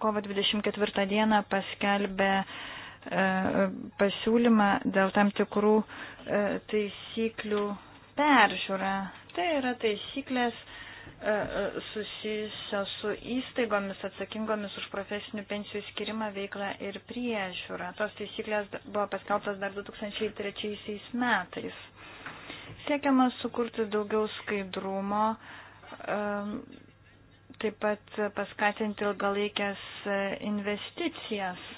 kovo 24 dieną paskelbė uh, E, pasiūlymą dėl tam tikrų e, taisyklių peržiūrą. Tai yra taisyklės e, susijusios su įstaigomis atsakingomis už profesinių pensijų skirimą, veiklą ir priežiūrą. Tos taisyklės buvo paskelbtos dar 2003 metais. Siekiama sukurti daugiau skaidrumo, taip pat paskatinti ilgalaikės investicijas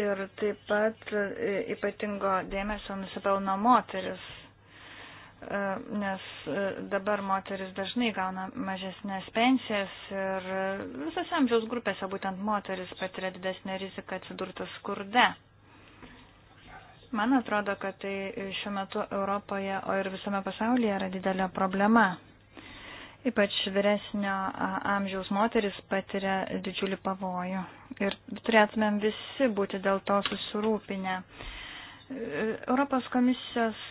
ir taip pat e, ypatingo dėmesio nusipelno moteris, e, nes e, dabar moteris dažnai gauna mažesnės pensijas ir visose amžiaus grupėse būtent moteris patiria didesnę riziką atsidurti skurde. Man atrodo, kad tai šiuo metu Europoje, o ir visame pasaulyje yra didelė problema. Ypač vyresnio amžiaus moteris patiria didžiulį pavojų. Ir turėtumėm visi būti dėl to susirūpinę. Europos komisijos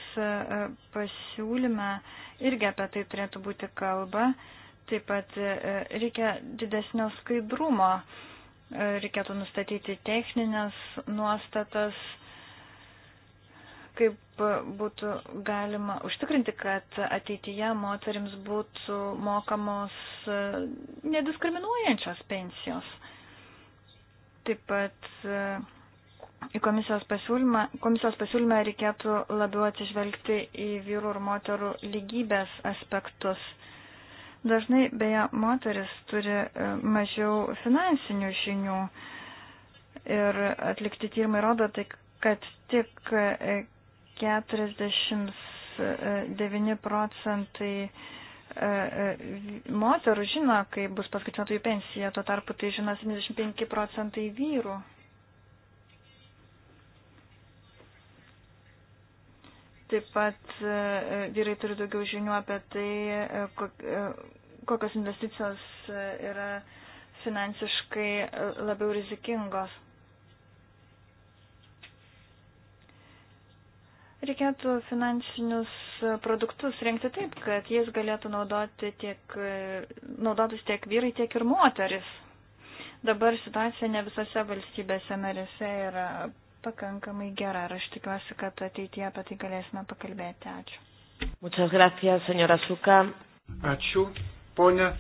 pasiūlyme irgi apie tai turėtų būti kalba. Taip pat reikia didesnio skaidrumo, reikėtų nustatyti techninės nuostatas, kaip būtų galima užtikrinti, kad ateityje moterims būtų mokamos e, nediskriminuojančios pensijos. Taip pat e, į komisijos pasiūlymą, komisijos pasiūlymą reikėtų labiau atsižvelgti į vyrų ir moterų lygybės aspektus. Dažnai, beje, moteris turi e, mažiau finansinių žinių ir atlikti tyrimai rodo, tai, kad tik 49 procentai e, e, moterų žino, kaip bus paskaičiuota jų pensija, tuo tarpu tai žino 75 procentai vyrų. Taip pat e, vyrai turi daugiau žinių apie tai, kokios investicijos yra finansiškai labiau rizikingos. Reikėtų finansinius produktus rengti taip, kad jais galėtų naudoti tiek, naudotis tiek vyrai, tiek ir moteris. Dabar situacija ne visose valstybėse narėse yra pakankamai gera ir aš tikiuosi, kad ateityje apie tai galėsime pakalbėti. Ačiū. Muchas gracias, señora Suka. Ačiū, ponia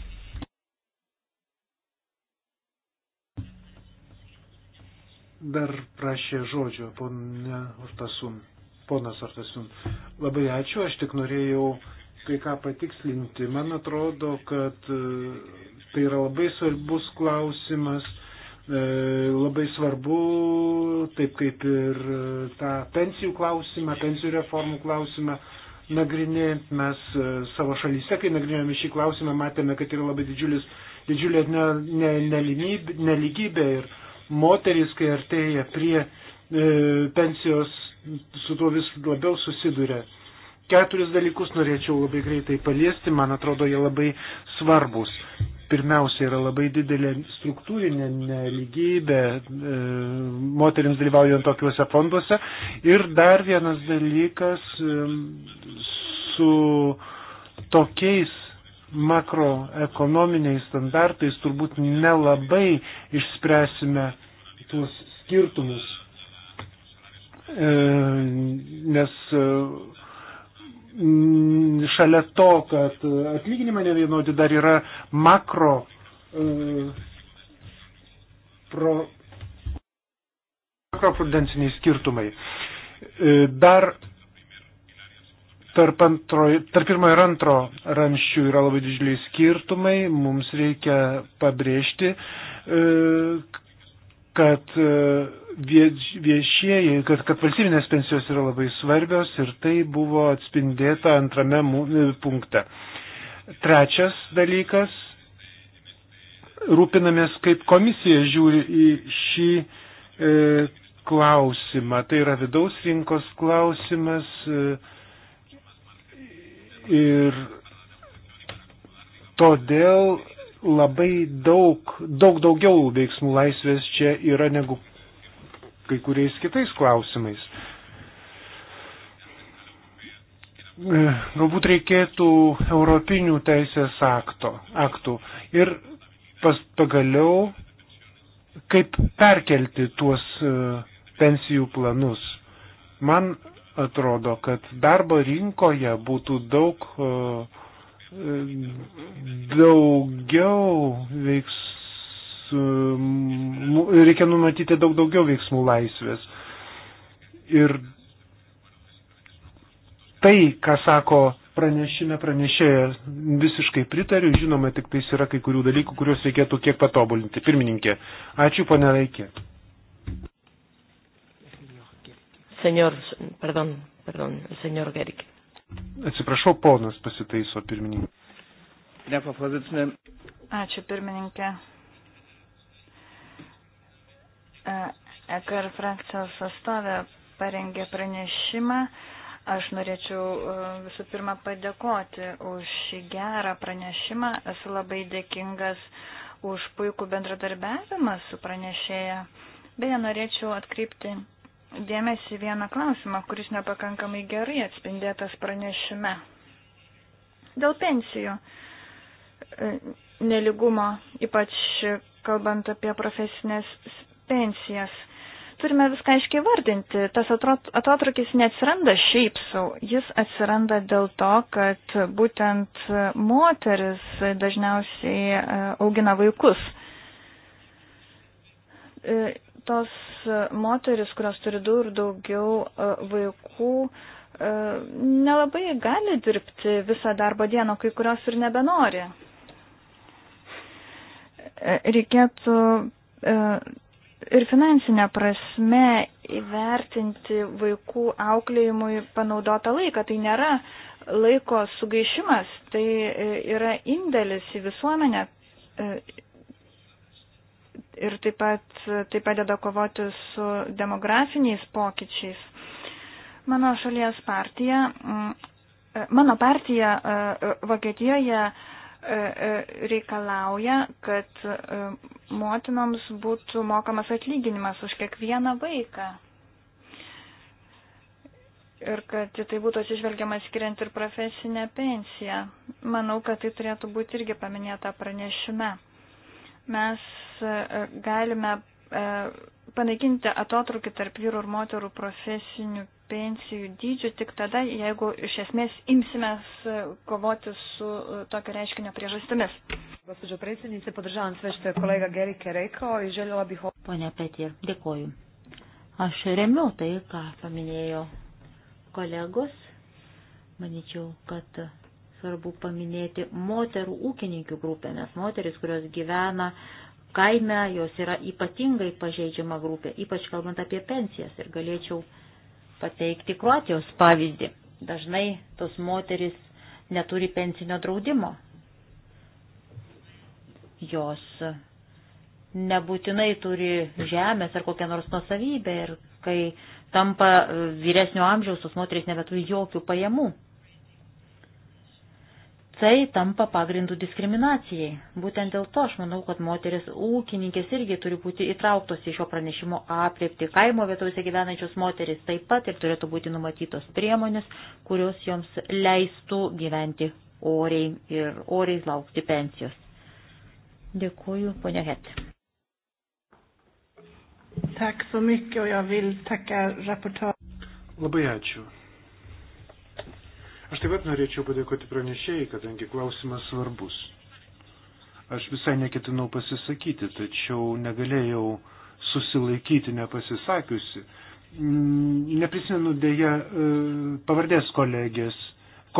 dar prašė žodžio ponia Urtasun. Ponas Artasun, labai ačiū, aš tik norėjau kai ką patikslinti. Man atrodo, kad e, tai yra labai svarbus klausimas, e, labai svarbu, taip kaip ir e, tą pensijų klausimą, pensijų reformų klausimą. Nagrinėjant mes savo šalyse, kai nagrinėjome šį klausimą, matėme, kad yra labai didžiulis, didžiulė ne, ne, neligybė ir moteris, kai artėja prie e, pensijos su tuo vis labiau susiduria. Keturis dalykus norėčiau labai greitai paliesti, man atrodo, jie labai svarbus. Pirmiausia, yra labai didelė struktūrinė neligybė e, moteriams dalyvaujant tokiuose fonduose. Ir dar vienas dalykas e, su tokiais makroekonominiais standartais turbūt nelabai išspręsime tuos skirtumus E, nes e, šalia to, kad atlyginimai nevienodi, dar yra makro e, pro, makroprudenciniai skirtumai. Dar tarp, antro, tarp pirmo ir antro ramščių yra labai didžiuliai skirtumai. Mums reikia pabrėžti, kad e, viešieji, kad, kad valstybinės pensijos yra labai svarbios ir tai buvo atspindėta antrame e, punkte. Trečias dalykas - rūpinamės, kaip komisija žiūri į šį e, klausimą. Tai yra vidaus rinkos klausimas e, ir todėl labai daug, daug daugiau veiksmų laisvės čia yra negu kai kuriais kitais klausimais. E, galbūt reikėtų europinių teisės akto, aktų ir pas, pagaliau, kaip perkelti tuos e, pensijų planus. Man atrodo, kad darbo rinkoje būtų daug uh, daugiau veiksmų, reikia numatyti daug daugiau veiksmų laisvės. Ir tai, ką sako pranešime pranešėjas, visiškai pritariu, žinoma, tik tais yra kai kurių dalykų, kuriuos reikėtų kiek patobulinti. Pirmininkė, ačiū, ponė Raikė. Senor, perdon, perdon, senor Gerikė. Atsiprašau, ponas pasitaiso pirmininkas. Ačiū pirmininkė. E, EKR frakcijos atstovė parengė pranešimą. Aš norėčiau e, visų pirma padėkoti už šį gerą pranešimą. Esu labai dėkingas už puikų bendradarbiavimą su pranešėja. Beje, norėčiau atkreipti dėmesį vieną klausimą, kuris nepakankamai gerai atspindėtas pranešime. Dėl pensijų e, neligumo, ypač kalbant apie profesinės pensijas. Turime viską aiškiai vardinti. Tas atotrukis neatsiranda šiaip savo, jis atsiranda dėl to, kad būtent moteris dažniausiai e, augina vaikus e, tos e, moteris, kurios turi du ir daugiau e, vaikų, e, nelabai gali dirbti visą darbo dieną, kai kurios ir nebenori. Reikėtų ir finansinę prasme įvertinti vaikų auklėjimui panaudotą laiką. Tai nėra laiko sugaišimas, tai yra indėlis į visuomenę ir taip pat tai padeda kovoti su demografiniais pokyčiais. Mano šalies partija, mm, mano partija e, Vokietijoje e, e, reikalauja, kad motinoms būtų mokamas atlyginimas už kiekvieną vaiką. Ir kad tai būtų atsižvelgiama skiriant ir profesinę pensiją. Manau, kad tai turėtų būti irgi paminėta pranešime mes e, galime e, panaikinti atotrukį tarp vyrų ir moterų profesinių pensijų dydžių tik tada, jeigu iš esmės imsimės e, kovoti su tokio reiškinio priežastimis. Gospođo predsjednice, podržavam sve što je kolega Gerike rekao i željela bih... Pone Petir, dėkoju. Aš remiu tai, ką paminėjo kolegos. Manyčiau, kad svarbu paminėti moterų ūkininkų grupę, nes moteris, kurios gyvena kaime, jos yra ypatingai pažeidžiama grupė, ypač kalbant apie pensijas. Ir galėčiau pateikti Kruatijos pavyzdį. Dažnai tos moteris neturi pensinio draudimo. Jos nebūtinai turi žemės ar kokią nors nusavybę ir kai tampa vyresnio amžiaus, tos moteris nebeturi jokių pajamų tai tampa pagrindų diskriminacijai. Būtent dėl to aš manau, kad moteris ūkininkės irgi turi būti įtrauktos į šio pranešimo apriepti. Kaimo vietovėse gyvenančios moteris taip pat ir turėtų būti numatytos priemonės, kurios joms leistų gyventi oriai ir oriai laukti pensijos. Dėkuoju, ponia Het. Tack så mycket och jag vill tacka rapportören. Labai ačiū. Aš taip pat norėčiau padėkoti pranešėjai, kadangi klausimas svarbus. Aš visai neketinau pasisakyti, tačiau negalėjau susilaikyti nepasisakiusi. Mm, neprisimenu dėja e, pavardės kolegės,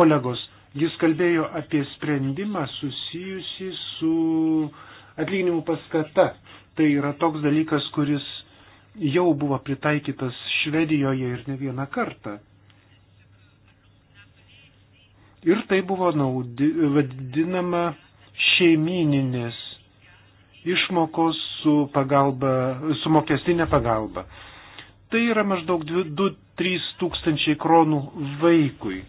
kolegos. Jis kalbėjo apie sprendimą susijusi su atlyginimų paskata. Tai yra toks dalykas, kuris jau buvo pritaikytas Švedijoje ir ne vieną kartą. Ir tai buvo naudi, vadinama šeimininės išmokos su, pagalba, su mokestinė pagalba. Tai yra maždaug 2-3 tūkstančiai kronų vaikui.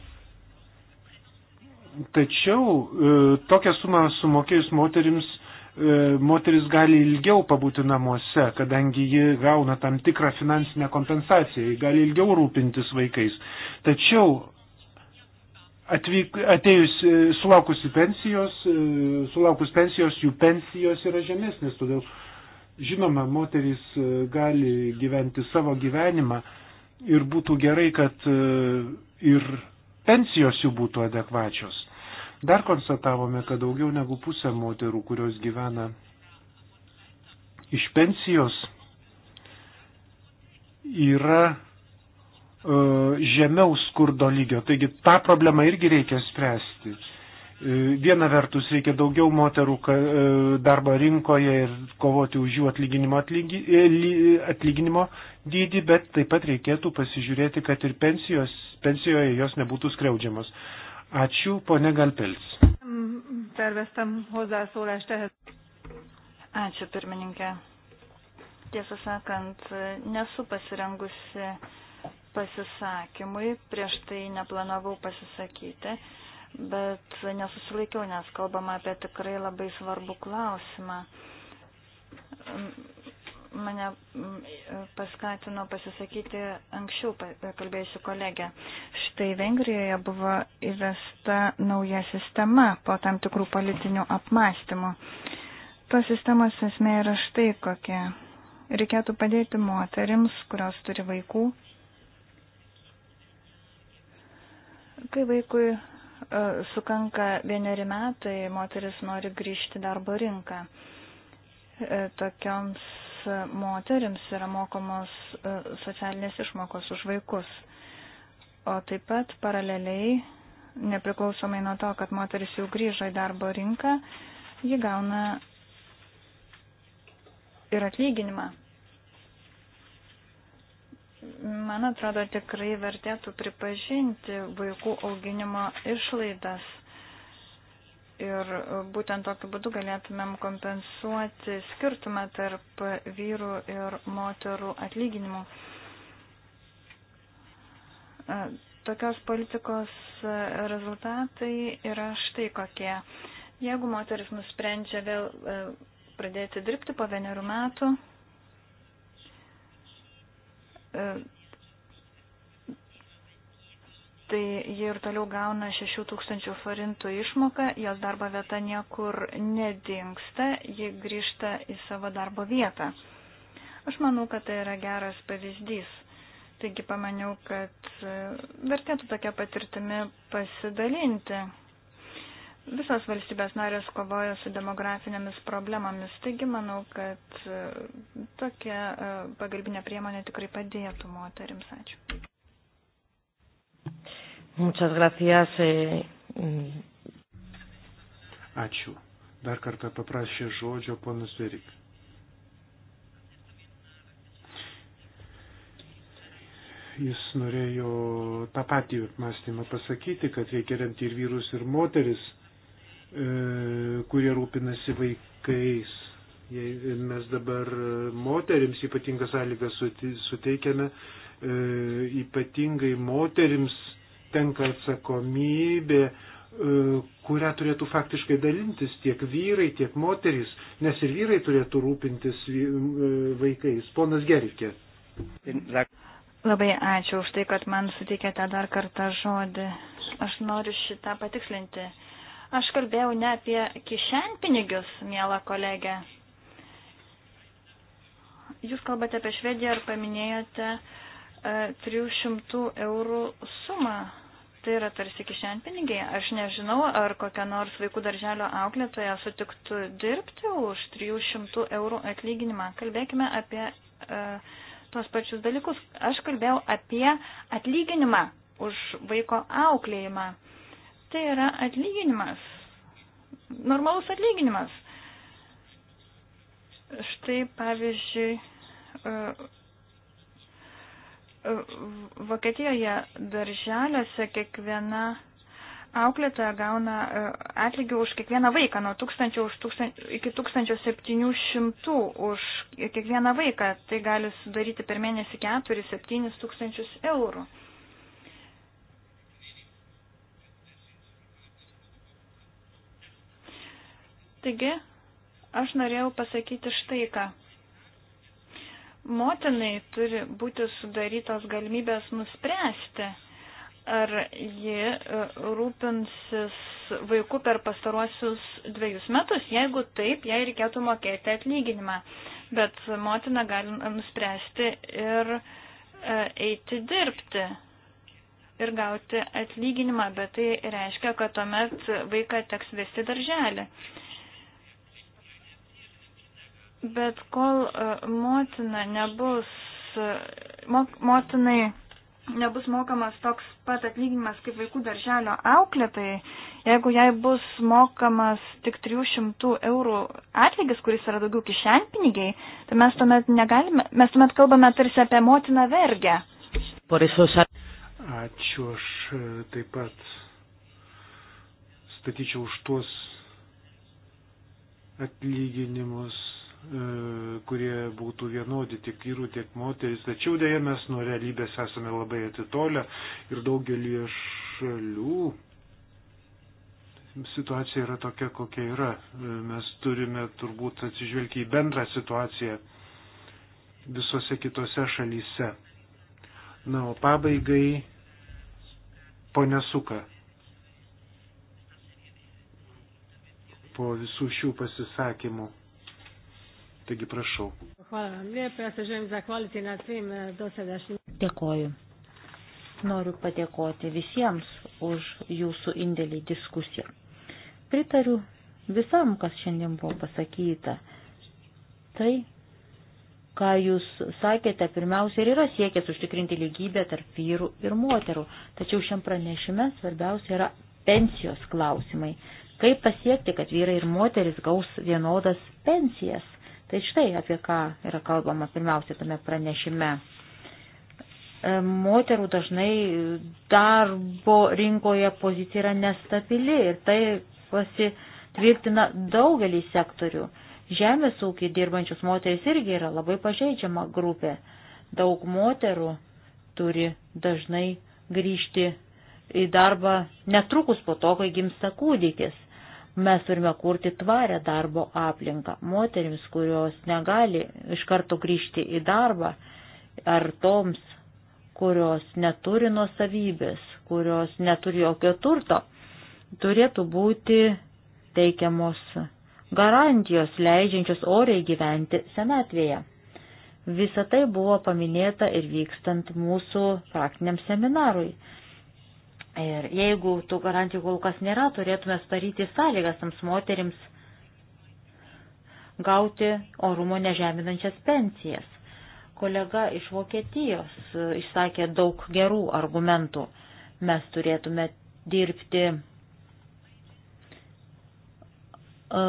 Tačiau e, tokią sumą sumokėjus moterims, e, moteris gali ilgiau pabūti namuose, kadangi ji gauna tam tikrą finansinę kompensaciją, ji gali ilgiau rūpintis vaikais. Tačiau atvyk, atėjus, e, sulaukus pensijos, e, sulaukus pensijos, jų pensijos yra žemesnės, todėl žinoma, moteris e, gali gyventi savo gyvenimą ir būtų gerai, kad ir pensijos jų būtų adekvačios. Dar konstatavome, kad daugiau negu pusė moterų, kurios gyvena iš pensijos, yra E, žemiau skurdo lygio. Taigi tą problemą irgi reikia spręsti. E, viena vertus reikia daugiau moterų e, darbo rinkoje ir kovoti už jų atlyginimo, atlygi, atlyginimo dydį, bet taip pat reikėtų pasižiūrėti, kad ir pensijos, pensijoje jos nebūtų skriaudžiamos. Ačiū, ponė Galpels. Ačiū, pirmininkė. Tiesą sakant, nesu pasirengusi pasisakymui. Prieš tai neplanavau pasisakyti, bet nesusilaikiau, nes kalbama apie tikrai labai svarbų klausimą. Mane paskatino pasisakyti anksčiau kalbėjusi kolegė. Štai Vengrijoje buvo įvesta nauja sistema po tam tikrų politinių apmąstymų. Tos sistemos esmė yra štai kokia reikėtų padėti moterims, kurios turi vaikų, Kai vaikui e, sukanka vieneri metai, moteris nori grįžti darbo rinką. E, tokioms moteriams yra mokomos e, socialinės išmokos už vaikus. O taip pat paraleliai, nepriklausomai nuo to, kad moteris jau grįžo į darbo rinką, ji gauna ir atlyginimą. Man atrodo, tikrai vertėtų pripažinti vaikų auginimo išlaidas. Ir būtent tokiu būdu galėtumėm kompensuoti skirtumą tarp vyrų ir moterų atlyginimų. E, tokios politikos e, rezultatai yra štai kokie. Jeigu moteris nusprendžia vėl e, pradėti dirbti po vienerių metų, E, tai jie ir toliau gauna 6000 forintų išmoką, jos darbo vieta niekur nedingsta, ji grįžta į savo darbo vietą. Aš manau, kad tai yra geras pavyzdys. Taigi pamaniau, kad vertėtų tokia patirtimi pasidalinti Visos valstybės narės kovoja su demografinėmis problemomis, taigi manau, kad e, tokia e, pagalbinė priemonė tikrai padėtų moterims. Ačiū. Muchas gracias. Eh, mm. Ačiū. Dar kartą paprašė žodžio ponas Verik. Jis norėjo tą patį mąstymą pasakyti, kad reikia remti ir vyrus, ir moteris E, kurie rūpinasi vaikais. Jei mes dabar moteriams ypatingas sąlygas suteikiame, e, ypatingai moteriams tenka atsakomybė, e, kurią turėtų faktiškai dalintis tiek vyrai, tiek moterys, nes ir vyrai turėtų rūpintis vaikais. Ponas Gerikė. Labai ačiū už tai, kad man suteikėte dar kartą žodį. Aš noriu šitą patikslinti. Aš kalbėjau ne apie kišenpinigius, mėla kolegė. Jūs kalbate apie Švediją ir paminėjote e, 300 eurų sumą. Tai yra tarsi kišenpinigiai. Aš nežinau, ar kokia nors vaikų darželio auklėtoja sutiktų dirbti už 300 eurų atlyginimą. Kalbėkime apie e, tuos pačius dalykus. Aš kalbėjau apie atlyginimą už vaiko auklėjimą. E, tai yra atlyginimas, normalus atlyginimas. Štai pavyzdžiui, e, e, Vokietijoje darželiuose kiekviena auklėtoja gauna e, atlygį už kiekvieną vaiką nuo 1000 už 1000, iki 1700 už kiekvieną vaiką. Tai gali sudaryti per mėnesį 4-7 tūkstančius eurų. Taigi, aš norėjau pasakyti štai ką. Motinai turi būti sudarytos galimybės nuspręsti, ar ji e, rūpinsis vaiku per pastaruosius dviejus metus, jeigu taip, jai reikėtų mokėti atlyginimą. Bet motina gali nuspręsti ir e, eiti dirbti ir gauti atlyginimą, bet tai reiškia, kad tuomet vaiką teks vesti darželį. Bet kol e, motina nebus, e, motinai nebus mokamas toks pat atlyginimas kaip vaikų darželio auklėtai, jeigu jai bus mokamas tik 300 eurų atlygis, kuris yra daugiau kišenpinigiai, tai mes tuomet negalime, mes tuomet kalbame tarsi apie motiną vergę. Ačiū, aš e, taip pat statyčiau už tuos atlyginimus E, kurie būtų vienodi tiek vyrų, tiek moteris. Tačiau dėja mes nuo realybės esame labai atitolę ir daugelį šalių situacija yra tokia, kokia yra. E, mes turime turbūt atsižvelgti į bendrą situaciją visose kitose šalyse. Na, o pabaigai ponesuka. Po visų šių pasisakymų Taigi prašau. E, Dėkoju. Noriu padėkoti visiems už jūsų indėlį į diskusiją. Pritariu visam, kas šiandien buvo pasakyta. Tai, ką jūs sakėte, pirmiausia ir yra siekęs užtikrinti lygybę tarp vyrų ir moterų. Tačiau šiam pranešime svarbiausia yra pensijos klausimai. Kaip pasiekti, kad vyrai ir moteris gaus vienodas pensijas? Tai štai apie ką yra kalbama pirmiausia tame pranešime. E, moterų dažnai darbo rinkoje pozicija yra nestabili ir tai pasitvirtina daugelį sektorių. Žemės ūkį dirbančius moteris irgi yra labai pažeidžiama grupė. Daug moterų turi dažnai grįžti į darbą netrukus po to, kai gimsta kūdikis. Mes turime kurti tvarę darbo aplinką moteriams, kurios negali iš karto grįžti į darbą, ar toms, kurios neturi nuosavybės, kurios neturi jokio turto, turėtų būti teikiamos garantijos leidžiančios oriai gyventi senatvėje. Visa tai buvo paminėta ir vykstant mūsų praktiniam seminarui. Ir jeigu tų garantijų kol kas nėra, turėtume staryti sąlygas tams moterims gauti orumo nežeminančias pensijas. Kolega iš Vokietijos e, išsakė daug gerų argumentų. Mes turėtume dirbti, e,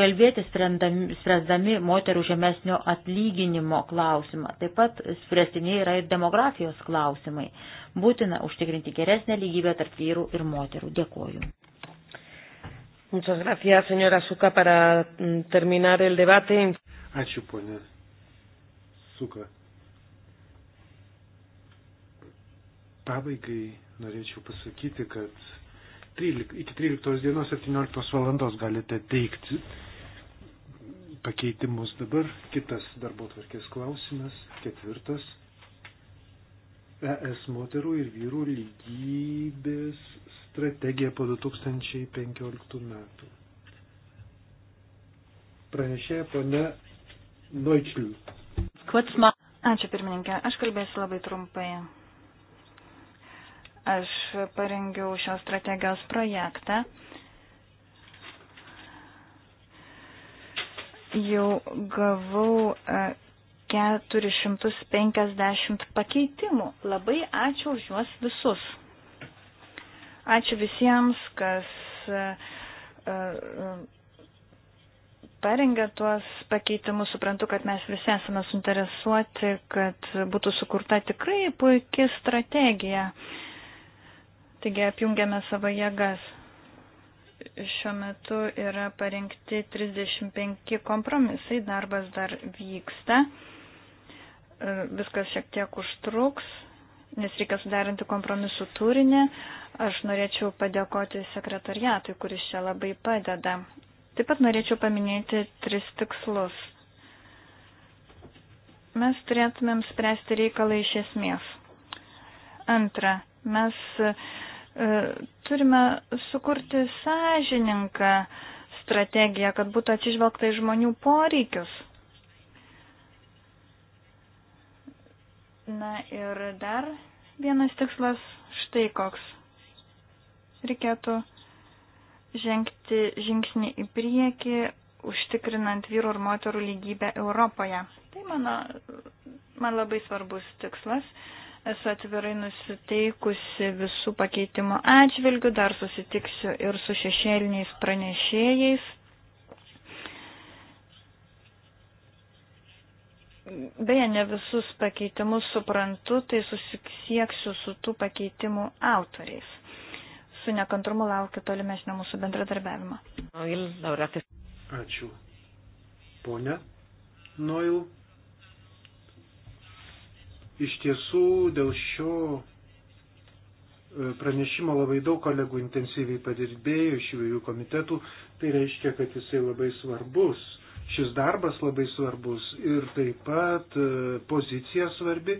kalbėti spręsdami moterų žemesnio atlyginimo klausimą. Taip pat spręstiniai yra ir demografijos klausimai Būtina užtikrinti geresnę lygybę tarp vyrų ir moterų. Dėkoju. Muchas gracias, señora Suka, para mm, terminar el debate. Ačiū, ponė Suka. Pabaigai norėčiau pasakyti, kad 13, iki 13 dienos 17 valandos galite teikti pakeitimus. Dabar kitas darbo tvarkės klausimas, ketvirtas. ES moterų ir vyrų lygybės strategija po 2015 metų. Pranešėja pone Noičliu. Ačiū pirmininkė, aš kalbėsiu labai trumpai. Aš parengiau šios strategijos projektą. Jau gavau e, 450 pakeitimų. Labai ačiū už juos visus. Ačiū visiems, kas e, e, parengė tuos pakeitimus. Suprantu, kad mes visi esame suinteresuoti, kad būtų sukurta tikrai puikia strategija. Taigi apjungiame savo jėgas. Šiuo metu yra parengti 35 kompromisai, darbas dar vyksta. E, viskas šiek tiek užtruks, nes reikia sudarinti kompromisų turinį. Aš norėčiau padėkoti sekretariatui, kuris čia labai padeda. Taip pat norėčiau paminėti tris tikslus. Mes turėtumėm spręsti reikalą iš esmės. Antra, mes e, turime sukurti sąžininką strategiją, kad būtų atsižvelgta į žmonių poreikius. Na ir dar vienas tikslas štai koks. Reikėtų žengti žingsnį į priekį, užtikrinant vyrų ir moterų lygybę Europoje. Tai mano, man labai svarbus tikslas. Esu atvirai nusiteikusi visų pakeitimo atžvilgių, dar susitiksiu ir su šešėliniais pranešėjais, Beje, ne visus pakeitimus suprantu, tai susisieksiu su tų pakeitimų autoriais. Su nekantrumu laukiu tolimesnio mūsų bendradarbiavimo. Ačiū. Pone Noil, iš tiesų dėl šio e, pranešimo labai daug kolegų intensyviai padirbėjo iš įvairių komitetų, tai reiškia, kad jisai labai svarbus Šis darbas labai svarbus ir taip pat e, pozicija svarbi,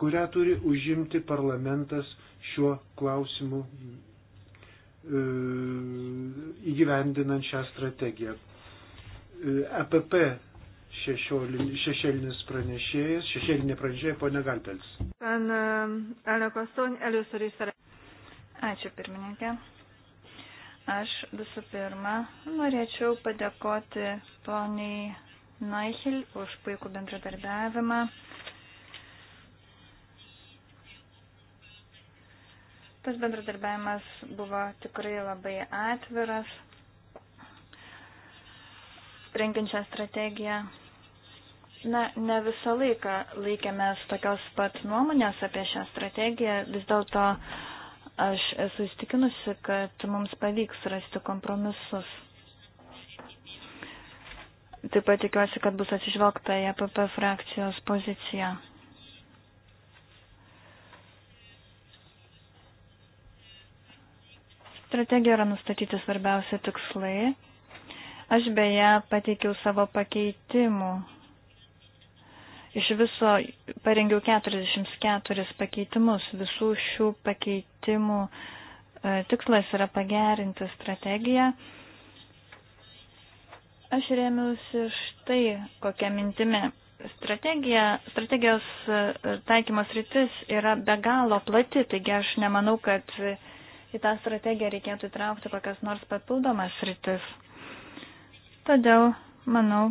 kurią turi užimti parlamentas šiuo klausimu e, įgyvendinant šią strategiją. EPP e šešėlinis pranešėjas, šešėlinė pranešėja ponia Galpels. Ačiū pirmininkė. Aš visų pirma norėčiau padėkoti poniai Naichil už puikų bendradarbiavimą. Tas bendradarbiavimas buvo tikrai labai atviras, renkinčią strategiją. Na, ne visą laiką laikėmės tokios pat nuomonės apie šią strategiją, vis dėlto uh, Aš esu įstikinusi, kad mums pavyks rasti kompromisus. Taip pat tikiuosi, kad bus atsižvelgta į APP frakcijos poziciją. Strategija yra nustatyti svarbiausia tikslai. Aš beje pateikiau savo pakeitimų Iš viso parengiau 44 pakeitimus. Visų šių pakeitimų e, tikslas yra pagerinti strategiją. Aš rėmiausi štai kokią mintimį. Strategija, strategijos e, taikymos rytis yra be galo plati, taigi aš nemanau, kad į tą strategiją reikėtų įtraukti kokias nors papildomas rytis. Todėl manau,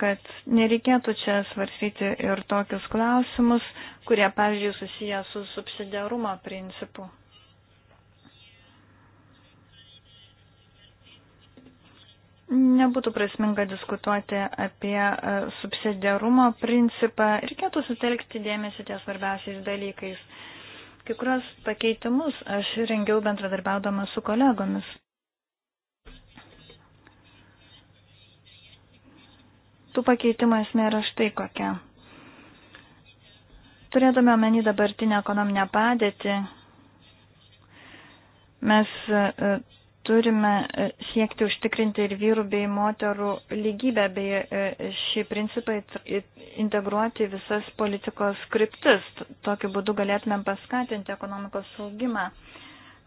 kad nereikėtų čia svarstyti ir tokius klausimus, kurie, pavyzdžiui, susiję su subsidiarumo principu. Nebūtų prasminga diskutuoti apie e, subsidiarumo principą, reikėtų sutelkti dėmesį ties svarbiausiais dalykais. Kai kurios pakeitimus aš rengiau bendradarbiaudama su kolegomis. tų pakeitimų esmė yra štai kokia. Turėdami omeny dabartinę ekonominę padėtį, mes e, turime e, siekti užtikrinti ir vyrų bei moterų lygybę, bei e, šį principą integruoti visas politikos kryptis. Tokiu būdu galėtumėm paskatinti ekonomikos saugimą.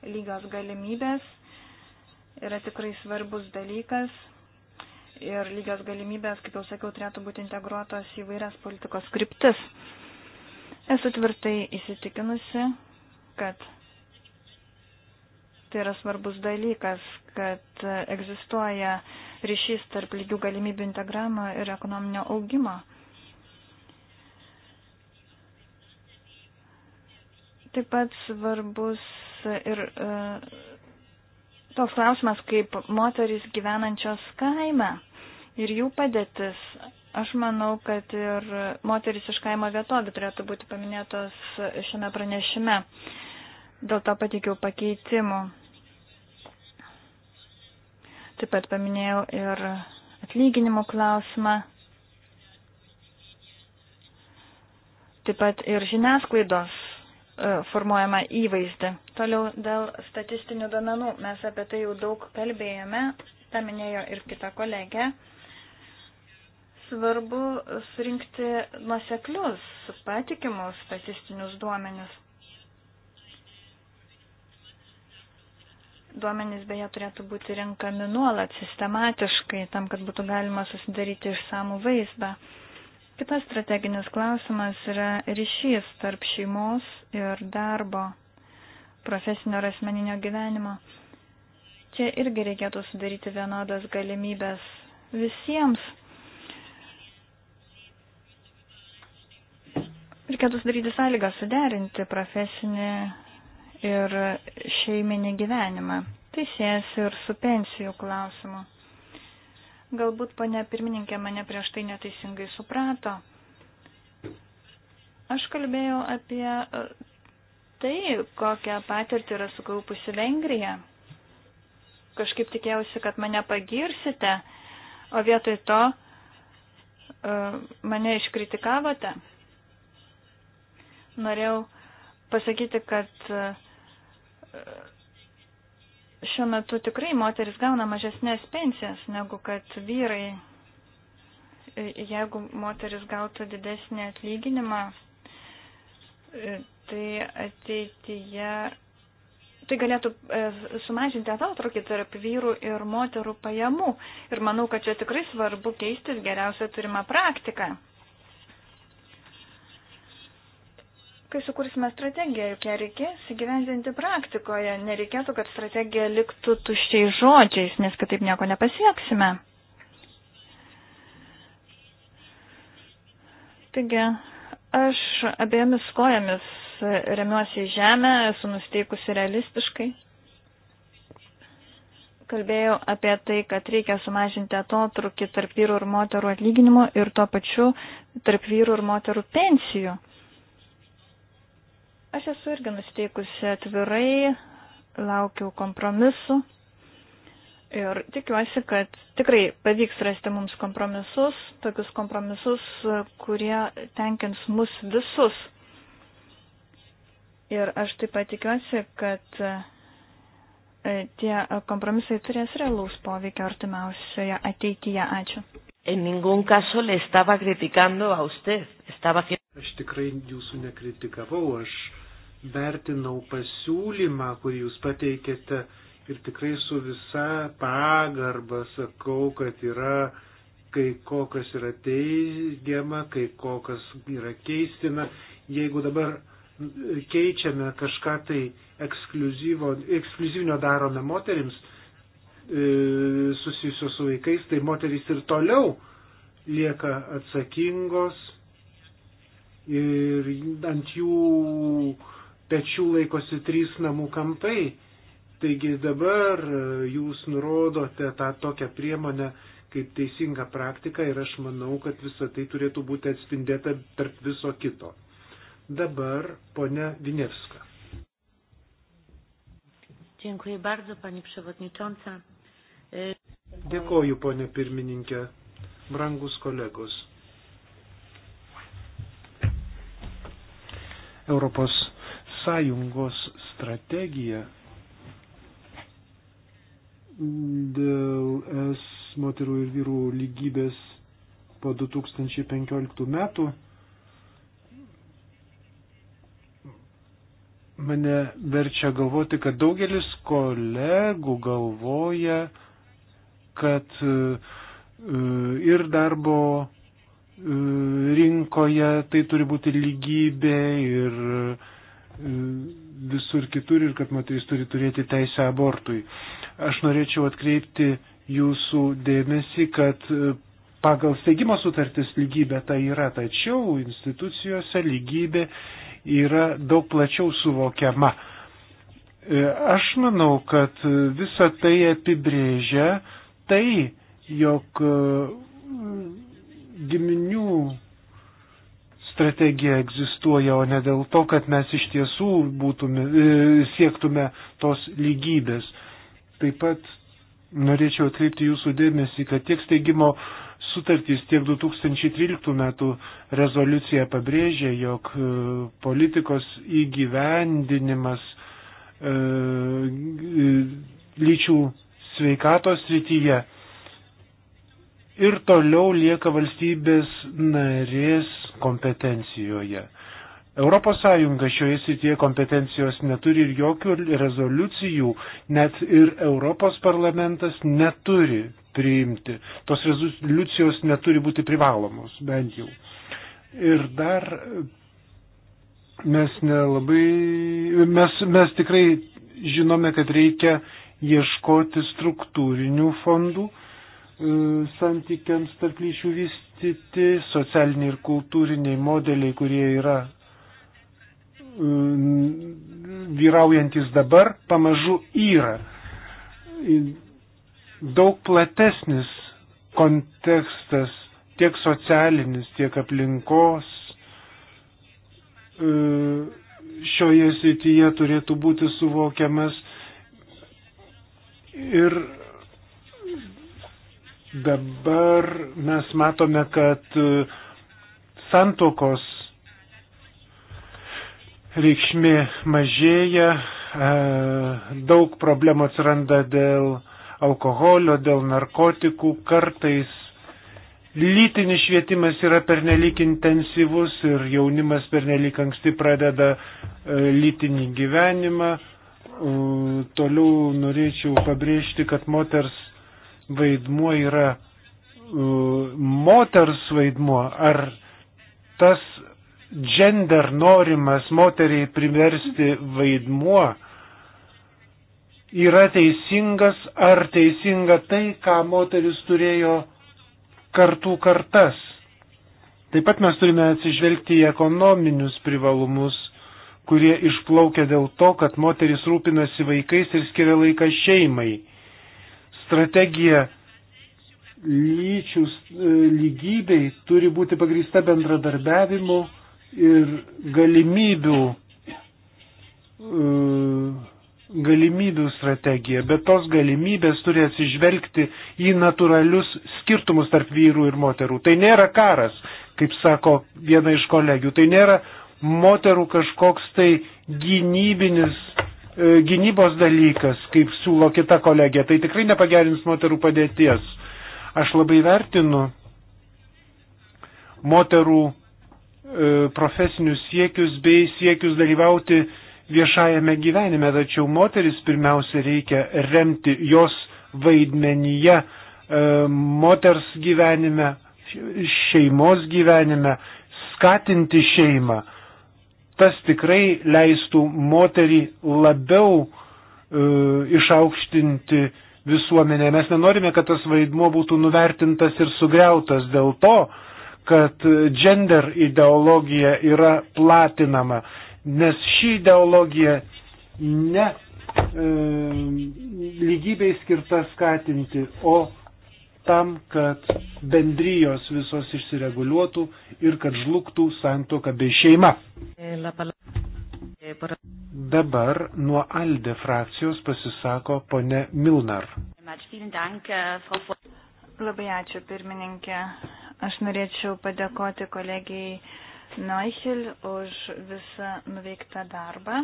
Lygios galimybės yra tikrai svarbus dalykas ir lygios galimybės, kaip jau sakiau, turėtų būti integruotos į vairias politikos kryptis. Esu tvirtai įsitikinusi, kad tai yra svarbus dalykas, kad egzistuoja ryšys tarp lygių galimybių integravimo ir ekonominio augimo. Taip pat svarbus ir uh, toks klausimas kaip moteris gyvenančios kaime ir jų padėtis. Aš manau, kad ir moteris iš kaimo vietovių turėtų būti paminėtos šiame pranešime. Dėl to patikiau pakeitimų. Taip pat paminėjau ir atlyginimų klausimą. Taip pat ir žiniasklaidos E, formuojama įvaizdį. Toliau dėl statistinių domenų. Mes apie tai jau daug kalbėjome, tą minėjo ir kita kolegė. Svarbu surinkti nuoseklius, patikimus statistinius duomenis. Duomenys beje turėtų būti renkami nuolat sistematiškai, tam, kad būtų galima susidaryti išsamų vaizdą. Kitas strateginis klausimas yra ryšys tarp šeimos ir darbo, profesinio ir asmeninio gyvenimo. Čia irgi reikėtų sudaryti vienodas galimybės visiems. Reikėtų sudaryti sąlygą suderinti profesinį ir šeiminį gyvenimą. Tai siejasi ir su pensijų klausimu. Galbūt ponia pirmininkė mane prieš tai neteisingai suprato. Aš kalbėjau apie e, tai, kokią patirtį yra sukaupusi Vengrija. Kažkaip tikėjausi, kad mane pagirsite, o vietoj to e, mane iškritikavote. Norėjau pasakyti, kad e, šiuo metu tikrai moteris gauna mažesnės pensijas negu kad vyrai. E, jeigu moteris gautų didesnį atlyginimą, e, tai ateityje tai galėtų e, sumažinti atotrukį tarp vyrų ir moterų pajamų. Ir manau, kad čia tikrai svarbu keistis geriausia turima praktika. kai sukursime strategiją, juk ją reikės įgyvendinti praktikoje. Nereikėtų, kad strategija liktų tuščiais žodžiais, nes kitaip nieko nepasieksime. Taigi, aš abiejomis kojomis remiuosi į žemę, esu nusteikusi realistiškai. Kalbėjau apie tai, kad reikia sumažinti atotrukį tarp vyrų ir moterų atlyginimų ir tuo pačiu tarp vyrų ir moterų pensijų. Aš esu irgi nusteikusi atvirai, laukiu kompromisu ir tikiuosi, kad tikrai pavyks rasti mums kompromisus, tokius kompromisus, kurie tenkins mus visus. Ir aš taip pat tikiuosi, kad e, tie kompromisai turės realaus poveikio artimiausioje ateityje. Ačiū. En ningún caso le estaba criticando a usted. Estaba... Aš tikrai jūsų nekritikavau, aš vertinau pasiūlymą, kurį jūs pateikėte ir tikrai su visa pagarba sakau, kad yra kai ko, kas yra teigiama, kai ko, kas yra keistina. Jeigu dabar keičiame kažką tai ekskluzivinio darome moterims e, susijusio su vaikais, tai moterys ir toliau lieka atsakingos ir ant jų pečių laikosi trys namų kampai. Taigi dabar e, jūs nurodote tą tokią priemonę kaip teisinga praktika ir aš manau, kad visa tai turėtų būti atspindėta tarp viso kito. Dabar ponia Vinevska. Dziękuję bardzo, pani przewodnicząca. E, Dėkoju, ponė pirmininkė, brangus kolegos. Europos sąjungos strategija dėl es moterų ir vyrų lygybės po 2015 metų mane verčia galvoti, kad daugelis kolegų galvoja, kad e, ir darbo e, rinkoje tai turi būti lygybė ir visur kitur ir kad moteris turi turėti teisę abortui. Aš norėčiau atkreipti jūsų dėmesį, kad e, pagal steigimo sutartis lygybė tai yra, tačiau institucijose lygybė yra daug plačiau suvokiama. E, aš manau, kad visa tai apibrėžia tai, jog e, giminių strategija egzistuoja, o ne dėl to, kad mes iš tiesų būtume, e, siektume tos lygybės. Taip pat norėčiau atkreipti jūsų dėmesį, kad tiek steigimo sutartys, tiek 2013 metų rezoliucija pabrėžė, jog e, politikos įgyvendinimas e, e, lyčių sveikatos srityje ir toliau lieka valstybės narės kompetencijoje. Europos Sąjunga šioje srityje kompetencijos neturi ir jokių rezoliucijų, net ir Europos parlamentas neturi priimti. Tos rezoliucijos neturi būti privalomos, bent jau. Ir dar mes nelabai, mes, mes tikrai žinome, kad reikia ieškoti struktūrinių fondų E, santykiams tarp lyčių vystyti, socialiniai ir kultūriniai modeliai, kurie yra e, vyraujantis dabar, pamažu yra. E, daug platesnis kontekstas tiek socialinis, tiek aplinkos šioje srityje turėtų būti suvokiamas ir Dabar mes matome, kad e, santokos reikšmė mažėja, e, daug problemų atsiranda dėl alkoholio, dėl narkotikų, kartais lytinis švietimas yra pernelyg intensyvus ir jaunimas pernelyg anksti pradeda e, lytinį gyvenimą. Toliau norėčiau pabrėžti, kad moters vaidmuo yra uh, moters vaidmuo, ar tas gender norimas moteriai priversti vaidmuo yra teisingas, ar teisinga tai, ką moteris turėjo kartų kartas. Taip pat mes turime atsižvelgti į ekonominius privalumus, kurie išplaukia dėl to, kad moteris rūpinasi vaikais ir skiria laiką šeimai strategija lyčių e, lygybei turi būti pagrįsta bendradarbiavimu ir galimybių, e, galimybių strategija. Bet tos galimybės turi atsižvelgti į natūralius skirtumus tarp vyrų ir moterų. Tai nėra karas, kaip sako viena iš kolegių. Tai nėra moterų kažkoks tai gynybinis E, gynybos dalykas, kaip siūlo kita kolegė, tai tikrai nepagerins moterų padėties. Aš labai vertinu moterų e, profesinius siekius bei siekius dalyvauti viešajame gyvenime, tačiau moteris pirmiausia reikia remti jos vaidmenyje, e, moters gyvenime, šeimos gyvenime, skatinti šeimą tas tikrai leistų moterį labiau e, išaukštinti visuomenė. Mes nenorime, kad tas vaidmuo būtų nuvertintas ir sugriautas dėl to, kad gender ideologija yra platinama, nes ši ideologija ne e, lygybei skirta skatinti, o tam, kad bendrijos visos išsireguliuotų ir kad žlugtų santoka bei šeima. Dabar nuo Alde frakcijos pasisako ponė Milnar. Labai ačiū pirmininkė. Aš norėčiau padėkoti kolegijai Noichil už visą nuveiktą darbą.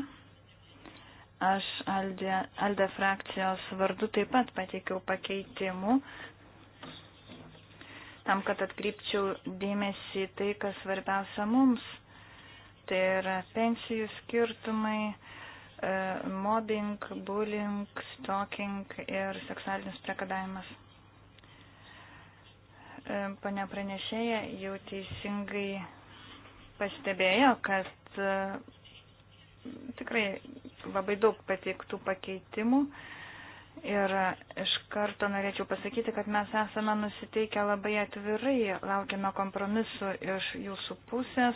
Aš Alde, Alde frakcijos vardu taip pat pateikiau pakeitimų. Uh, tam, kad atkreipčiau dėmesį tai, kas svarbiausia mums. Tai yra pensijų skirtumai, e, mobbing, bullying, stalking ir seksualinis priekabėjimas. Pane pranešėja jau teisingai pastebėjo, kad e, tikrai labai daug pateiktų pakeitimų. Ir iš karto norėčiau pasakyti, kad mes esame nusiteikę labai atvirai, laukiame kompromisu iš jūsų pusės.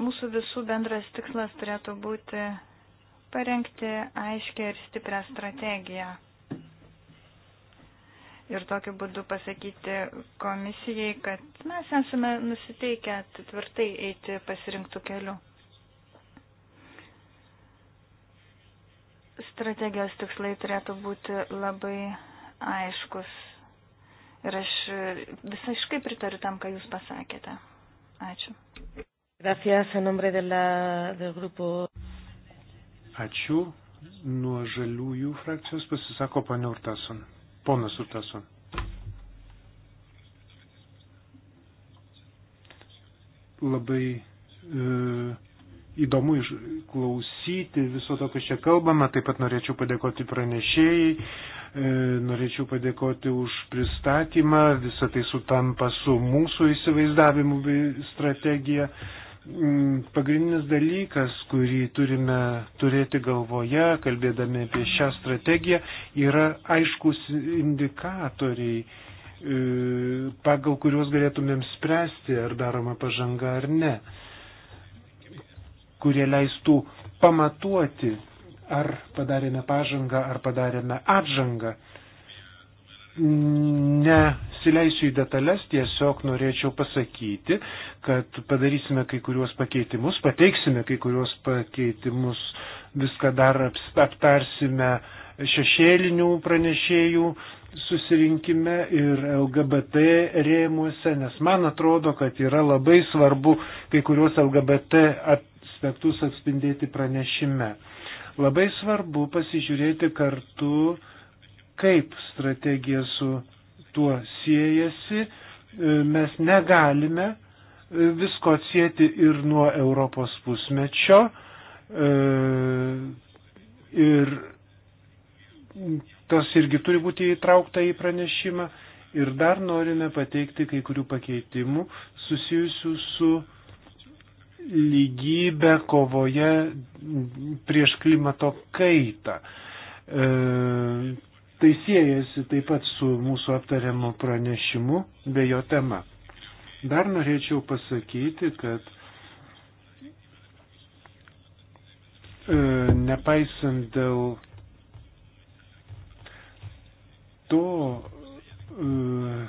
Mūsų visų bendras tikslas turėtų būti parengti aiškę ir stiprią strategiją. Ir tokiu būdu pasakyti komisijai, kad mes esame nusiteikę tvirtai eiti pasirinktų keliu. Strategijos tikslai turėtų būti labai aiškus. Ir aš visaiškai pritariu tam, ką Jūs pasakėte. Ačiū. Gracias, en nombre de la, del grupo. Ačiū. Nuo žaliųjų frakcijos pasisako ponia Urtason. Ponas Urtason. Labai e, įdomu išklausyti viso to, kas čia kalbame. Taip pat norėčiau padėkoti pranešėjai, e, norėčiau padėkoti už pristatymą. Visą tai sutampa su mūsų įsivaizdavimu bei strategija. Mm, pagrindinis dalykas, kurį turime turėti galvoje, kalbėdami apie šią strategiją, yra aiškus indikatoriai, e, pagal kuriuos galėtumėm spręsti, ar daroma pažanga ar ne kurie leistų pamatuoti, ar padarėme pažangą, ar padarėme atžangą. Nesileisiu į detalės, tiesiog norėčiau pasakyti, kad padarysime kai kuriuos pakeitimus, pateiksime kai kuriuos pakeitimus, viską dar aptarsime šešėlinių pranešėjų susirinkime ir LGBT rėmuose, nes man atrodo, kad yra labai svarbu kai kuriuos LGBT aspektus atspindėti pranešime. Labai svarbu pasižiūrėti kartu, kaip strategija su tuo siejasi. E, mes negalime e, visko atsėti ir nuo Europos pusmečio. E, ir tas irgi turi būti įtraukta į pranešimą. Ir dar norime pateikti kai kurių pakeitimų susijusių su lygybę kovoje prieš klimato kaitą. E, tai siejasi taip pat su mūsų aptariamu pranešimu bei jo tema. Dar norėčiau pasakyti, kad e, nepaisant dėl to, e,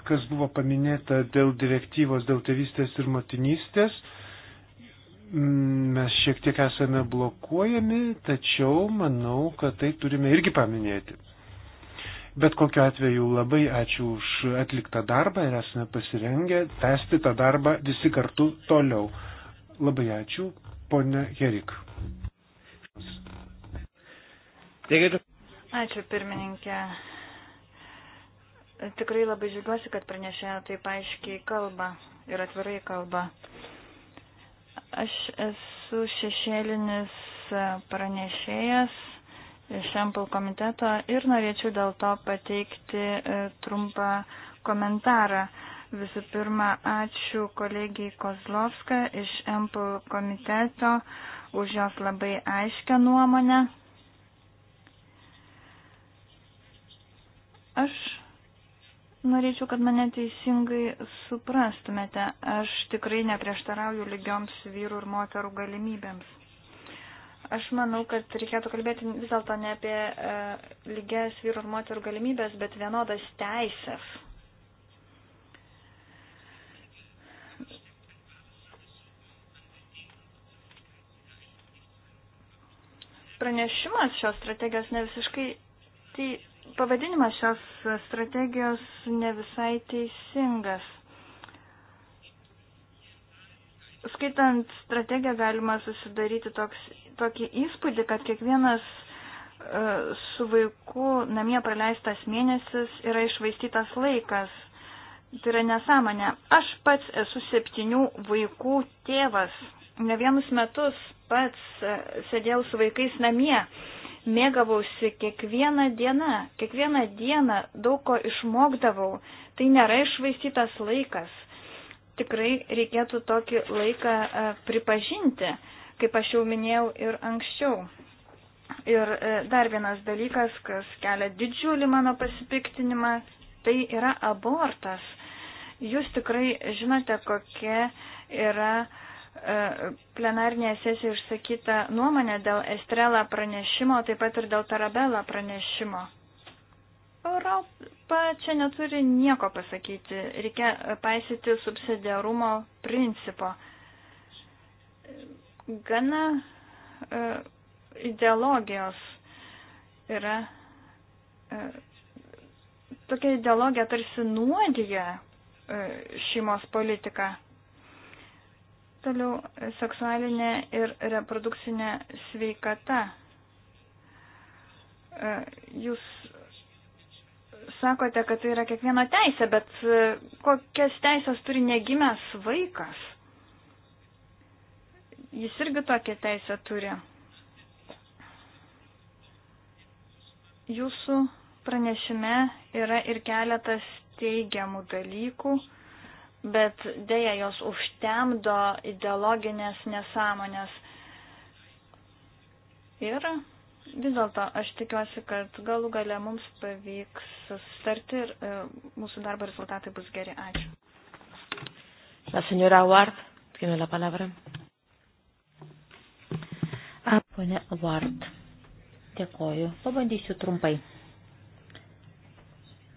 kas buvo paminėta dėl direktyvos dėl tėvystės ir motinystės, mes šiek tiek esame blokuojami, tačiau manau, kad tai turime irgi paminėti. Bet kokiu atveju labai ačiū už atliktą darbą ir esame pasirengę tęsti tą darbą visi kartu toliau. Labai ačiū, ponia Herik. Ačiū, pirmininkė. Tikrai labai džiugiuosi, kad pranešėja taip aiškiai kalba ir atvirai kalba. Uh, Aš esu šešėlinis pranešėjas šiampul komiteto ir norėčiau dėl to pateikti e, trumpą komentarą. Visų pirma, ačiū kolegijai Kozlovska iš MPL komiteto už jos labai aiškę nuomonę. Aš Norėčiau, kad mane teisingai suprastumėte. Aš tikrai neprieštarauju lygioms vyrų ir moterų galimybėms. Aš manau, kad reikėtų kalbėti vis dėlto ne apie e, lygias vyrų ir moterų galimybės, bet vienodas teisės. Pranešimas šios strategijos ne visiškai tai Pavadinimas šios strategijos ne visai teisingas. Skaitant strategiją galima susidaryti toks, tokį įspūdį, kad kiekvienas e, su vaiku namie praleistas mėnesis yra išvaistytas laikas. Tai yra nesąmonė. Aš pats esu septynių vaikų tėvas. Ne vienus metus pats e, sėdėjau su vaikais namie mėgavausi kiekvieną dieną, kiekvieną dieną daug ko išmokdavau. Tai nėra išvaistytas laikas. Tikrai reikėtų tokį laiką e, pripažinti, kaip aš jau minėjau ir anksčiau. Ir e, dar vienas dalykas, kas kelia didžiulį mano pasipiktinimą, tai yra abortas. Jūs tikrai žinote, kokia yra uh, E, plenarnėje sesijoje išsakytą nuomonę dėl Estrela pranešimo, taip pat ir dėl Tarabela pranešimo. Europa čia neturi nieko pasakyti, reikia paisyti subsidiarumo principo. Gana uh, ideologijos yra, uh, tokia ideologija tarsi nuodija uh, šeimos politiką. Toliau seksualinė ir reprodukcinė sveikata. E, jūs sakote, kad tai yra kiekvieno teisė, bet e, kokias teisės turi negimęs vaikas? Jis irgi tokią teisę turi. Jūsų pranešime yra ir keletas teigiamų dalykų bet dėja jos užtemdo ideologinės nesąmonės. Ir vis dėlto aš tikiuosi, kad galų gale mums pavyks sustarti ir e, mūsų darbo rezultatai bus geri. Ačiū. La señora Ward, tiene la palabra. A, ponia Ward, dėkoju. Pabandysiu trumpai.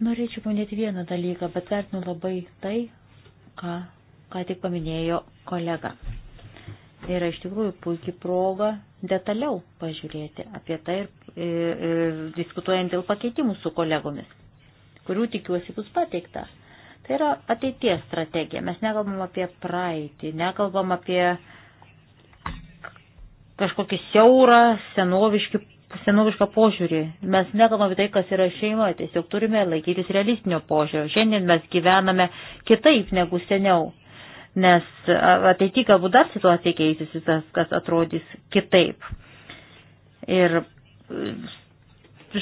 Norėčiau paminėti vieną dalyką, bet vertinu labai tai, ką, ką tik paminėjo kolega. Tai yra iš tikrųjų puikiai proga detaliau pažiūrėti apie tai ir, ir, ir diskutuojant dėl pakeitimų su kolegomis, kurių tikiuosi bus pateikta. Tai yra ateities strategija. Mes nekalbam apie praeitį, nekalbam apie kažkokį siaurą senoviškį senovišką požiūrį. Mes nekalbame apie tai, kas yra šeima, tiesiog turime laikytis realistinio požiūrio. Šiandien mes gyvename kitaip negu seniau, nes ateityje galbūt dar situacija keisis, tas, kas atrodys kitaip. Ir e,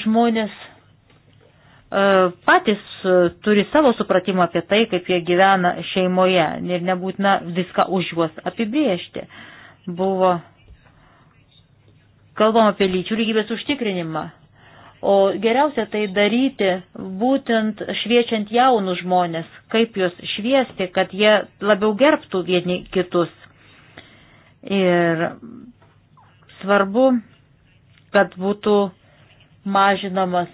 žmonės e, patys e, turi savo supratimą apie tai, kaip jie gyvena šeimoje ir nebūtina viską už juos apibriežti. Buvo kalbam apie lyčių lygybės užtikrinimą. O geriausia tai daryti būtent šviečiant jaunus žmonės, kaip juos šviesti, kad jie labiau gerbtų vieni kitus. Ir svarbu, kad būtų mažinamas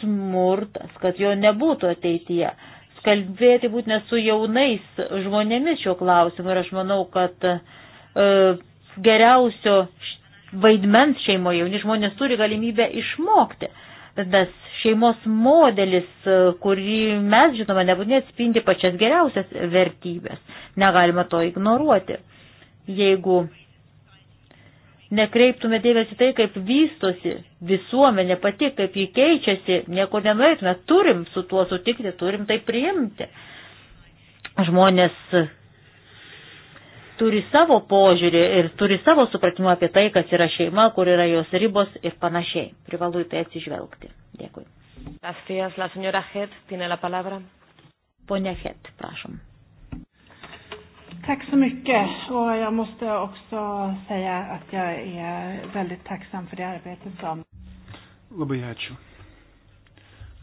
smurtas, kad jo nebūtų ateityje. Kalbėti būtent su jaunais žmonėmis šiuo klausimu ir aš manau, kad e, geriausio vaidmens šeimoje, jauni žmonės turi galimybę išmokti. Tas šeimos modelis, kurį mes žinome, nebūtinai atspindi pačias geriausias vertybės. Negalima to ignoruoti. Jeigu nekreiptume dėmesį tai, kaip vystosi visuomenė pati, kaip ji keičiasi, nieko nenuėtume, turim su tuo sutikti, turim tai priimti. Žmonės turi savo požiūrį ir turi savo supratimą apie tai, kas yra šeima, kur yra jos ribos ir panašiai. Privalu į tai atsižvelgti. Dėkui. Gracias, la señora Het tiene la palabra. Ponia Het, prašom. Tack så mycket. Och jag måste också säga att jag är väldigt tacksam för det arbete som... Labai ačiū.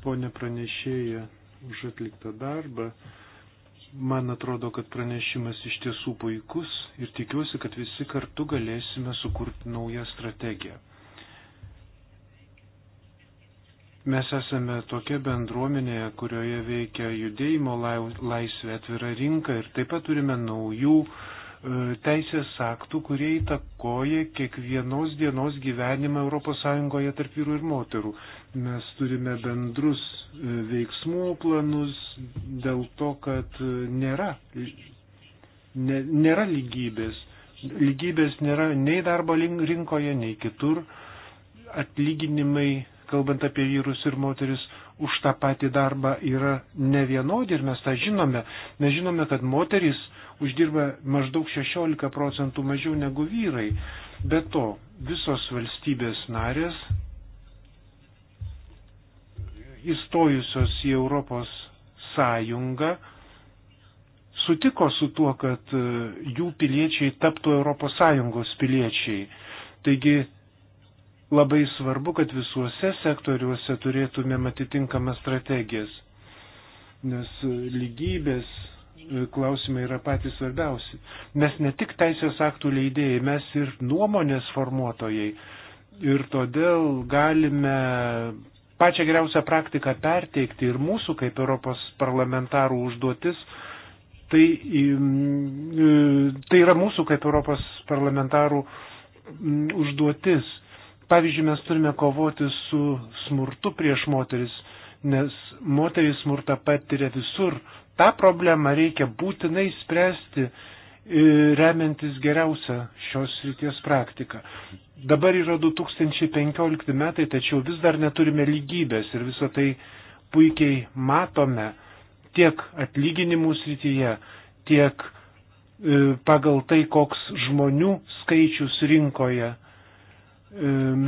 Pone pranešėja už atliktą darbą. Man atrodo, kad pranešimas iš tiesų puikus ir tikiuosi, kad visi kartu galėsime sukurti naują strategiją. Mes esame tokia bendruomenė, kurioje veikia judėjimo laisvė, atvira rinka ir taip pat turime naujų uh, E, teisės aktų, kurie įtakoja kiekvienos dienos gyvenimą ES tarp vyrų ir moterų. Mes turime bendrus e, veiksmų planus dėl to, kad e, nėra, ne, nėra lygybės. Lygybės nėra nei darbo rinkoje, nei kitur. Atlyginimai, kalbant apie vyrus ir moteris, už tą patį darbą yra nevienodi ir mes tą žinome. Mes žinome, kad moteris uždirba maždaug 16 procentų mažiau negu vyrai. Be to, visos valstybės narės įstojusios į Europos sąjungą sutiko su tuo, kad e, jų piliečiai taptų Europos sąjungos piliečiai. Taigi labai svarbu, kad visuose sektoriuose turėtumėm atitinkamas strategijas, nes lygybės E, klausimai yra patys svarbiausi. Mes ne tik teisės aktų leidėjai, mes ir nuomonės formuotojai. Ir todėl galime pačią geriausią praktiką perteikti ir mūsų kaip Europos parlamentarų užduotis. Tai, e, tai yra mūsų kaip Europos parlamentarų užduotis. Pavyzdžiui, mes turime kovoti su smurtu prieš moteris, nes moteris smurtą patiria visur tą problemą reikia būtinai spręsti e, remiantis geriausią šios ryties praktiką. Dabar yra 2015 metai, tačiau vis dar neturime lygybės ir visą tai puikiai matome tiek atlyginimų srityje, tiek e, pagal tai, koks žmonių skaičius rinkoje. E,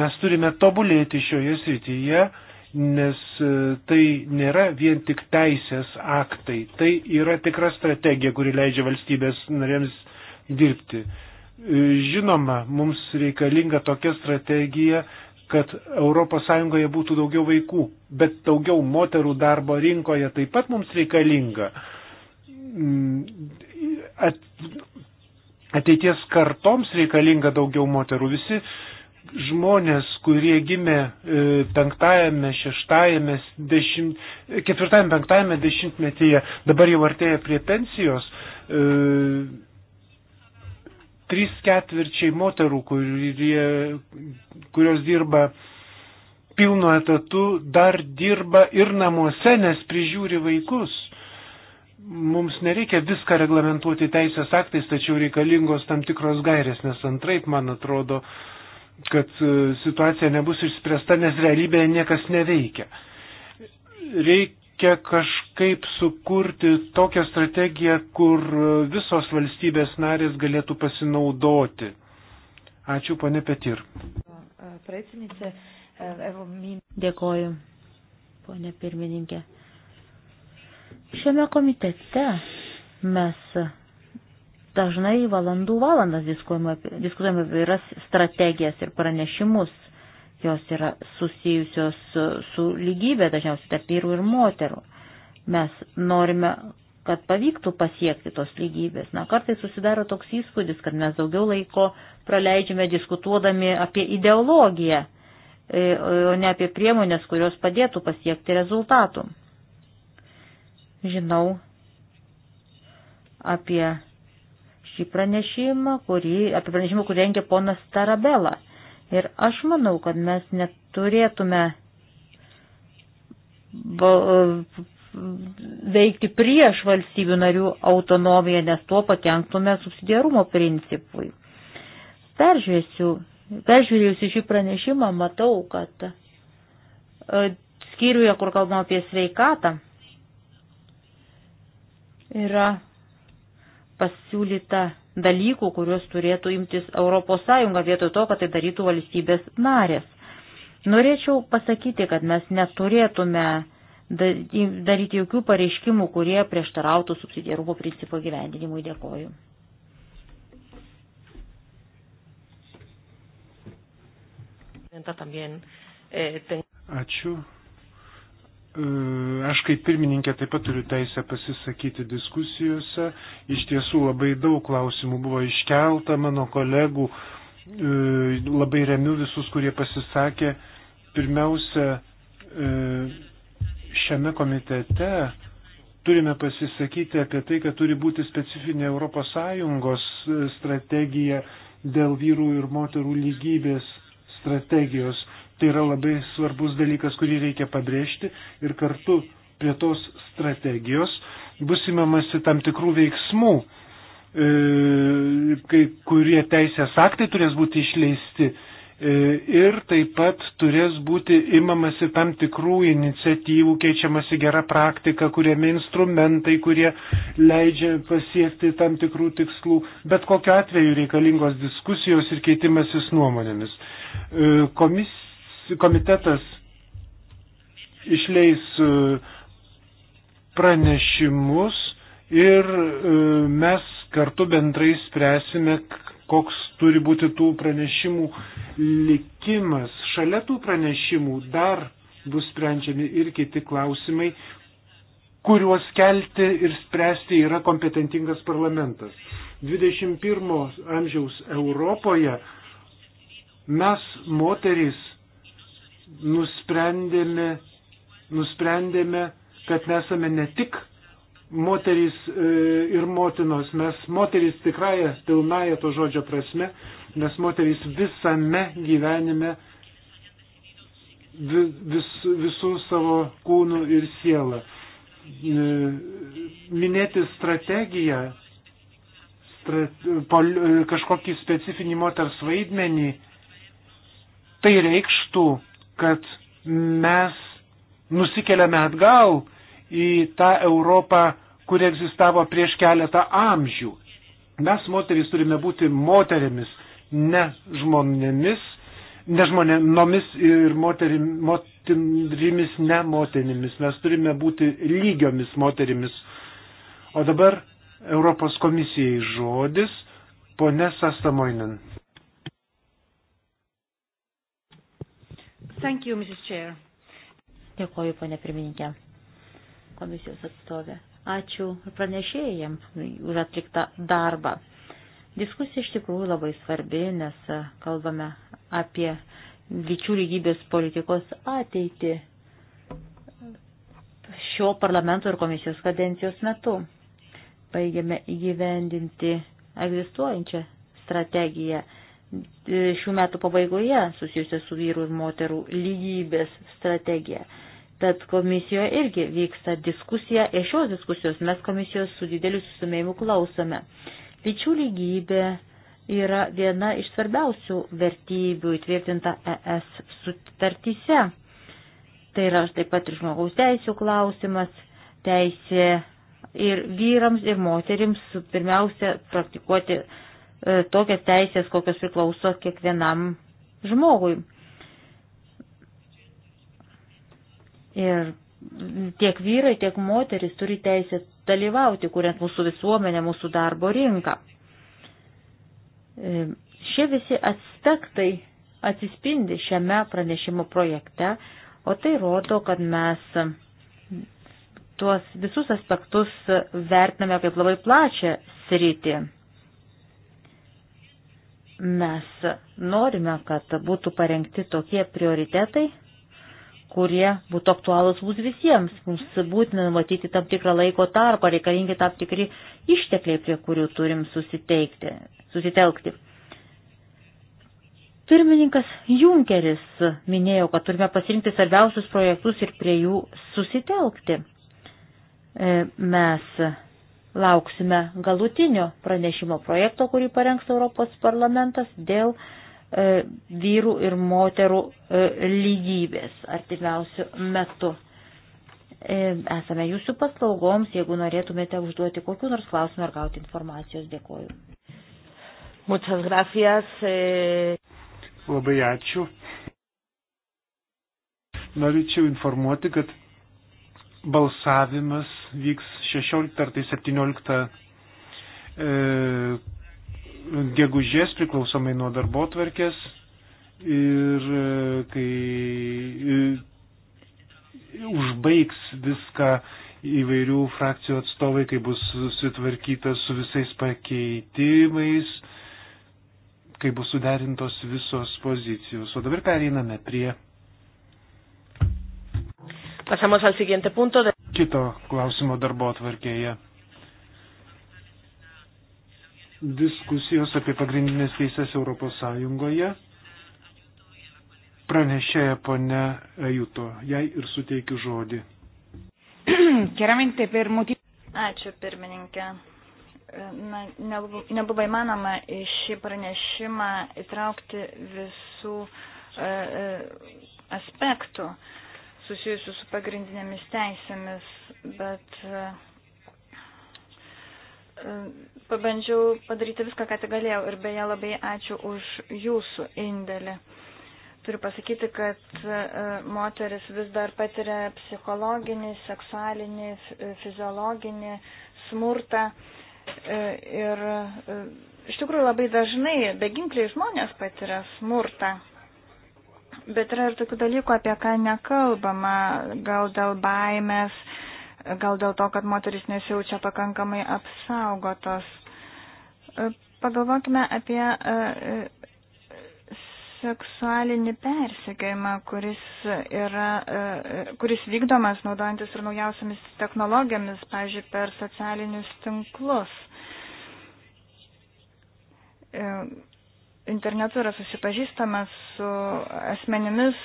mes turime tobulėti šioje srityje nes e, tai nėra vien tik teisės aktai, tai yra tikra strategija, kuri leidžia valstybės narėms dirbti. E, žinoma, mums reikalinga tokia strategija, kad ES būtų daugiau vaikų, bet daugiau moterų darbo rinkoje taip pat mums reikalinga. Mm, at, ateities kartoms reikalinga daugiau moterų. Visi žmonės, kurie gimė e, penktajame, šeštajame, dešimt, ketvirtajame, penktajame dešimtmetyje, dabar jau artėja prie pensijos, e, trys ketvirčiai moterų, kurie, kurios dirba pilnu etatu, dar dirba ir namuose, nes prižiūri vaikus. Mums nereikia viską reglamentuoti teisės aktais, tačiau reikalingos tam tikros gairės, nes antraip, man atrodo, e, kad e, situacija nebus išspręsta, nes realybėje niekas neveikia. Reikia kažkaip sukurti tokią strategiją, kur e, visos valstybės narės galėtų pasinaudoti. Ačiū, ponė Petir. E, Dėkoju, ponė pirmininkė. Šiame komitete mes dažnai valandų valandas diskutuojame apie, diskutuojame apie įvairias strategijas ir pranešimus. Jos yra susijusios su, su lygybė dažniausiai tarp vyrų ir moterų. Mes norime, kad pavyktų pasiekti tos lygybės. Na, kartai susidaro toks įspūdis, kad mes daugiau laiko praleidžiame diskutuodami apie ideologiją, e, o ne apie priemonės, kurios padėtų pasiekti rezultatų. Žinau apie šį pranešimą, kurį, apie pranešimą, kurį rengė ponas Tarabela. Ir aš manau, kad mes neturėtume veikti prieš valstybių narių autonomiją, nes tuo pakenktume subsidiarumo principui. Peržiūrėsiu, peržiūrėjusi šį pranešimą, matau, kad e, skyriuje, kur kalbama apie sveikatą, yra pasiūlyta dalykų, kuriuos turėtų imtis ES vietoj to, kad tai darytų valstybės narės. Norėčiau pasakyti, kad mes neturėtume daryti jokių pareiškimų, kurie prieštarautų subsidiarumo principo gyvendinimui. Dėkoju. Eh, Ačiū. E, aš kaip pirmininkė taip pat turiu teisę pasisakyti diskusijose. Iš tiesų labai daug klausimų buvo iškelta mano kolegų. E, labai remiu visus, kurie pasisakė. Pirmiausia, e, šiame komitete turime pasisakyti apie tai, kad turi būti specifinė ES strategija dėl vyrų ir moterų lygybės strategijos. Tai yra labai svarbus dalykas, kurį reikia pabrėžti ir kartu prie tos strategijos bus įmamasi tam tikrų veiksmų, e, kai kurie teisės aktai turės būti išleisti e, ir taip pat turės būti imamasi tam tikrų iniciatyvų, keičiamasi gera praktika, kuriami instrumentai, kurie leidžia pasiekti tam tikrų tikslų. Bet kokiu atveju reikalingos diskusijos ir keitimasis nuomonėmis. E, komis, komitetas išleis e, pranešimus ir e, mes kartu bendrai spręsime, koks turi būti tų pranešimų likimas. Šalia tų pranešimų dar bus sprendžiami ir kiti klausimai, kuriuos kelti ir spręsti yra kompetentingas parlamentas. 21 amžiaus Europoje mes moterys nusprendėme, nusprendėme kad nesame ne tik moterys e, ir motinos, mes moterys tikrąją, pilnąją to žodžio prasme, mes moterys visame gyvenime vis, visų savo kūnų ir sielą. E, minėti strategiją, strat, pol, e, kažkokį specifinį moters vaidmenį, tai reikštų kad mes nusikeliame atgal į tą Europą, kuri egzistavo prieš keletą amžių. Mes moterys turime būti moterimis, ne žmonėmis, ne žmonėmis ir moterim, moterimis, ne moterimis. Mes turime būti lygiomis moterimis. O dabar Europos komisijai žodis, ponė Sastamoinen. Thank you, Mrs. Chair. Dėkoju, ponė pirmininkė, komisijos atstovė. Ačiū pranešėjim už atliktą darbą. Diskusija iš tikrųjų labai svarbi, nes kalbame apie lyčių lygybės politikos ateitį šio parlamento ir komisijos kadencijos metu. Baigėme įgyvendinti egzistuojančią strategiją E, šių metų pabaigoje susijusią su vyrų ir moterų lygybės strategiją. Tad komisijoje irgi vyksta diskusija ir šios diskusijos mes komisijos su dideliu susumėjimu klausome. Lyčių lygybė yra viena iš svarbiausių vertybių įtvirtinta ES sutartyse. Tai yra taip pat ir žmogaus teisų klausimas, teisė ir vyrams, ir moterims pirmiausia praktikuoti E, tokias teisės, kokios priklauso kiekvienam žmogui. Ir tiek vyrai, tiek moteris turi teisę dalyvauti, kuriant mūsų visuomenę, mūsų darbo rinką. E, šie visi aspektai atsispindi šiame pranešimo projekte, o tai rodo, kad mes tuos visus aspektus vertiname kaip labai plačią sritį. Mes norime, kad būtų parengti tokie prioritetai, kurie būtų aktualūs būtų visiems. Mums būtina matyti tam tikrą laiko tarpą, reikalingi tam tikri ištekliai, prie kurių turim susitelkti. Pirmininkas Junkeris minėjo, kad turime pasirinkti svarbiausius projektus ir prie jų susitelkti. E, mes Lauksime galutinio pranešimo projekto, kurį parengs Europos parlamentas dėl e, vyrų ir moterų e, lygybės artimiausių metų. E, esame jūsų paslaugoms, jeigu norėtumėte užduoti kokiu nors klausimu ar gauti informacijos. Dėkoju. Muchas gracias. E... Labai ačiū. Norėčiau informuoti, kad balsavimas vyks 16 ar tai 17 e, gegužės priklausomai nuo darbo tvarkės ir e, kai e, užbaigs viską įvairių frakcijų atstovai, kai bus sutvarkyta su visais pakeitimais, kai bus suderintos visos pozicijos. O dabar pereiname prie Pasamos al siguiente punto. De kito klausimo darbo atvarkėje. Diskusijos apie pagrindinės teisės Europos Sąjungoje. Pranešėja ponia Ejuto, jai ir suteikiu žodį. Chiaramente per motyvų. Ačiū pirmininkė. Na, nebuvo įmanoma į šį pranešimą įtraukti visų e, e aspektų. E, susijusių su pagrindinėmis teisėmis, bet e, pabandžiau padaryti viską, ką tik galėjau ir beje labai ačiū už jūsų indėlį. Turiu pasakyti, kad e, moteris vis dar patiria psichologinį, seksualinį, fiziologinį smurtą e, ir iš tikrųjų labai dažnai beginkliai žmonės patiria smurtą. Bet yra ir tokių dalykų, apie ką nekalbama, gal dėl baimės, gal dėl to, kad moteris nesijaučia pakankamai apsaugotos. E, pagalvokime apie e, e, seksualinį persikėjimą, kuris, yra, kuris vykdomas naudojantis ir naujausiamis technologijomis, pavyzdžiui, per socialinius tinklus internetu yra susipažįstama su asmenimis,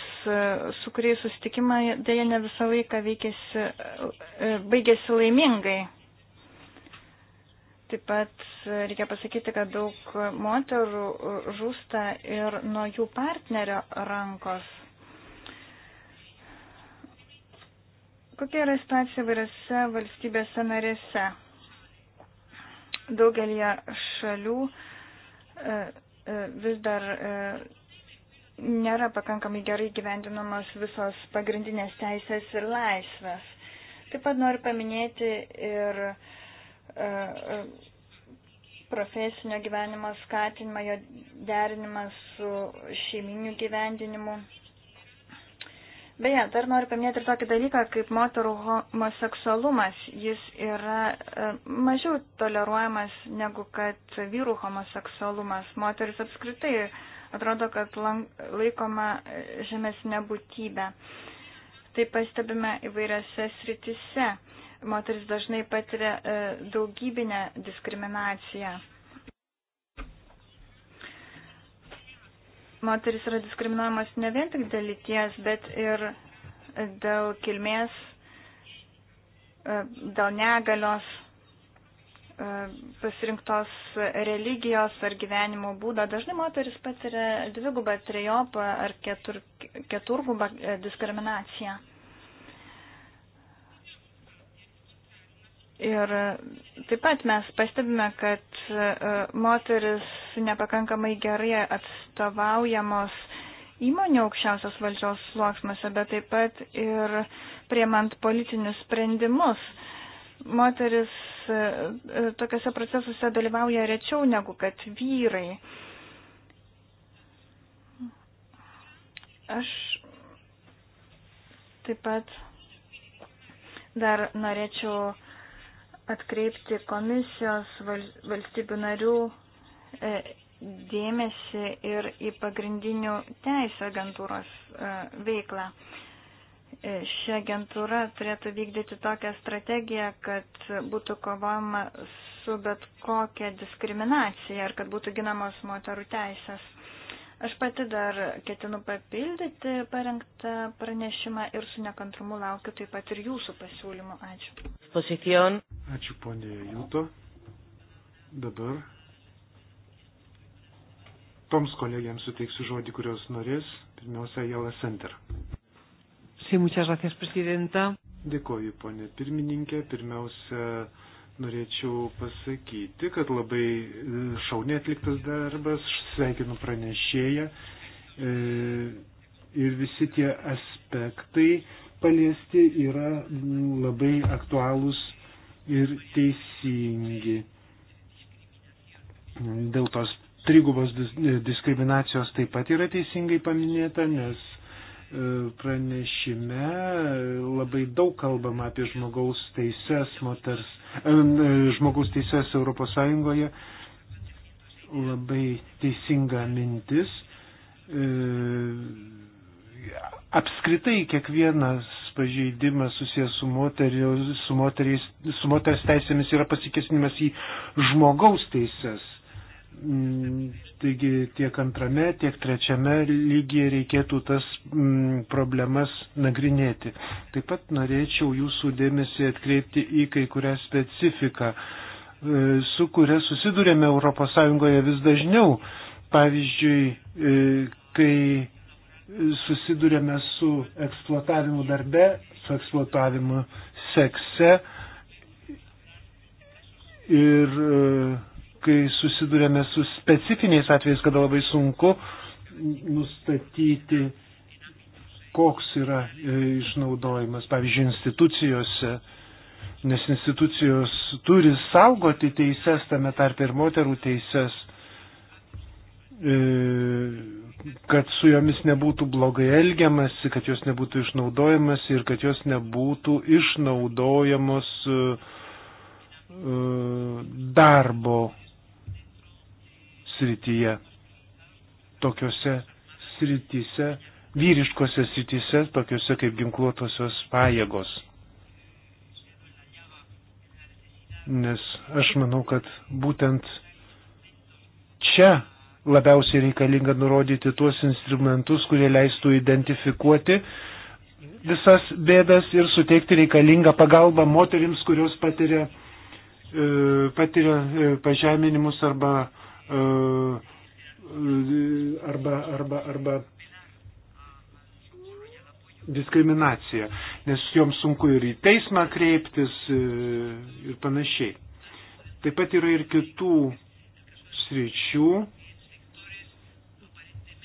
su kuriais susitikimai dėja ne visą laiką veikėsi, e, baigėsi laimingai. Taip pat reikia pasakyti, kad daug moterų žūsta ir nuo jų partnerio rankos. Kokia yra situacija vairiose valstybėse narėse? Daugelie šalių e, E, vis dar e, nėra pakankamai gerai gyvendinamos visos pagrindinės teisės ir laisvės. Taip pat noriu paminėti ir e, profesinio gyvenimo skatinimą, jo derinimą su šeiminiu gyvendinimu. Beje, dar noriu paminėti ir tokį dalyką, kaip moterų homoseksualumas. Jis yra e, mažiau toleruojamas negu kad vyrų homoseksualumas. Moteris apskritai atrodo, kad laikoma e, žemesnė būtybė. Tai pastebime įvairiose sritise. Moteris dažnai patiria e, daugybinę diskriminaciją. moteris yra diskriminuojamas ne vien tik dėl lyties, bet ir dėl kilmės, e, dėl negalios, e, pasirinktos religijos ar gyvenimo būdo. Dažnai moteris patiria dvigubą, trejopą ar ketur, keturgubą e, diskriminaciją. Ir taip pat mes pastebime, kad e, moteris nepakankamai gerai atstovaujamos įmonių aukščiausios valdžios sluoksniuose, bet taip pat ir priemant politinius sprendimus. Moteris e, e, tokiuose procesuose dalyvauja rečiau negu kad vyrai. Aš taip pat dar norėčiau atkreipti komisijos valstybių narių e, dėmesį ir į pagrindinių teisų agentūros e, veiklą. E, ši agentūra turėtų vykdyti tokią strategiją, kad būtų kovojama su bet kokia diskriminacija ir kad būtų ginamos moterų teisės. Aš pati dar ketinu papildyti parengtą pranešimą ir su nekantrumu laukiu taip pat ir jūsų pasiūlymų. Ačiū. Pozicion. Ačiū ponė Jūto. Dabar toms kolegiams suteiksiu žodį, kurios norės. Pirmiausia, Jela Center. Sí, muchas gracias, presidenta. Dėkoju, ponė pirmininkė. Pirmiausia, norėčiau pasakyti, kad labai šauniai atliktas darbas. Sveikinu pranešėją. E, ir visi tie aspektai paliesti yra mm, labai aktualūs ir teisingi. Dėl tos trigubos diskriminacijos taip pat yra teisingai paminėta, nes e, pranešime e, labai daug kalbama apie žmogaus teises, moters, e, žmogaus teises Europos Sąjungoje. Labai teisinga mintis apskritai kiekvienas pažeidimas susijęs su, moterio, su, moteriais, su moters teisėmis yra pasikesnimas į žmogaus teises. Mm, taigi tiek antrame, tiek trečiame lygiai reikėtų tas m, mm, problemas nagrinėti. Taip pat norėčiau jūsų dėmesį atkreipti į kai kurią specifiką, e, su kuria susidurėme ES vis dažniau. Pavyzdžiui, e, kai susidurėme su eksploatavimu darbe, su eksploatavimu sekse ir e, kai susidurėme su specifiniais atvejais, kada labai sunku nustatyti, koks yra e, išnaudojimas, pavyzdžiui, institucijose, nes institucijos turi saugoti teises, tame tarp ir moterų teises. E, kad su jomis nebūtų blogai elgiamasi, kad jos nebūtų išnaudojamas ir kad jos nebūtų išnaudojamos e, e, darbo srityje. Tokiose srityse, vyriškose srityse, tokiose kaip ginkluotosios pajėgos. Nes aš manau, kad būtent čia labiausiai reikalinga nurodyti tuos instrumentus, kurie leistų identifikuoti visas bėdas ir suteikti reikalingą pagalbą moterims, kurios patiria, e, patiria e, pažeminimus arba, e, arba, arba, arba diskriminaciją, nes joms sunku ir į teismą kreiptis ir panašiai. Taip pat yra ir kitų sričių,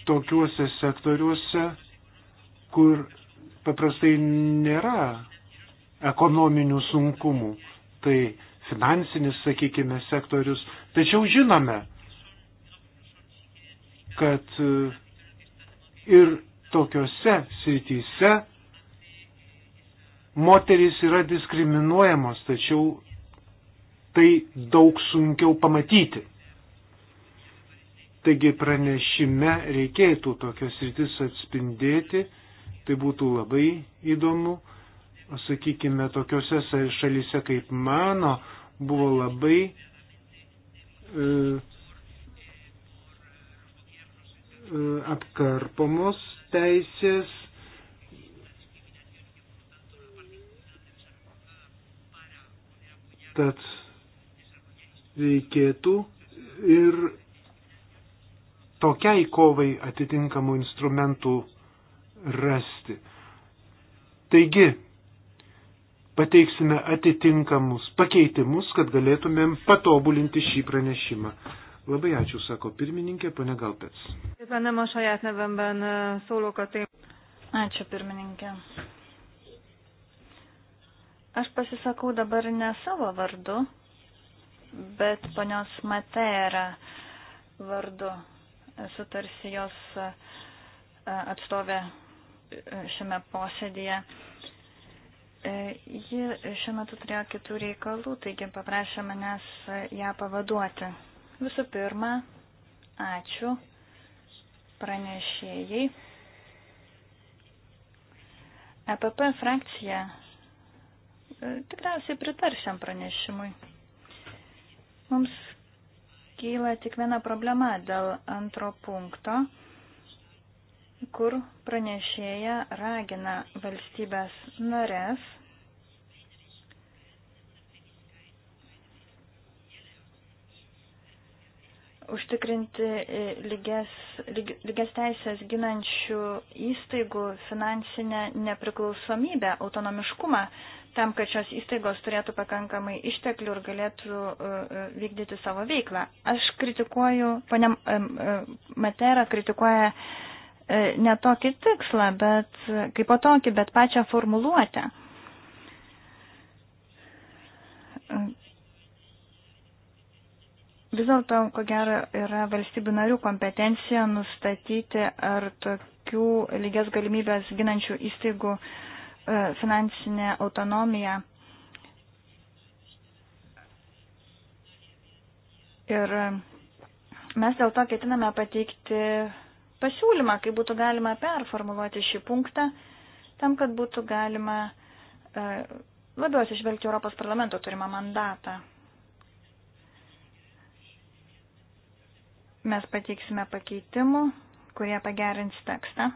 tokiuose sektoriuose, kur paprastai nėra ekonominių sunkumų. Tai finansinis, sakykime, sektorius. Tačiau žinome, kad e, ir tokiuose srityse moterys yra diskriminuojamos, tačiau tai daug sunkiau pamatyti. Taigi pranešime reikėtų tokios rytis atspindėti, tai būtų labai įdomu. O sakykime, tokiuose šalyse kaip mano buvo labai e, e apkarpomos teisės. Tad reikėtų ir tokiai kovai atitinkamų instrumentų rasti. Taigi, pateiksime atitinkamus pakeitimus, kad galėtumėm patobulinti šį pranešimą. Labai ačiū, sako pirmininkė, pane Galpets. Ačiū, pirmininkė. Aš pasisakau dabar ne savo vardu, bet ponios Matera vardu esu tarsi jos e, atstovė e, šiame posėdėje. E, ji šiuo metu turėjo kitų reikalų, taigi paprašė manęs ją pavaduoti. Visų pirma, ačiū pranešėjai. EPP frakcija tikriausiai pritar šiam pranešimui. Mums kyla tik viena problema dėl antro punkto, kur pranešėja ragina valstybės narės užtikrinti lygias, lyg, lygias teisės ginančių įstaigų finansinę nepriklausomybę, autonomiškumą tam, kad šios įstaigos turėtų pakankamai išteklių ir galėtų e, e, vykdyti savo veiklą. Aš kritikuoju, ponia e, Matera kritikuoja ne tokį tikslą, bet kaip po tokį, bet pačią formuluotę. Vis dėlto, ko gero, yra valstybių narių kompetencija nustatyti, ar tokių lygias galimybės ginančių įstaigų uh, E, finansinė autonomija. Ir mes dėl to ketiname pateikti pasiūlymą, kaip būtų galima performuluoti šį punktą, tam, kad būtų galima e, labiau atsižvelgti Europos parlamento turimą mandatą. Mes pateiksime pakeitimų, kurie pagerins tekstą.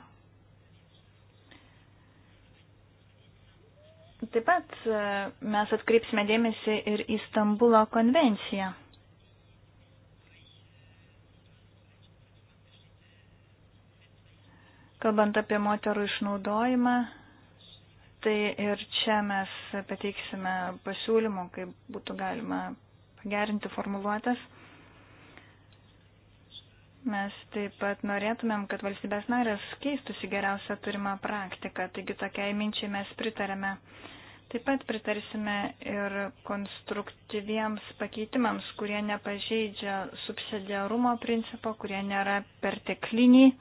Taip pat e, mes atkreipsime dėmesį ir į Stambulo konvenciją. Kalbant apie moterų išnaudojimą, tai ir čia mes pateiksime pasiūlymų, kaip būtų galima pagerinti formuluotės. Mes taip pat norėtumėm, kad valstybės narės keistųsi geriausią turimą praktiką, taigi tokiai minčiai mes pritarėme. Taip pat pritarsime ir konstruktyviems pakeitimams, kurie nepažeidžia subsidiarumo principo, kurie nėra pertekliniai.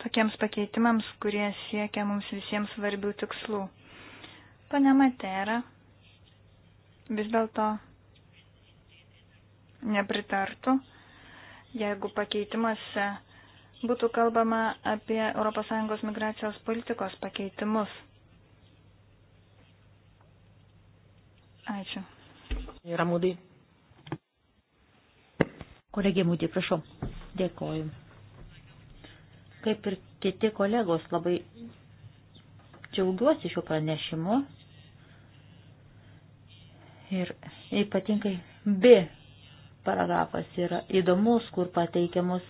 Tokiems pakeitimams, kurie siekia mums visiems svarbių tikslų. Pane Matera, vis dėlto nepritartų, jeigu pakeitimuose būtų kalbama apie ES migracijos politikos pakeitimus. Ačiū. Yra mūdai. Kolegė Mūdė, prašau. Dėkoju. Kaip ir kiti kolegos, labai džiaugiuosi šiuo pranešimu. Ir ypatingai B paragrafas yra įdomus, kur pateikiamus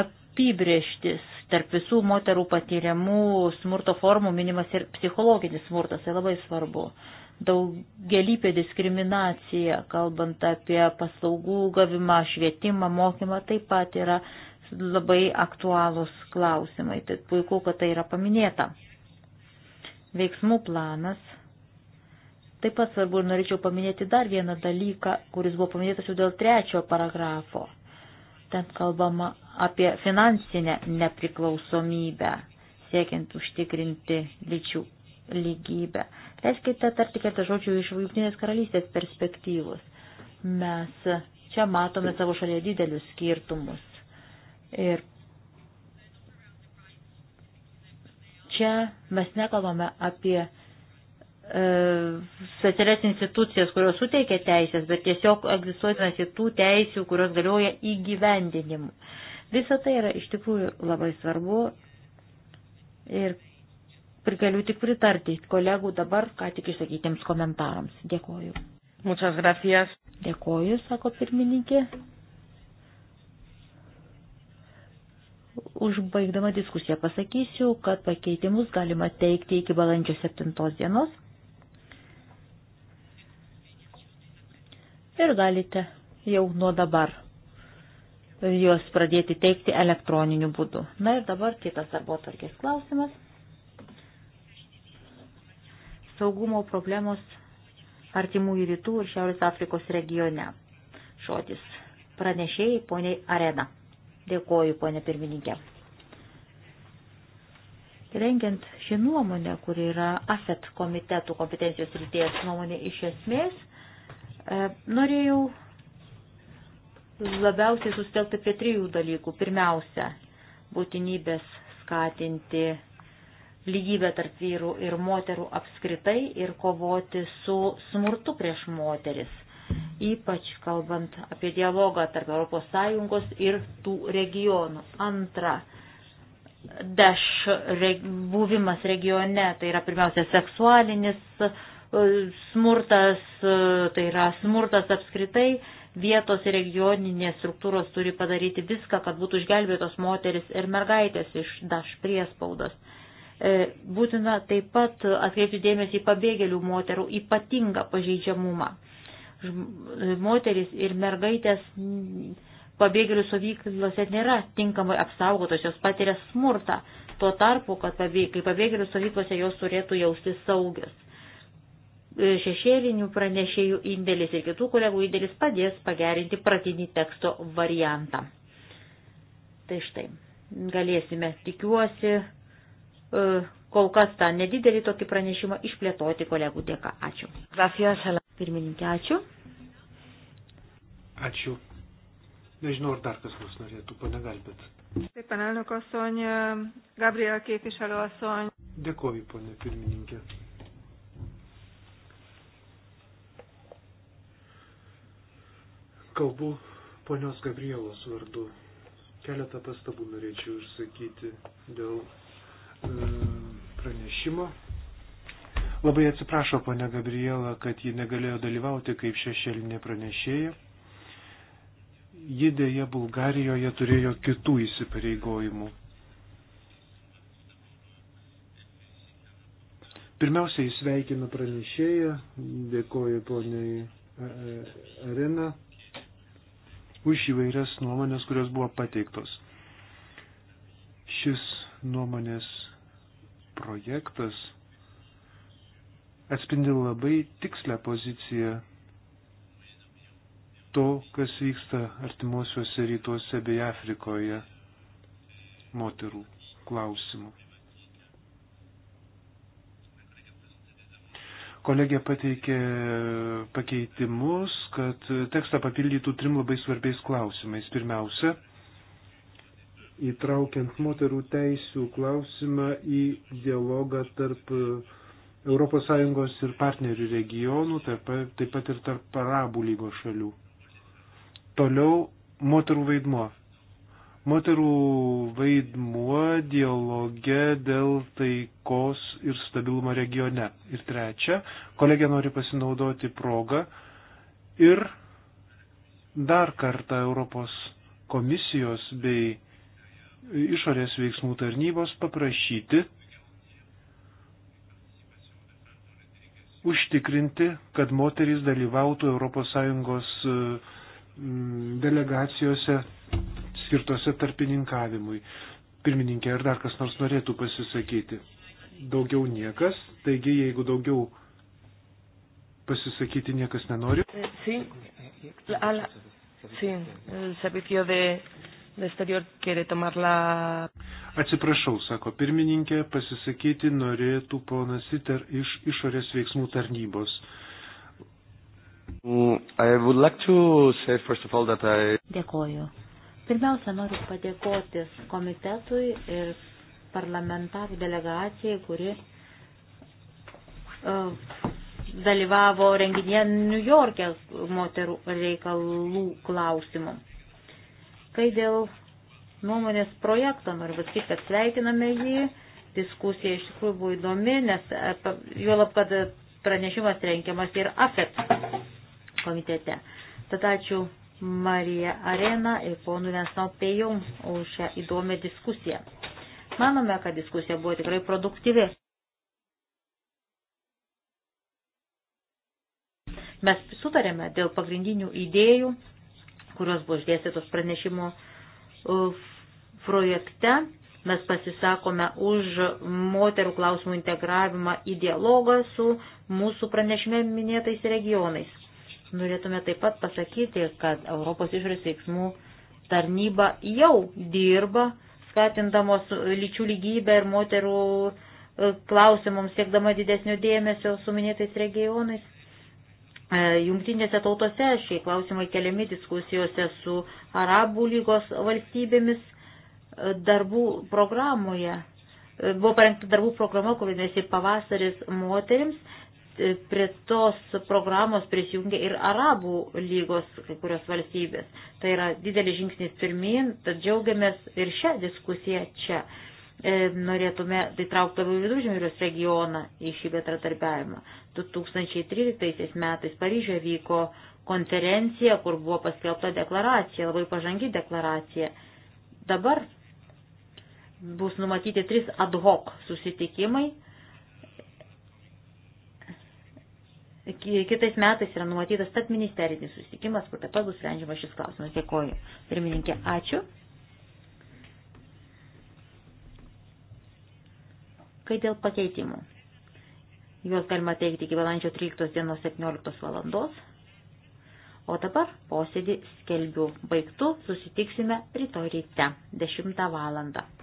apibrieštis tarp visų moterų patiriamų smurto formų minimas ir psichologinis smurtas, tai labai svarbu. Daugelįpė diskriminacija, kalbant apie paslaugų gavimą, švietimą, mokymą, taip pat yra labai aktualūs klausimai. Tai puiku, kad tai yra paminėta. Veiksmų planas Taip pat svarbu ir norėčiau paminėti dar vieną dalyką, kuris buvo paminėtas jau dėl trečiojo paragrafo. Ten kalbama apie finansinę nepriklausomybę, siekiant užtikrinti lyčių lygybę. Leiskite tarti keletą žodžių iš Junktinės karalystės perspektyvos. Mes čia matome savo šalyje didelius skirtumus. Ir čia mes nekalbame apie E, specialias institucijas, kurios suteikia teisės, bet tiesiog egzistuoja kitų teisių, kurios galioja įgyvendinimu. Visa tai yra iš tikrųjų labai svarbu ir galiu tik pritarti kolegų dabar ką tik išsakytiems komentarams. Dėkoju. Muchas gracias. Dėkoju, sako pirmininkė. Užbaigdama diskusiją pasakysiu, kad pakeitimus galima teikti iki balandžio 7 dienos. ir galite jau nuo dabar juos pradėti teikti elektroniniu būdu. Na ir dabar kitas darbo tvarkės klausimas. Saugumo problemos artimųjų rytų ir Šiaurės Afrikos regione. Šodis pranešėjai poniai Arena. Dėkoju, ponė pirmininkė. Rengiant šį nuomonę, kuri yra AFET komitetų kompetencijos ryties nuomonė iš esmės, E, norėjau labiausiai sustelkti prie trijų dalykų. Pirmiausia, būtinybės skatinti lygybę tarp vyrų ir moterų apskritai ir kovoti su smurtu prieš moteris, ypač kalbant apie dialogą tarp ES ir tų regionų. Antra, deš re, buvimas regione, tai yra pirmiausia seksualinis smurtas, e, tai yra smurtas apskritai, vietos ir regioninės struktūros turi padaryti viską, kad būtų išgelbėtos moteris ir mergaitės iš daž priespaudos. E, būtina taip pat atkreipti dėmesį į pabėgėlių moterų ypatingą pažeidžiamumą. E, moteris ir mergaitės pabėgėlių stovyklose nėra tinkamai apsaugotos, jos patiria smurtą, tuo tarpu, kad pabėg, kai pabėgėlių stovyklose jos turėtų jaustis saugios šešėlinių pranešėjų indėlis ir kitų kolegų indėlis padės pagerinti pratinį teksto variantą. Tai štai, galėsime, tikiuosi, e, kol kas tą nedidelį tokį pranešimą išplėtoti kolegų dėka. Ačiū. Grafijos pirmininkė, ačiū. Ačiū. Nežinau, ar dar kas nors norėtų, pane Galbet. Taip, panelio kosonė, Gabriela Keipišalio kosonė. Dėkoju, pane pirmininkė. Kalbu ponios Gabrielos vardu. Keletą pastabų norėčiau išsakyti dėl e, pranešimo. Labai atsiprašo ponia Gabriela, kad ji negalėjo dalyvauti kaip šešėlinė pranešėja. Ji dėja Bulgarijoje turėjo kitų įsipareigojimų. Pirmiausiai sveikinu pranešėją, dėkoju poniai e, e, Arena. E, už įvairias nuomonės, kurios buvo pateiktos. Šis nuomonės projektas atspindi labai tikslę poziciją to, kas vyksta artimuosiuose rytuose bei Afrikoje moterų klausimu. Kolegė pateikė pakeitimus, kad tekstą papildytų trim labai svarbiais klausimais. Pirmiausia, įtraukiant moterų teisų klausimą į dialogą tarp ES ir partnerių regionų, taip, taip pat ir tarp arabų lygos šalių. Toliau moterų vaidmuo Moterų vaidmuo dialoge dėl taikos ir stabilumo regione. Ir trečia, kolegė nori pasinaudoti progą ir dar kartą Europos komisijos bei išorės veiksmų tarnybos paprašyti užtikrinti, kad moterys dalyvautų ES mm, delegacijose skirtose tarpininkavimui. Pirmininkė, ar dar kas nors norėtų pasisakyti? Daugiau niekas, taigi jeigu daugiau pasisakyti niekas nenori. Eh, sí, la, sí, el servicio de, de exterior quiere tomar la. Atsiprašau, sako pirmininkė, pasisakyti norėtų ponas Siter iš išorės veiksmų tarnybos. Mm, I would like to say first of all that I. Dėkoju. Pirmiausia, noriu padėkoti komitetui ir parlamentarų delegacijai, kuri e, dalyvavo renginėje New York'e moterų reikalų klausimų. Kai dėl nuomonės projekto noriu pasakyti, kad sveikiname jį, diskusija iš tikrųjų buvo įdomi, nes e, juolab, kad pranešimas renkiamas ir AFET komitete. Tad ačiū Marija Arena ir ponų Nesnau Pejom už šią įdomią diskusiją. Manome, kad diskusija buvo tikrai produktyvi. Mes sutarėme dėl pagrindinių idėjų, kurios buvo išdėstytos pranešimo e, projekte. Mes pasisakome už moterų klausimų integravimą į dialogą su mūsų pranešime minėtais regionais. Norėtume taip pat pasakyti, kad Europos išorės veiksmų tarnyba jau dirba, skatindamos lyčių lygybę ir moterų e, klausimams siekdama didesnio dėmesio su minėtais regionais. E, jungtinėse tautose šie klausimai keliami diskusijose su Arabų lygos valstybėmis e, darbų programoje. Buvo parengta darbų programa, kur vadinasi pavasaris moterims prie tos programos prisijungia ir Arabų lygos kai kurios valstybės. Tai yra didelis žingsnis pirmin, tad džiaugiamės ir šią diskusiją čia. E, norėtume tai traukti labiau viduržymirius regioną į šį betratarpiavimą. 2013 metais Paryžioje vyko konferencija, kur buvo paskelbta deklaracija, labai pažangi deklaracija. Dabar bus numatyti trys ad hoc susitikimai Kitais metais yra numatytas tarp ministerinis susitikimas, kur taip pat bus sprendžiamas šis klausimas. Dėkoju. Pirmininkė, ačiū. Kai dėl pakeitimų. Juos galima teikti iki balandžio 13 dienos 17 valandos. O dabar posėdį skelbiu baigtų, susitiksime rytoj ryte 10 valandą.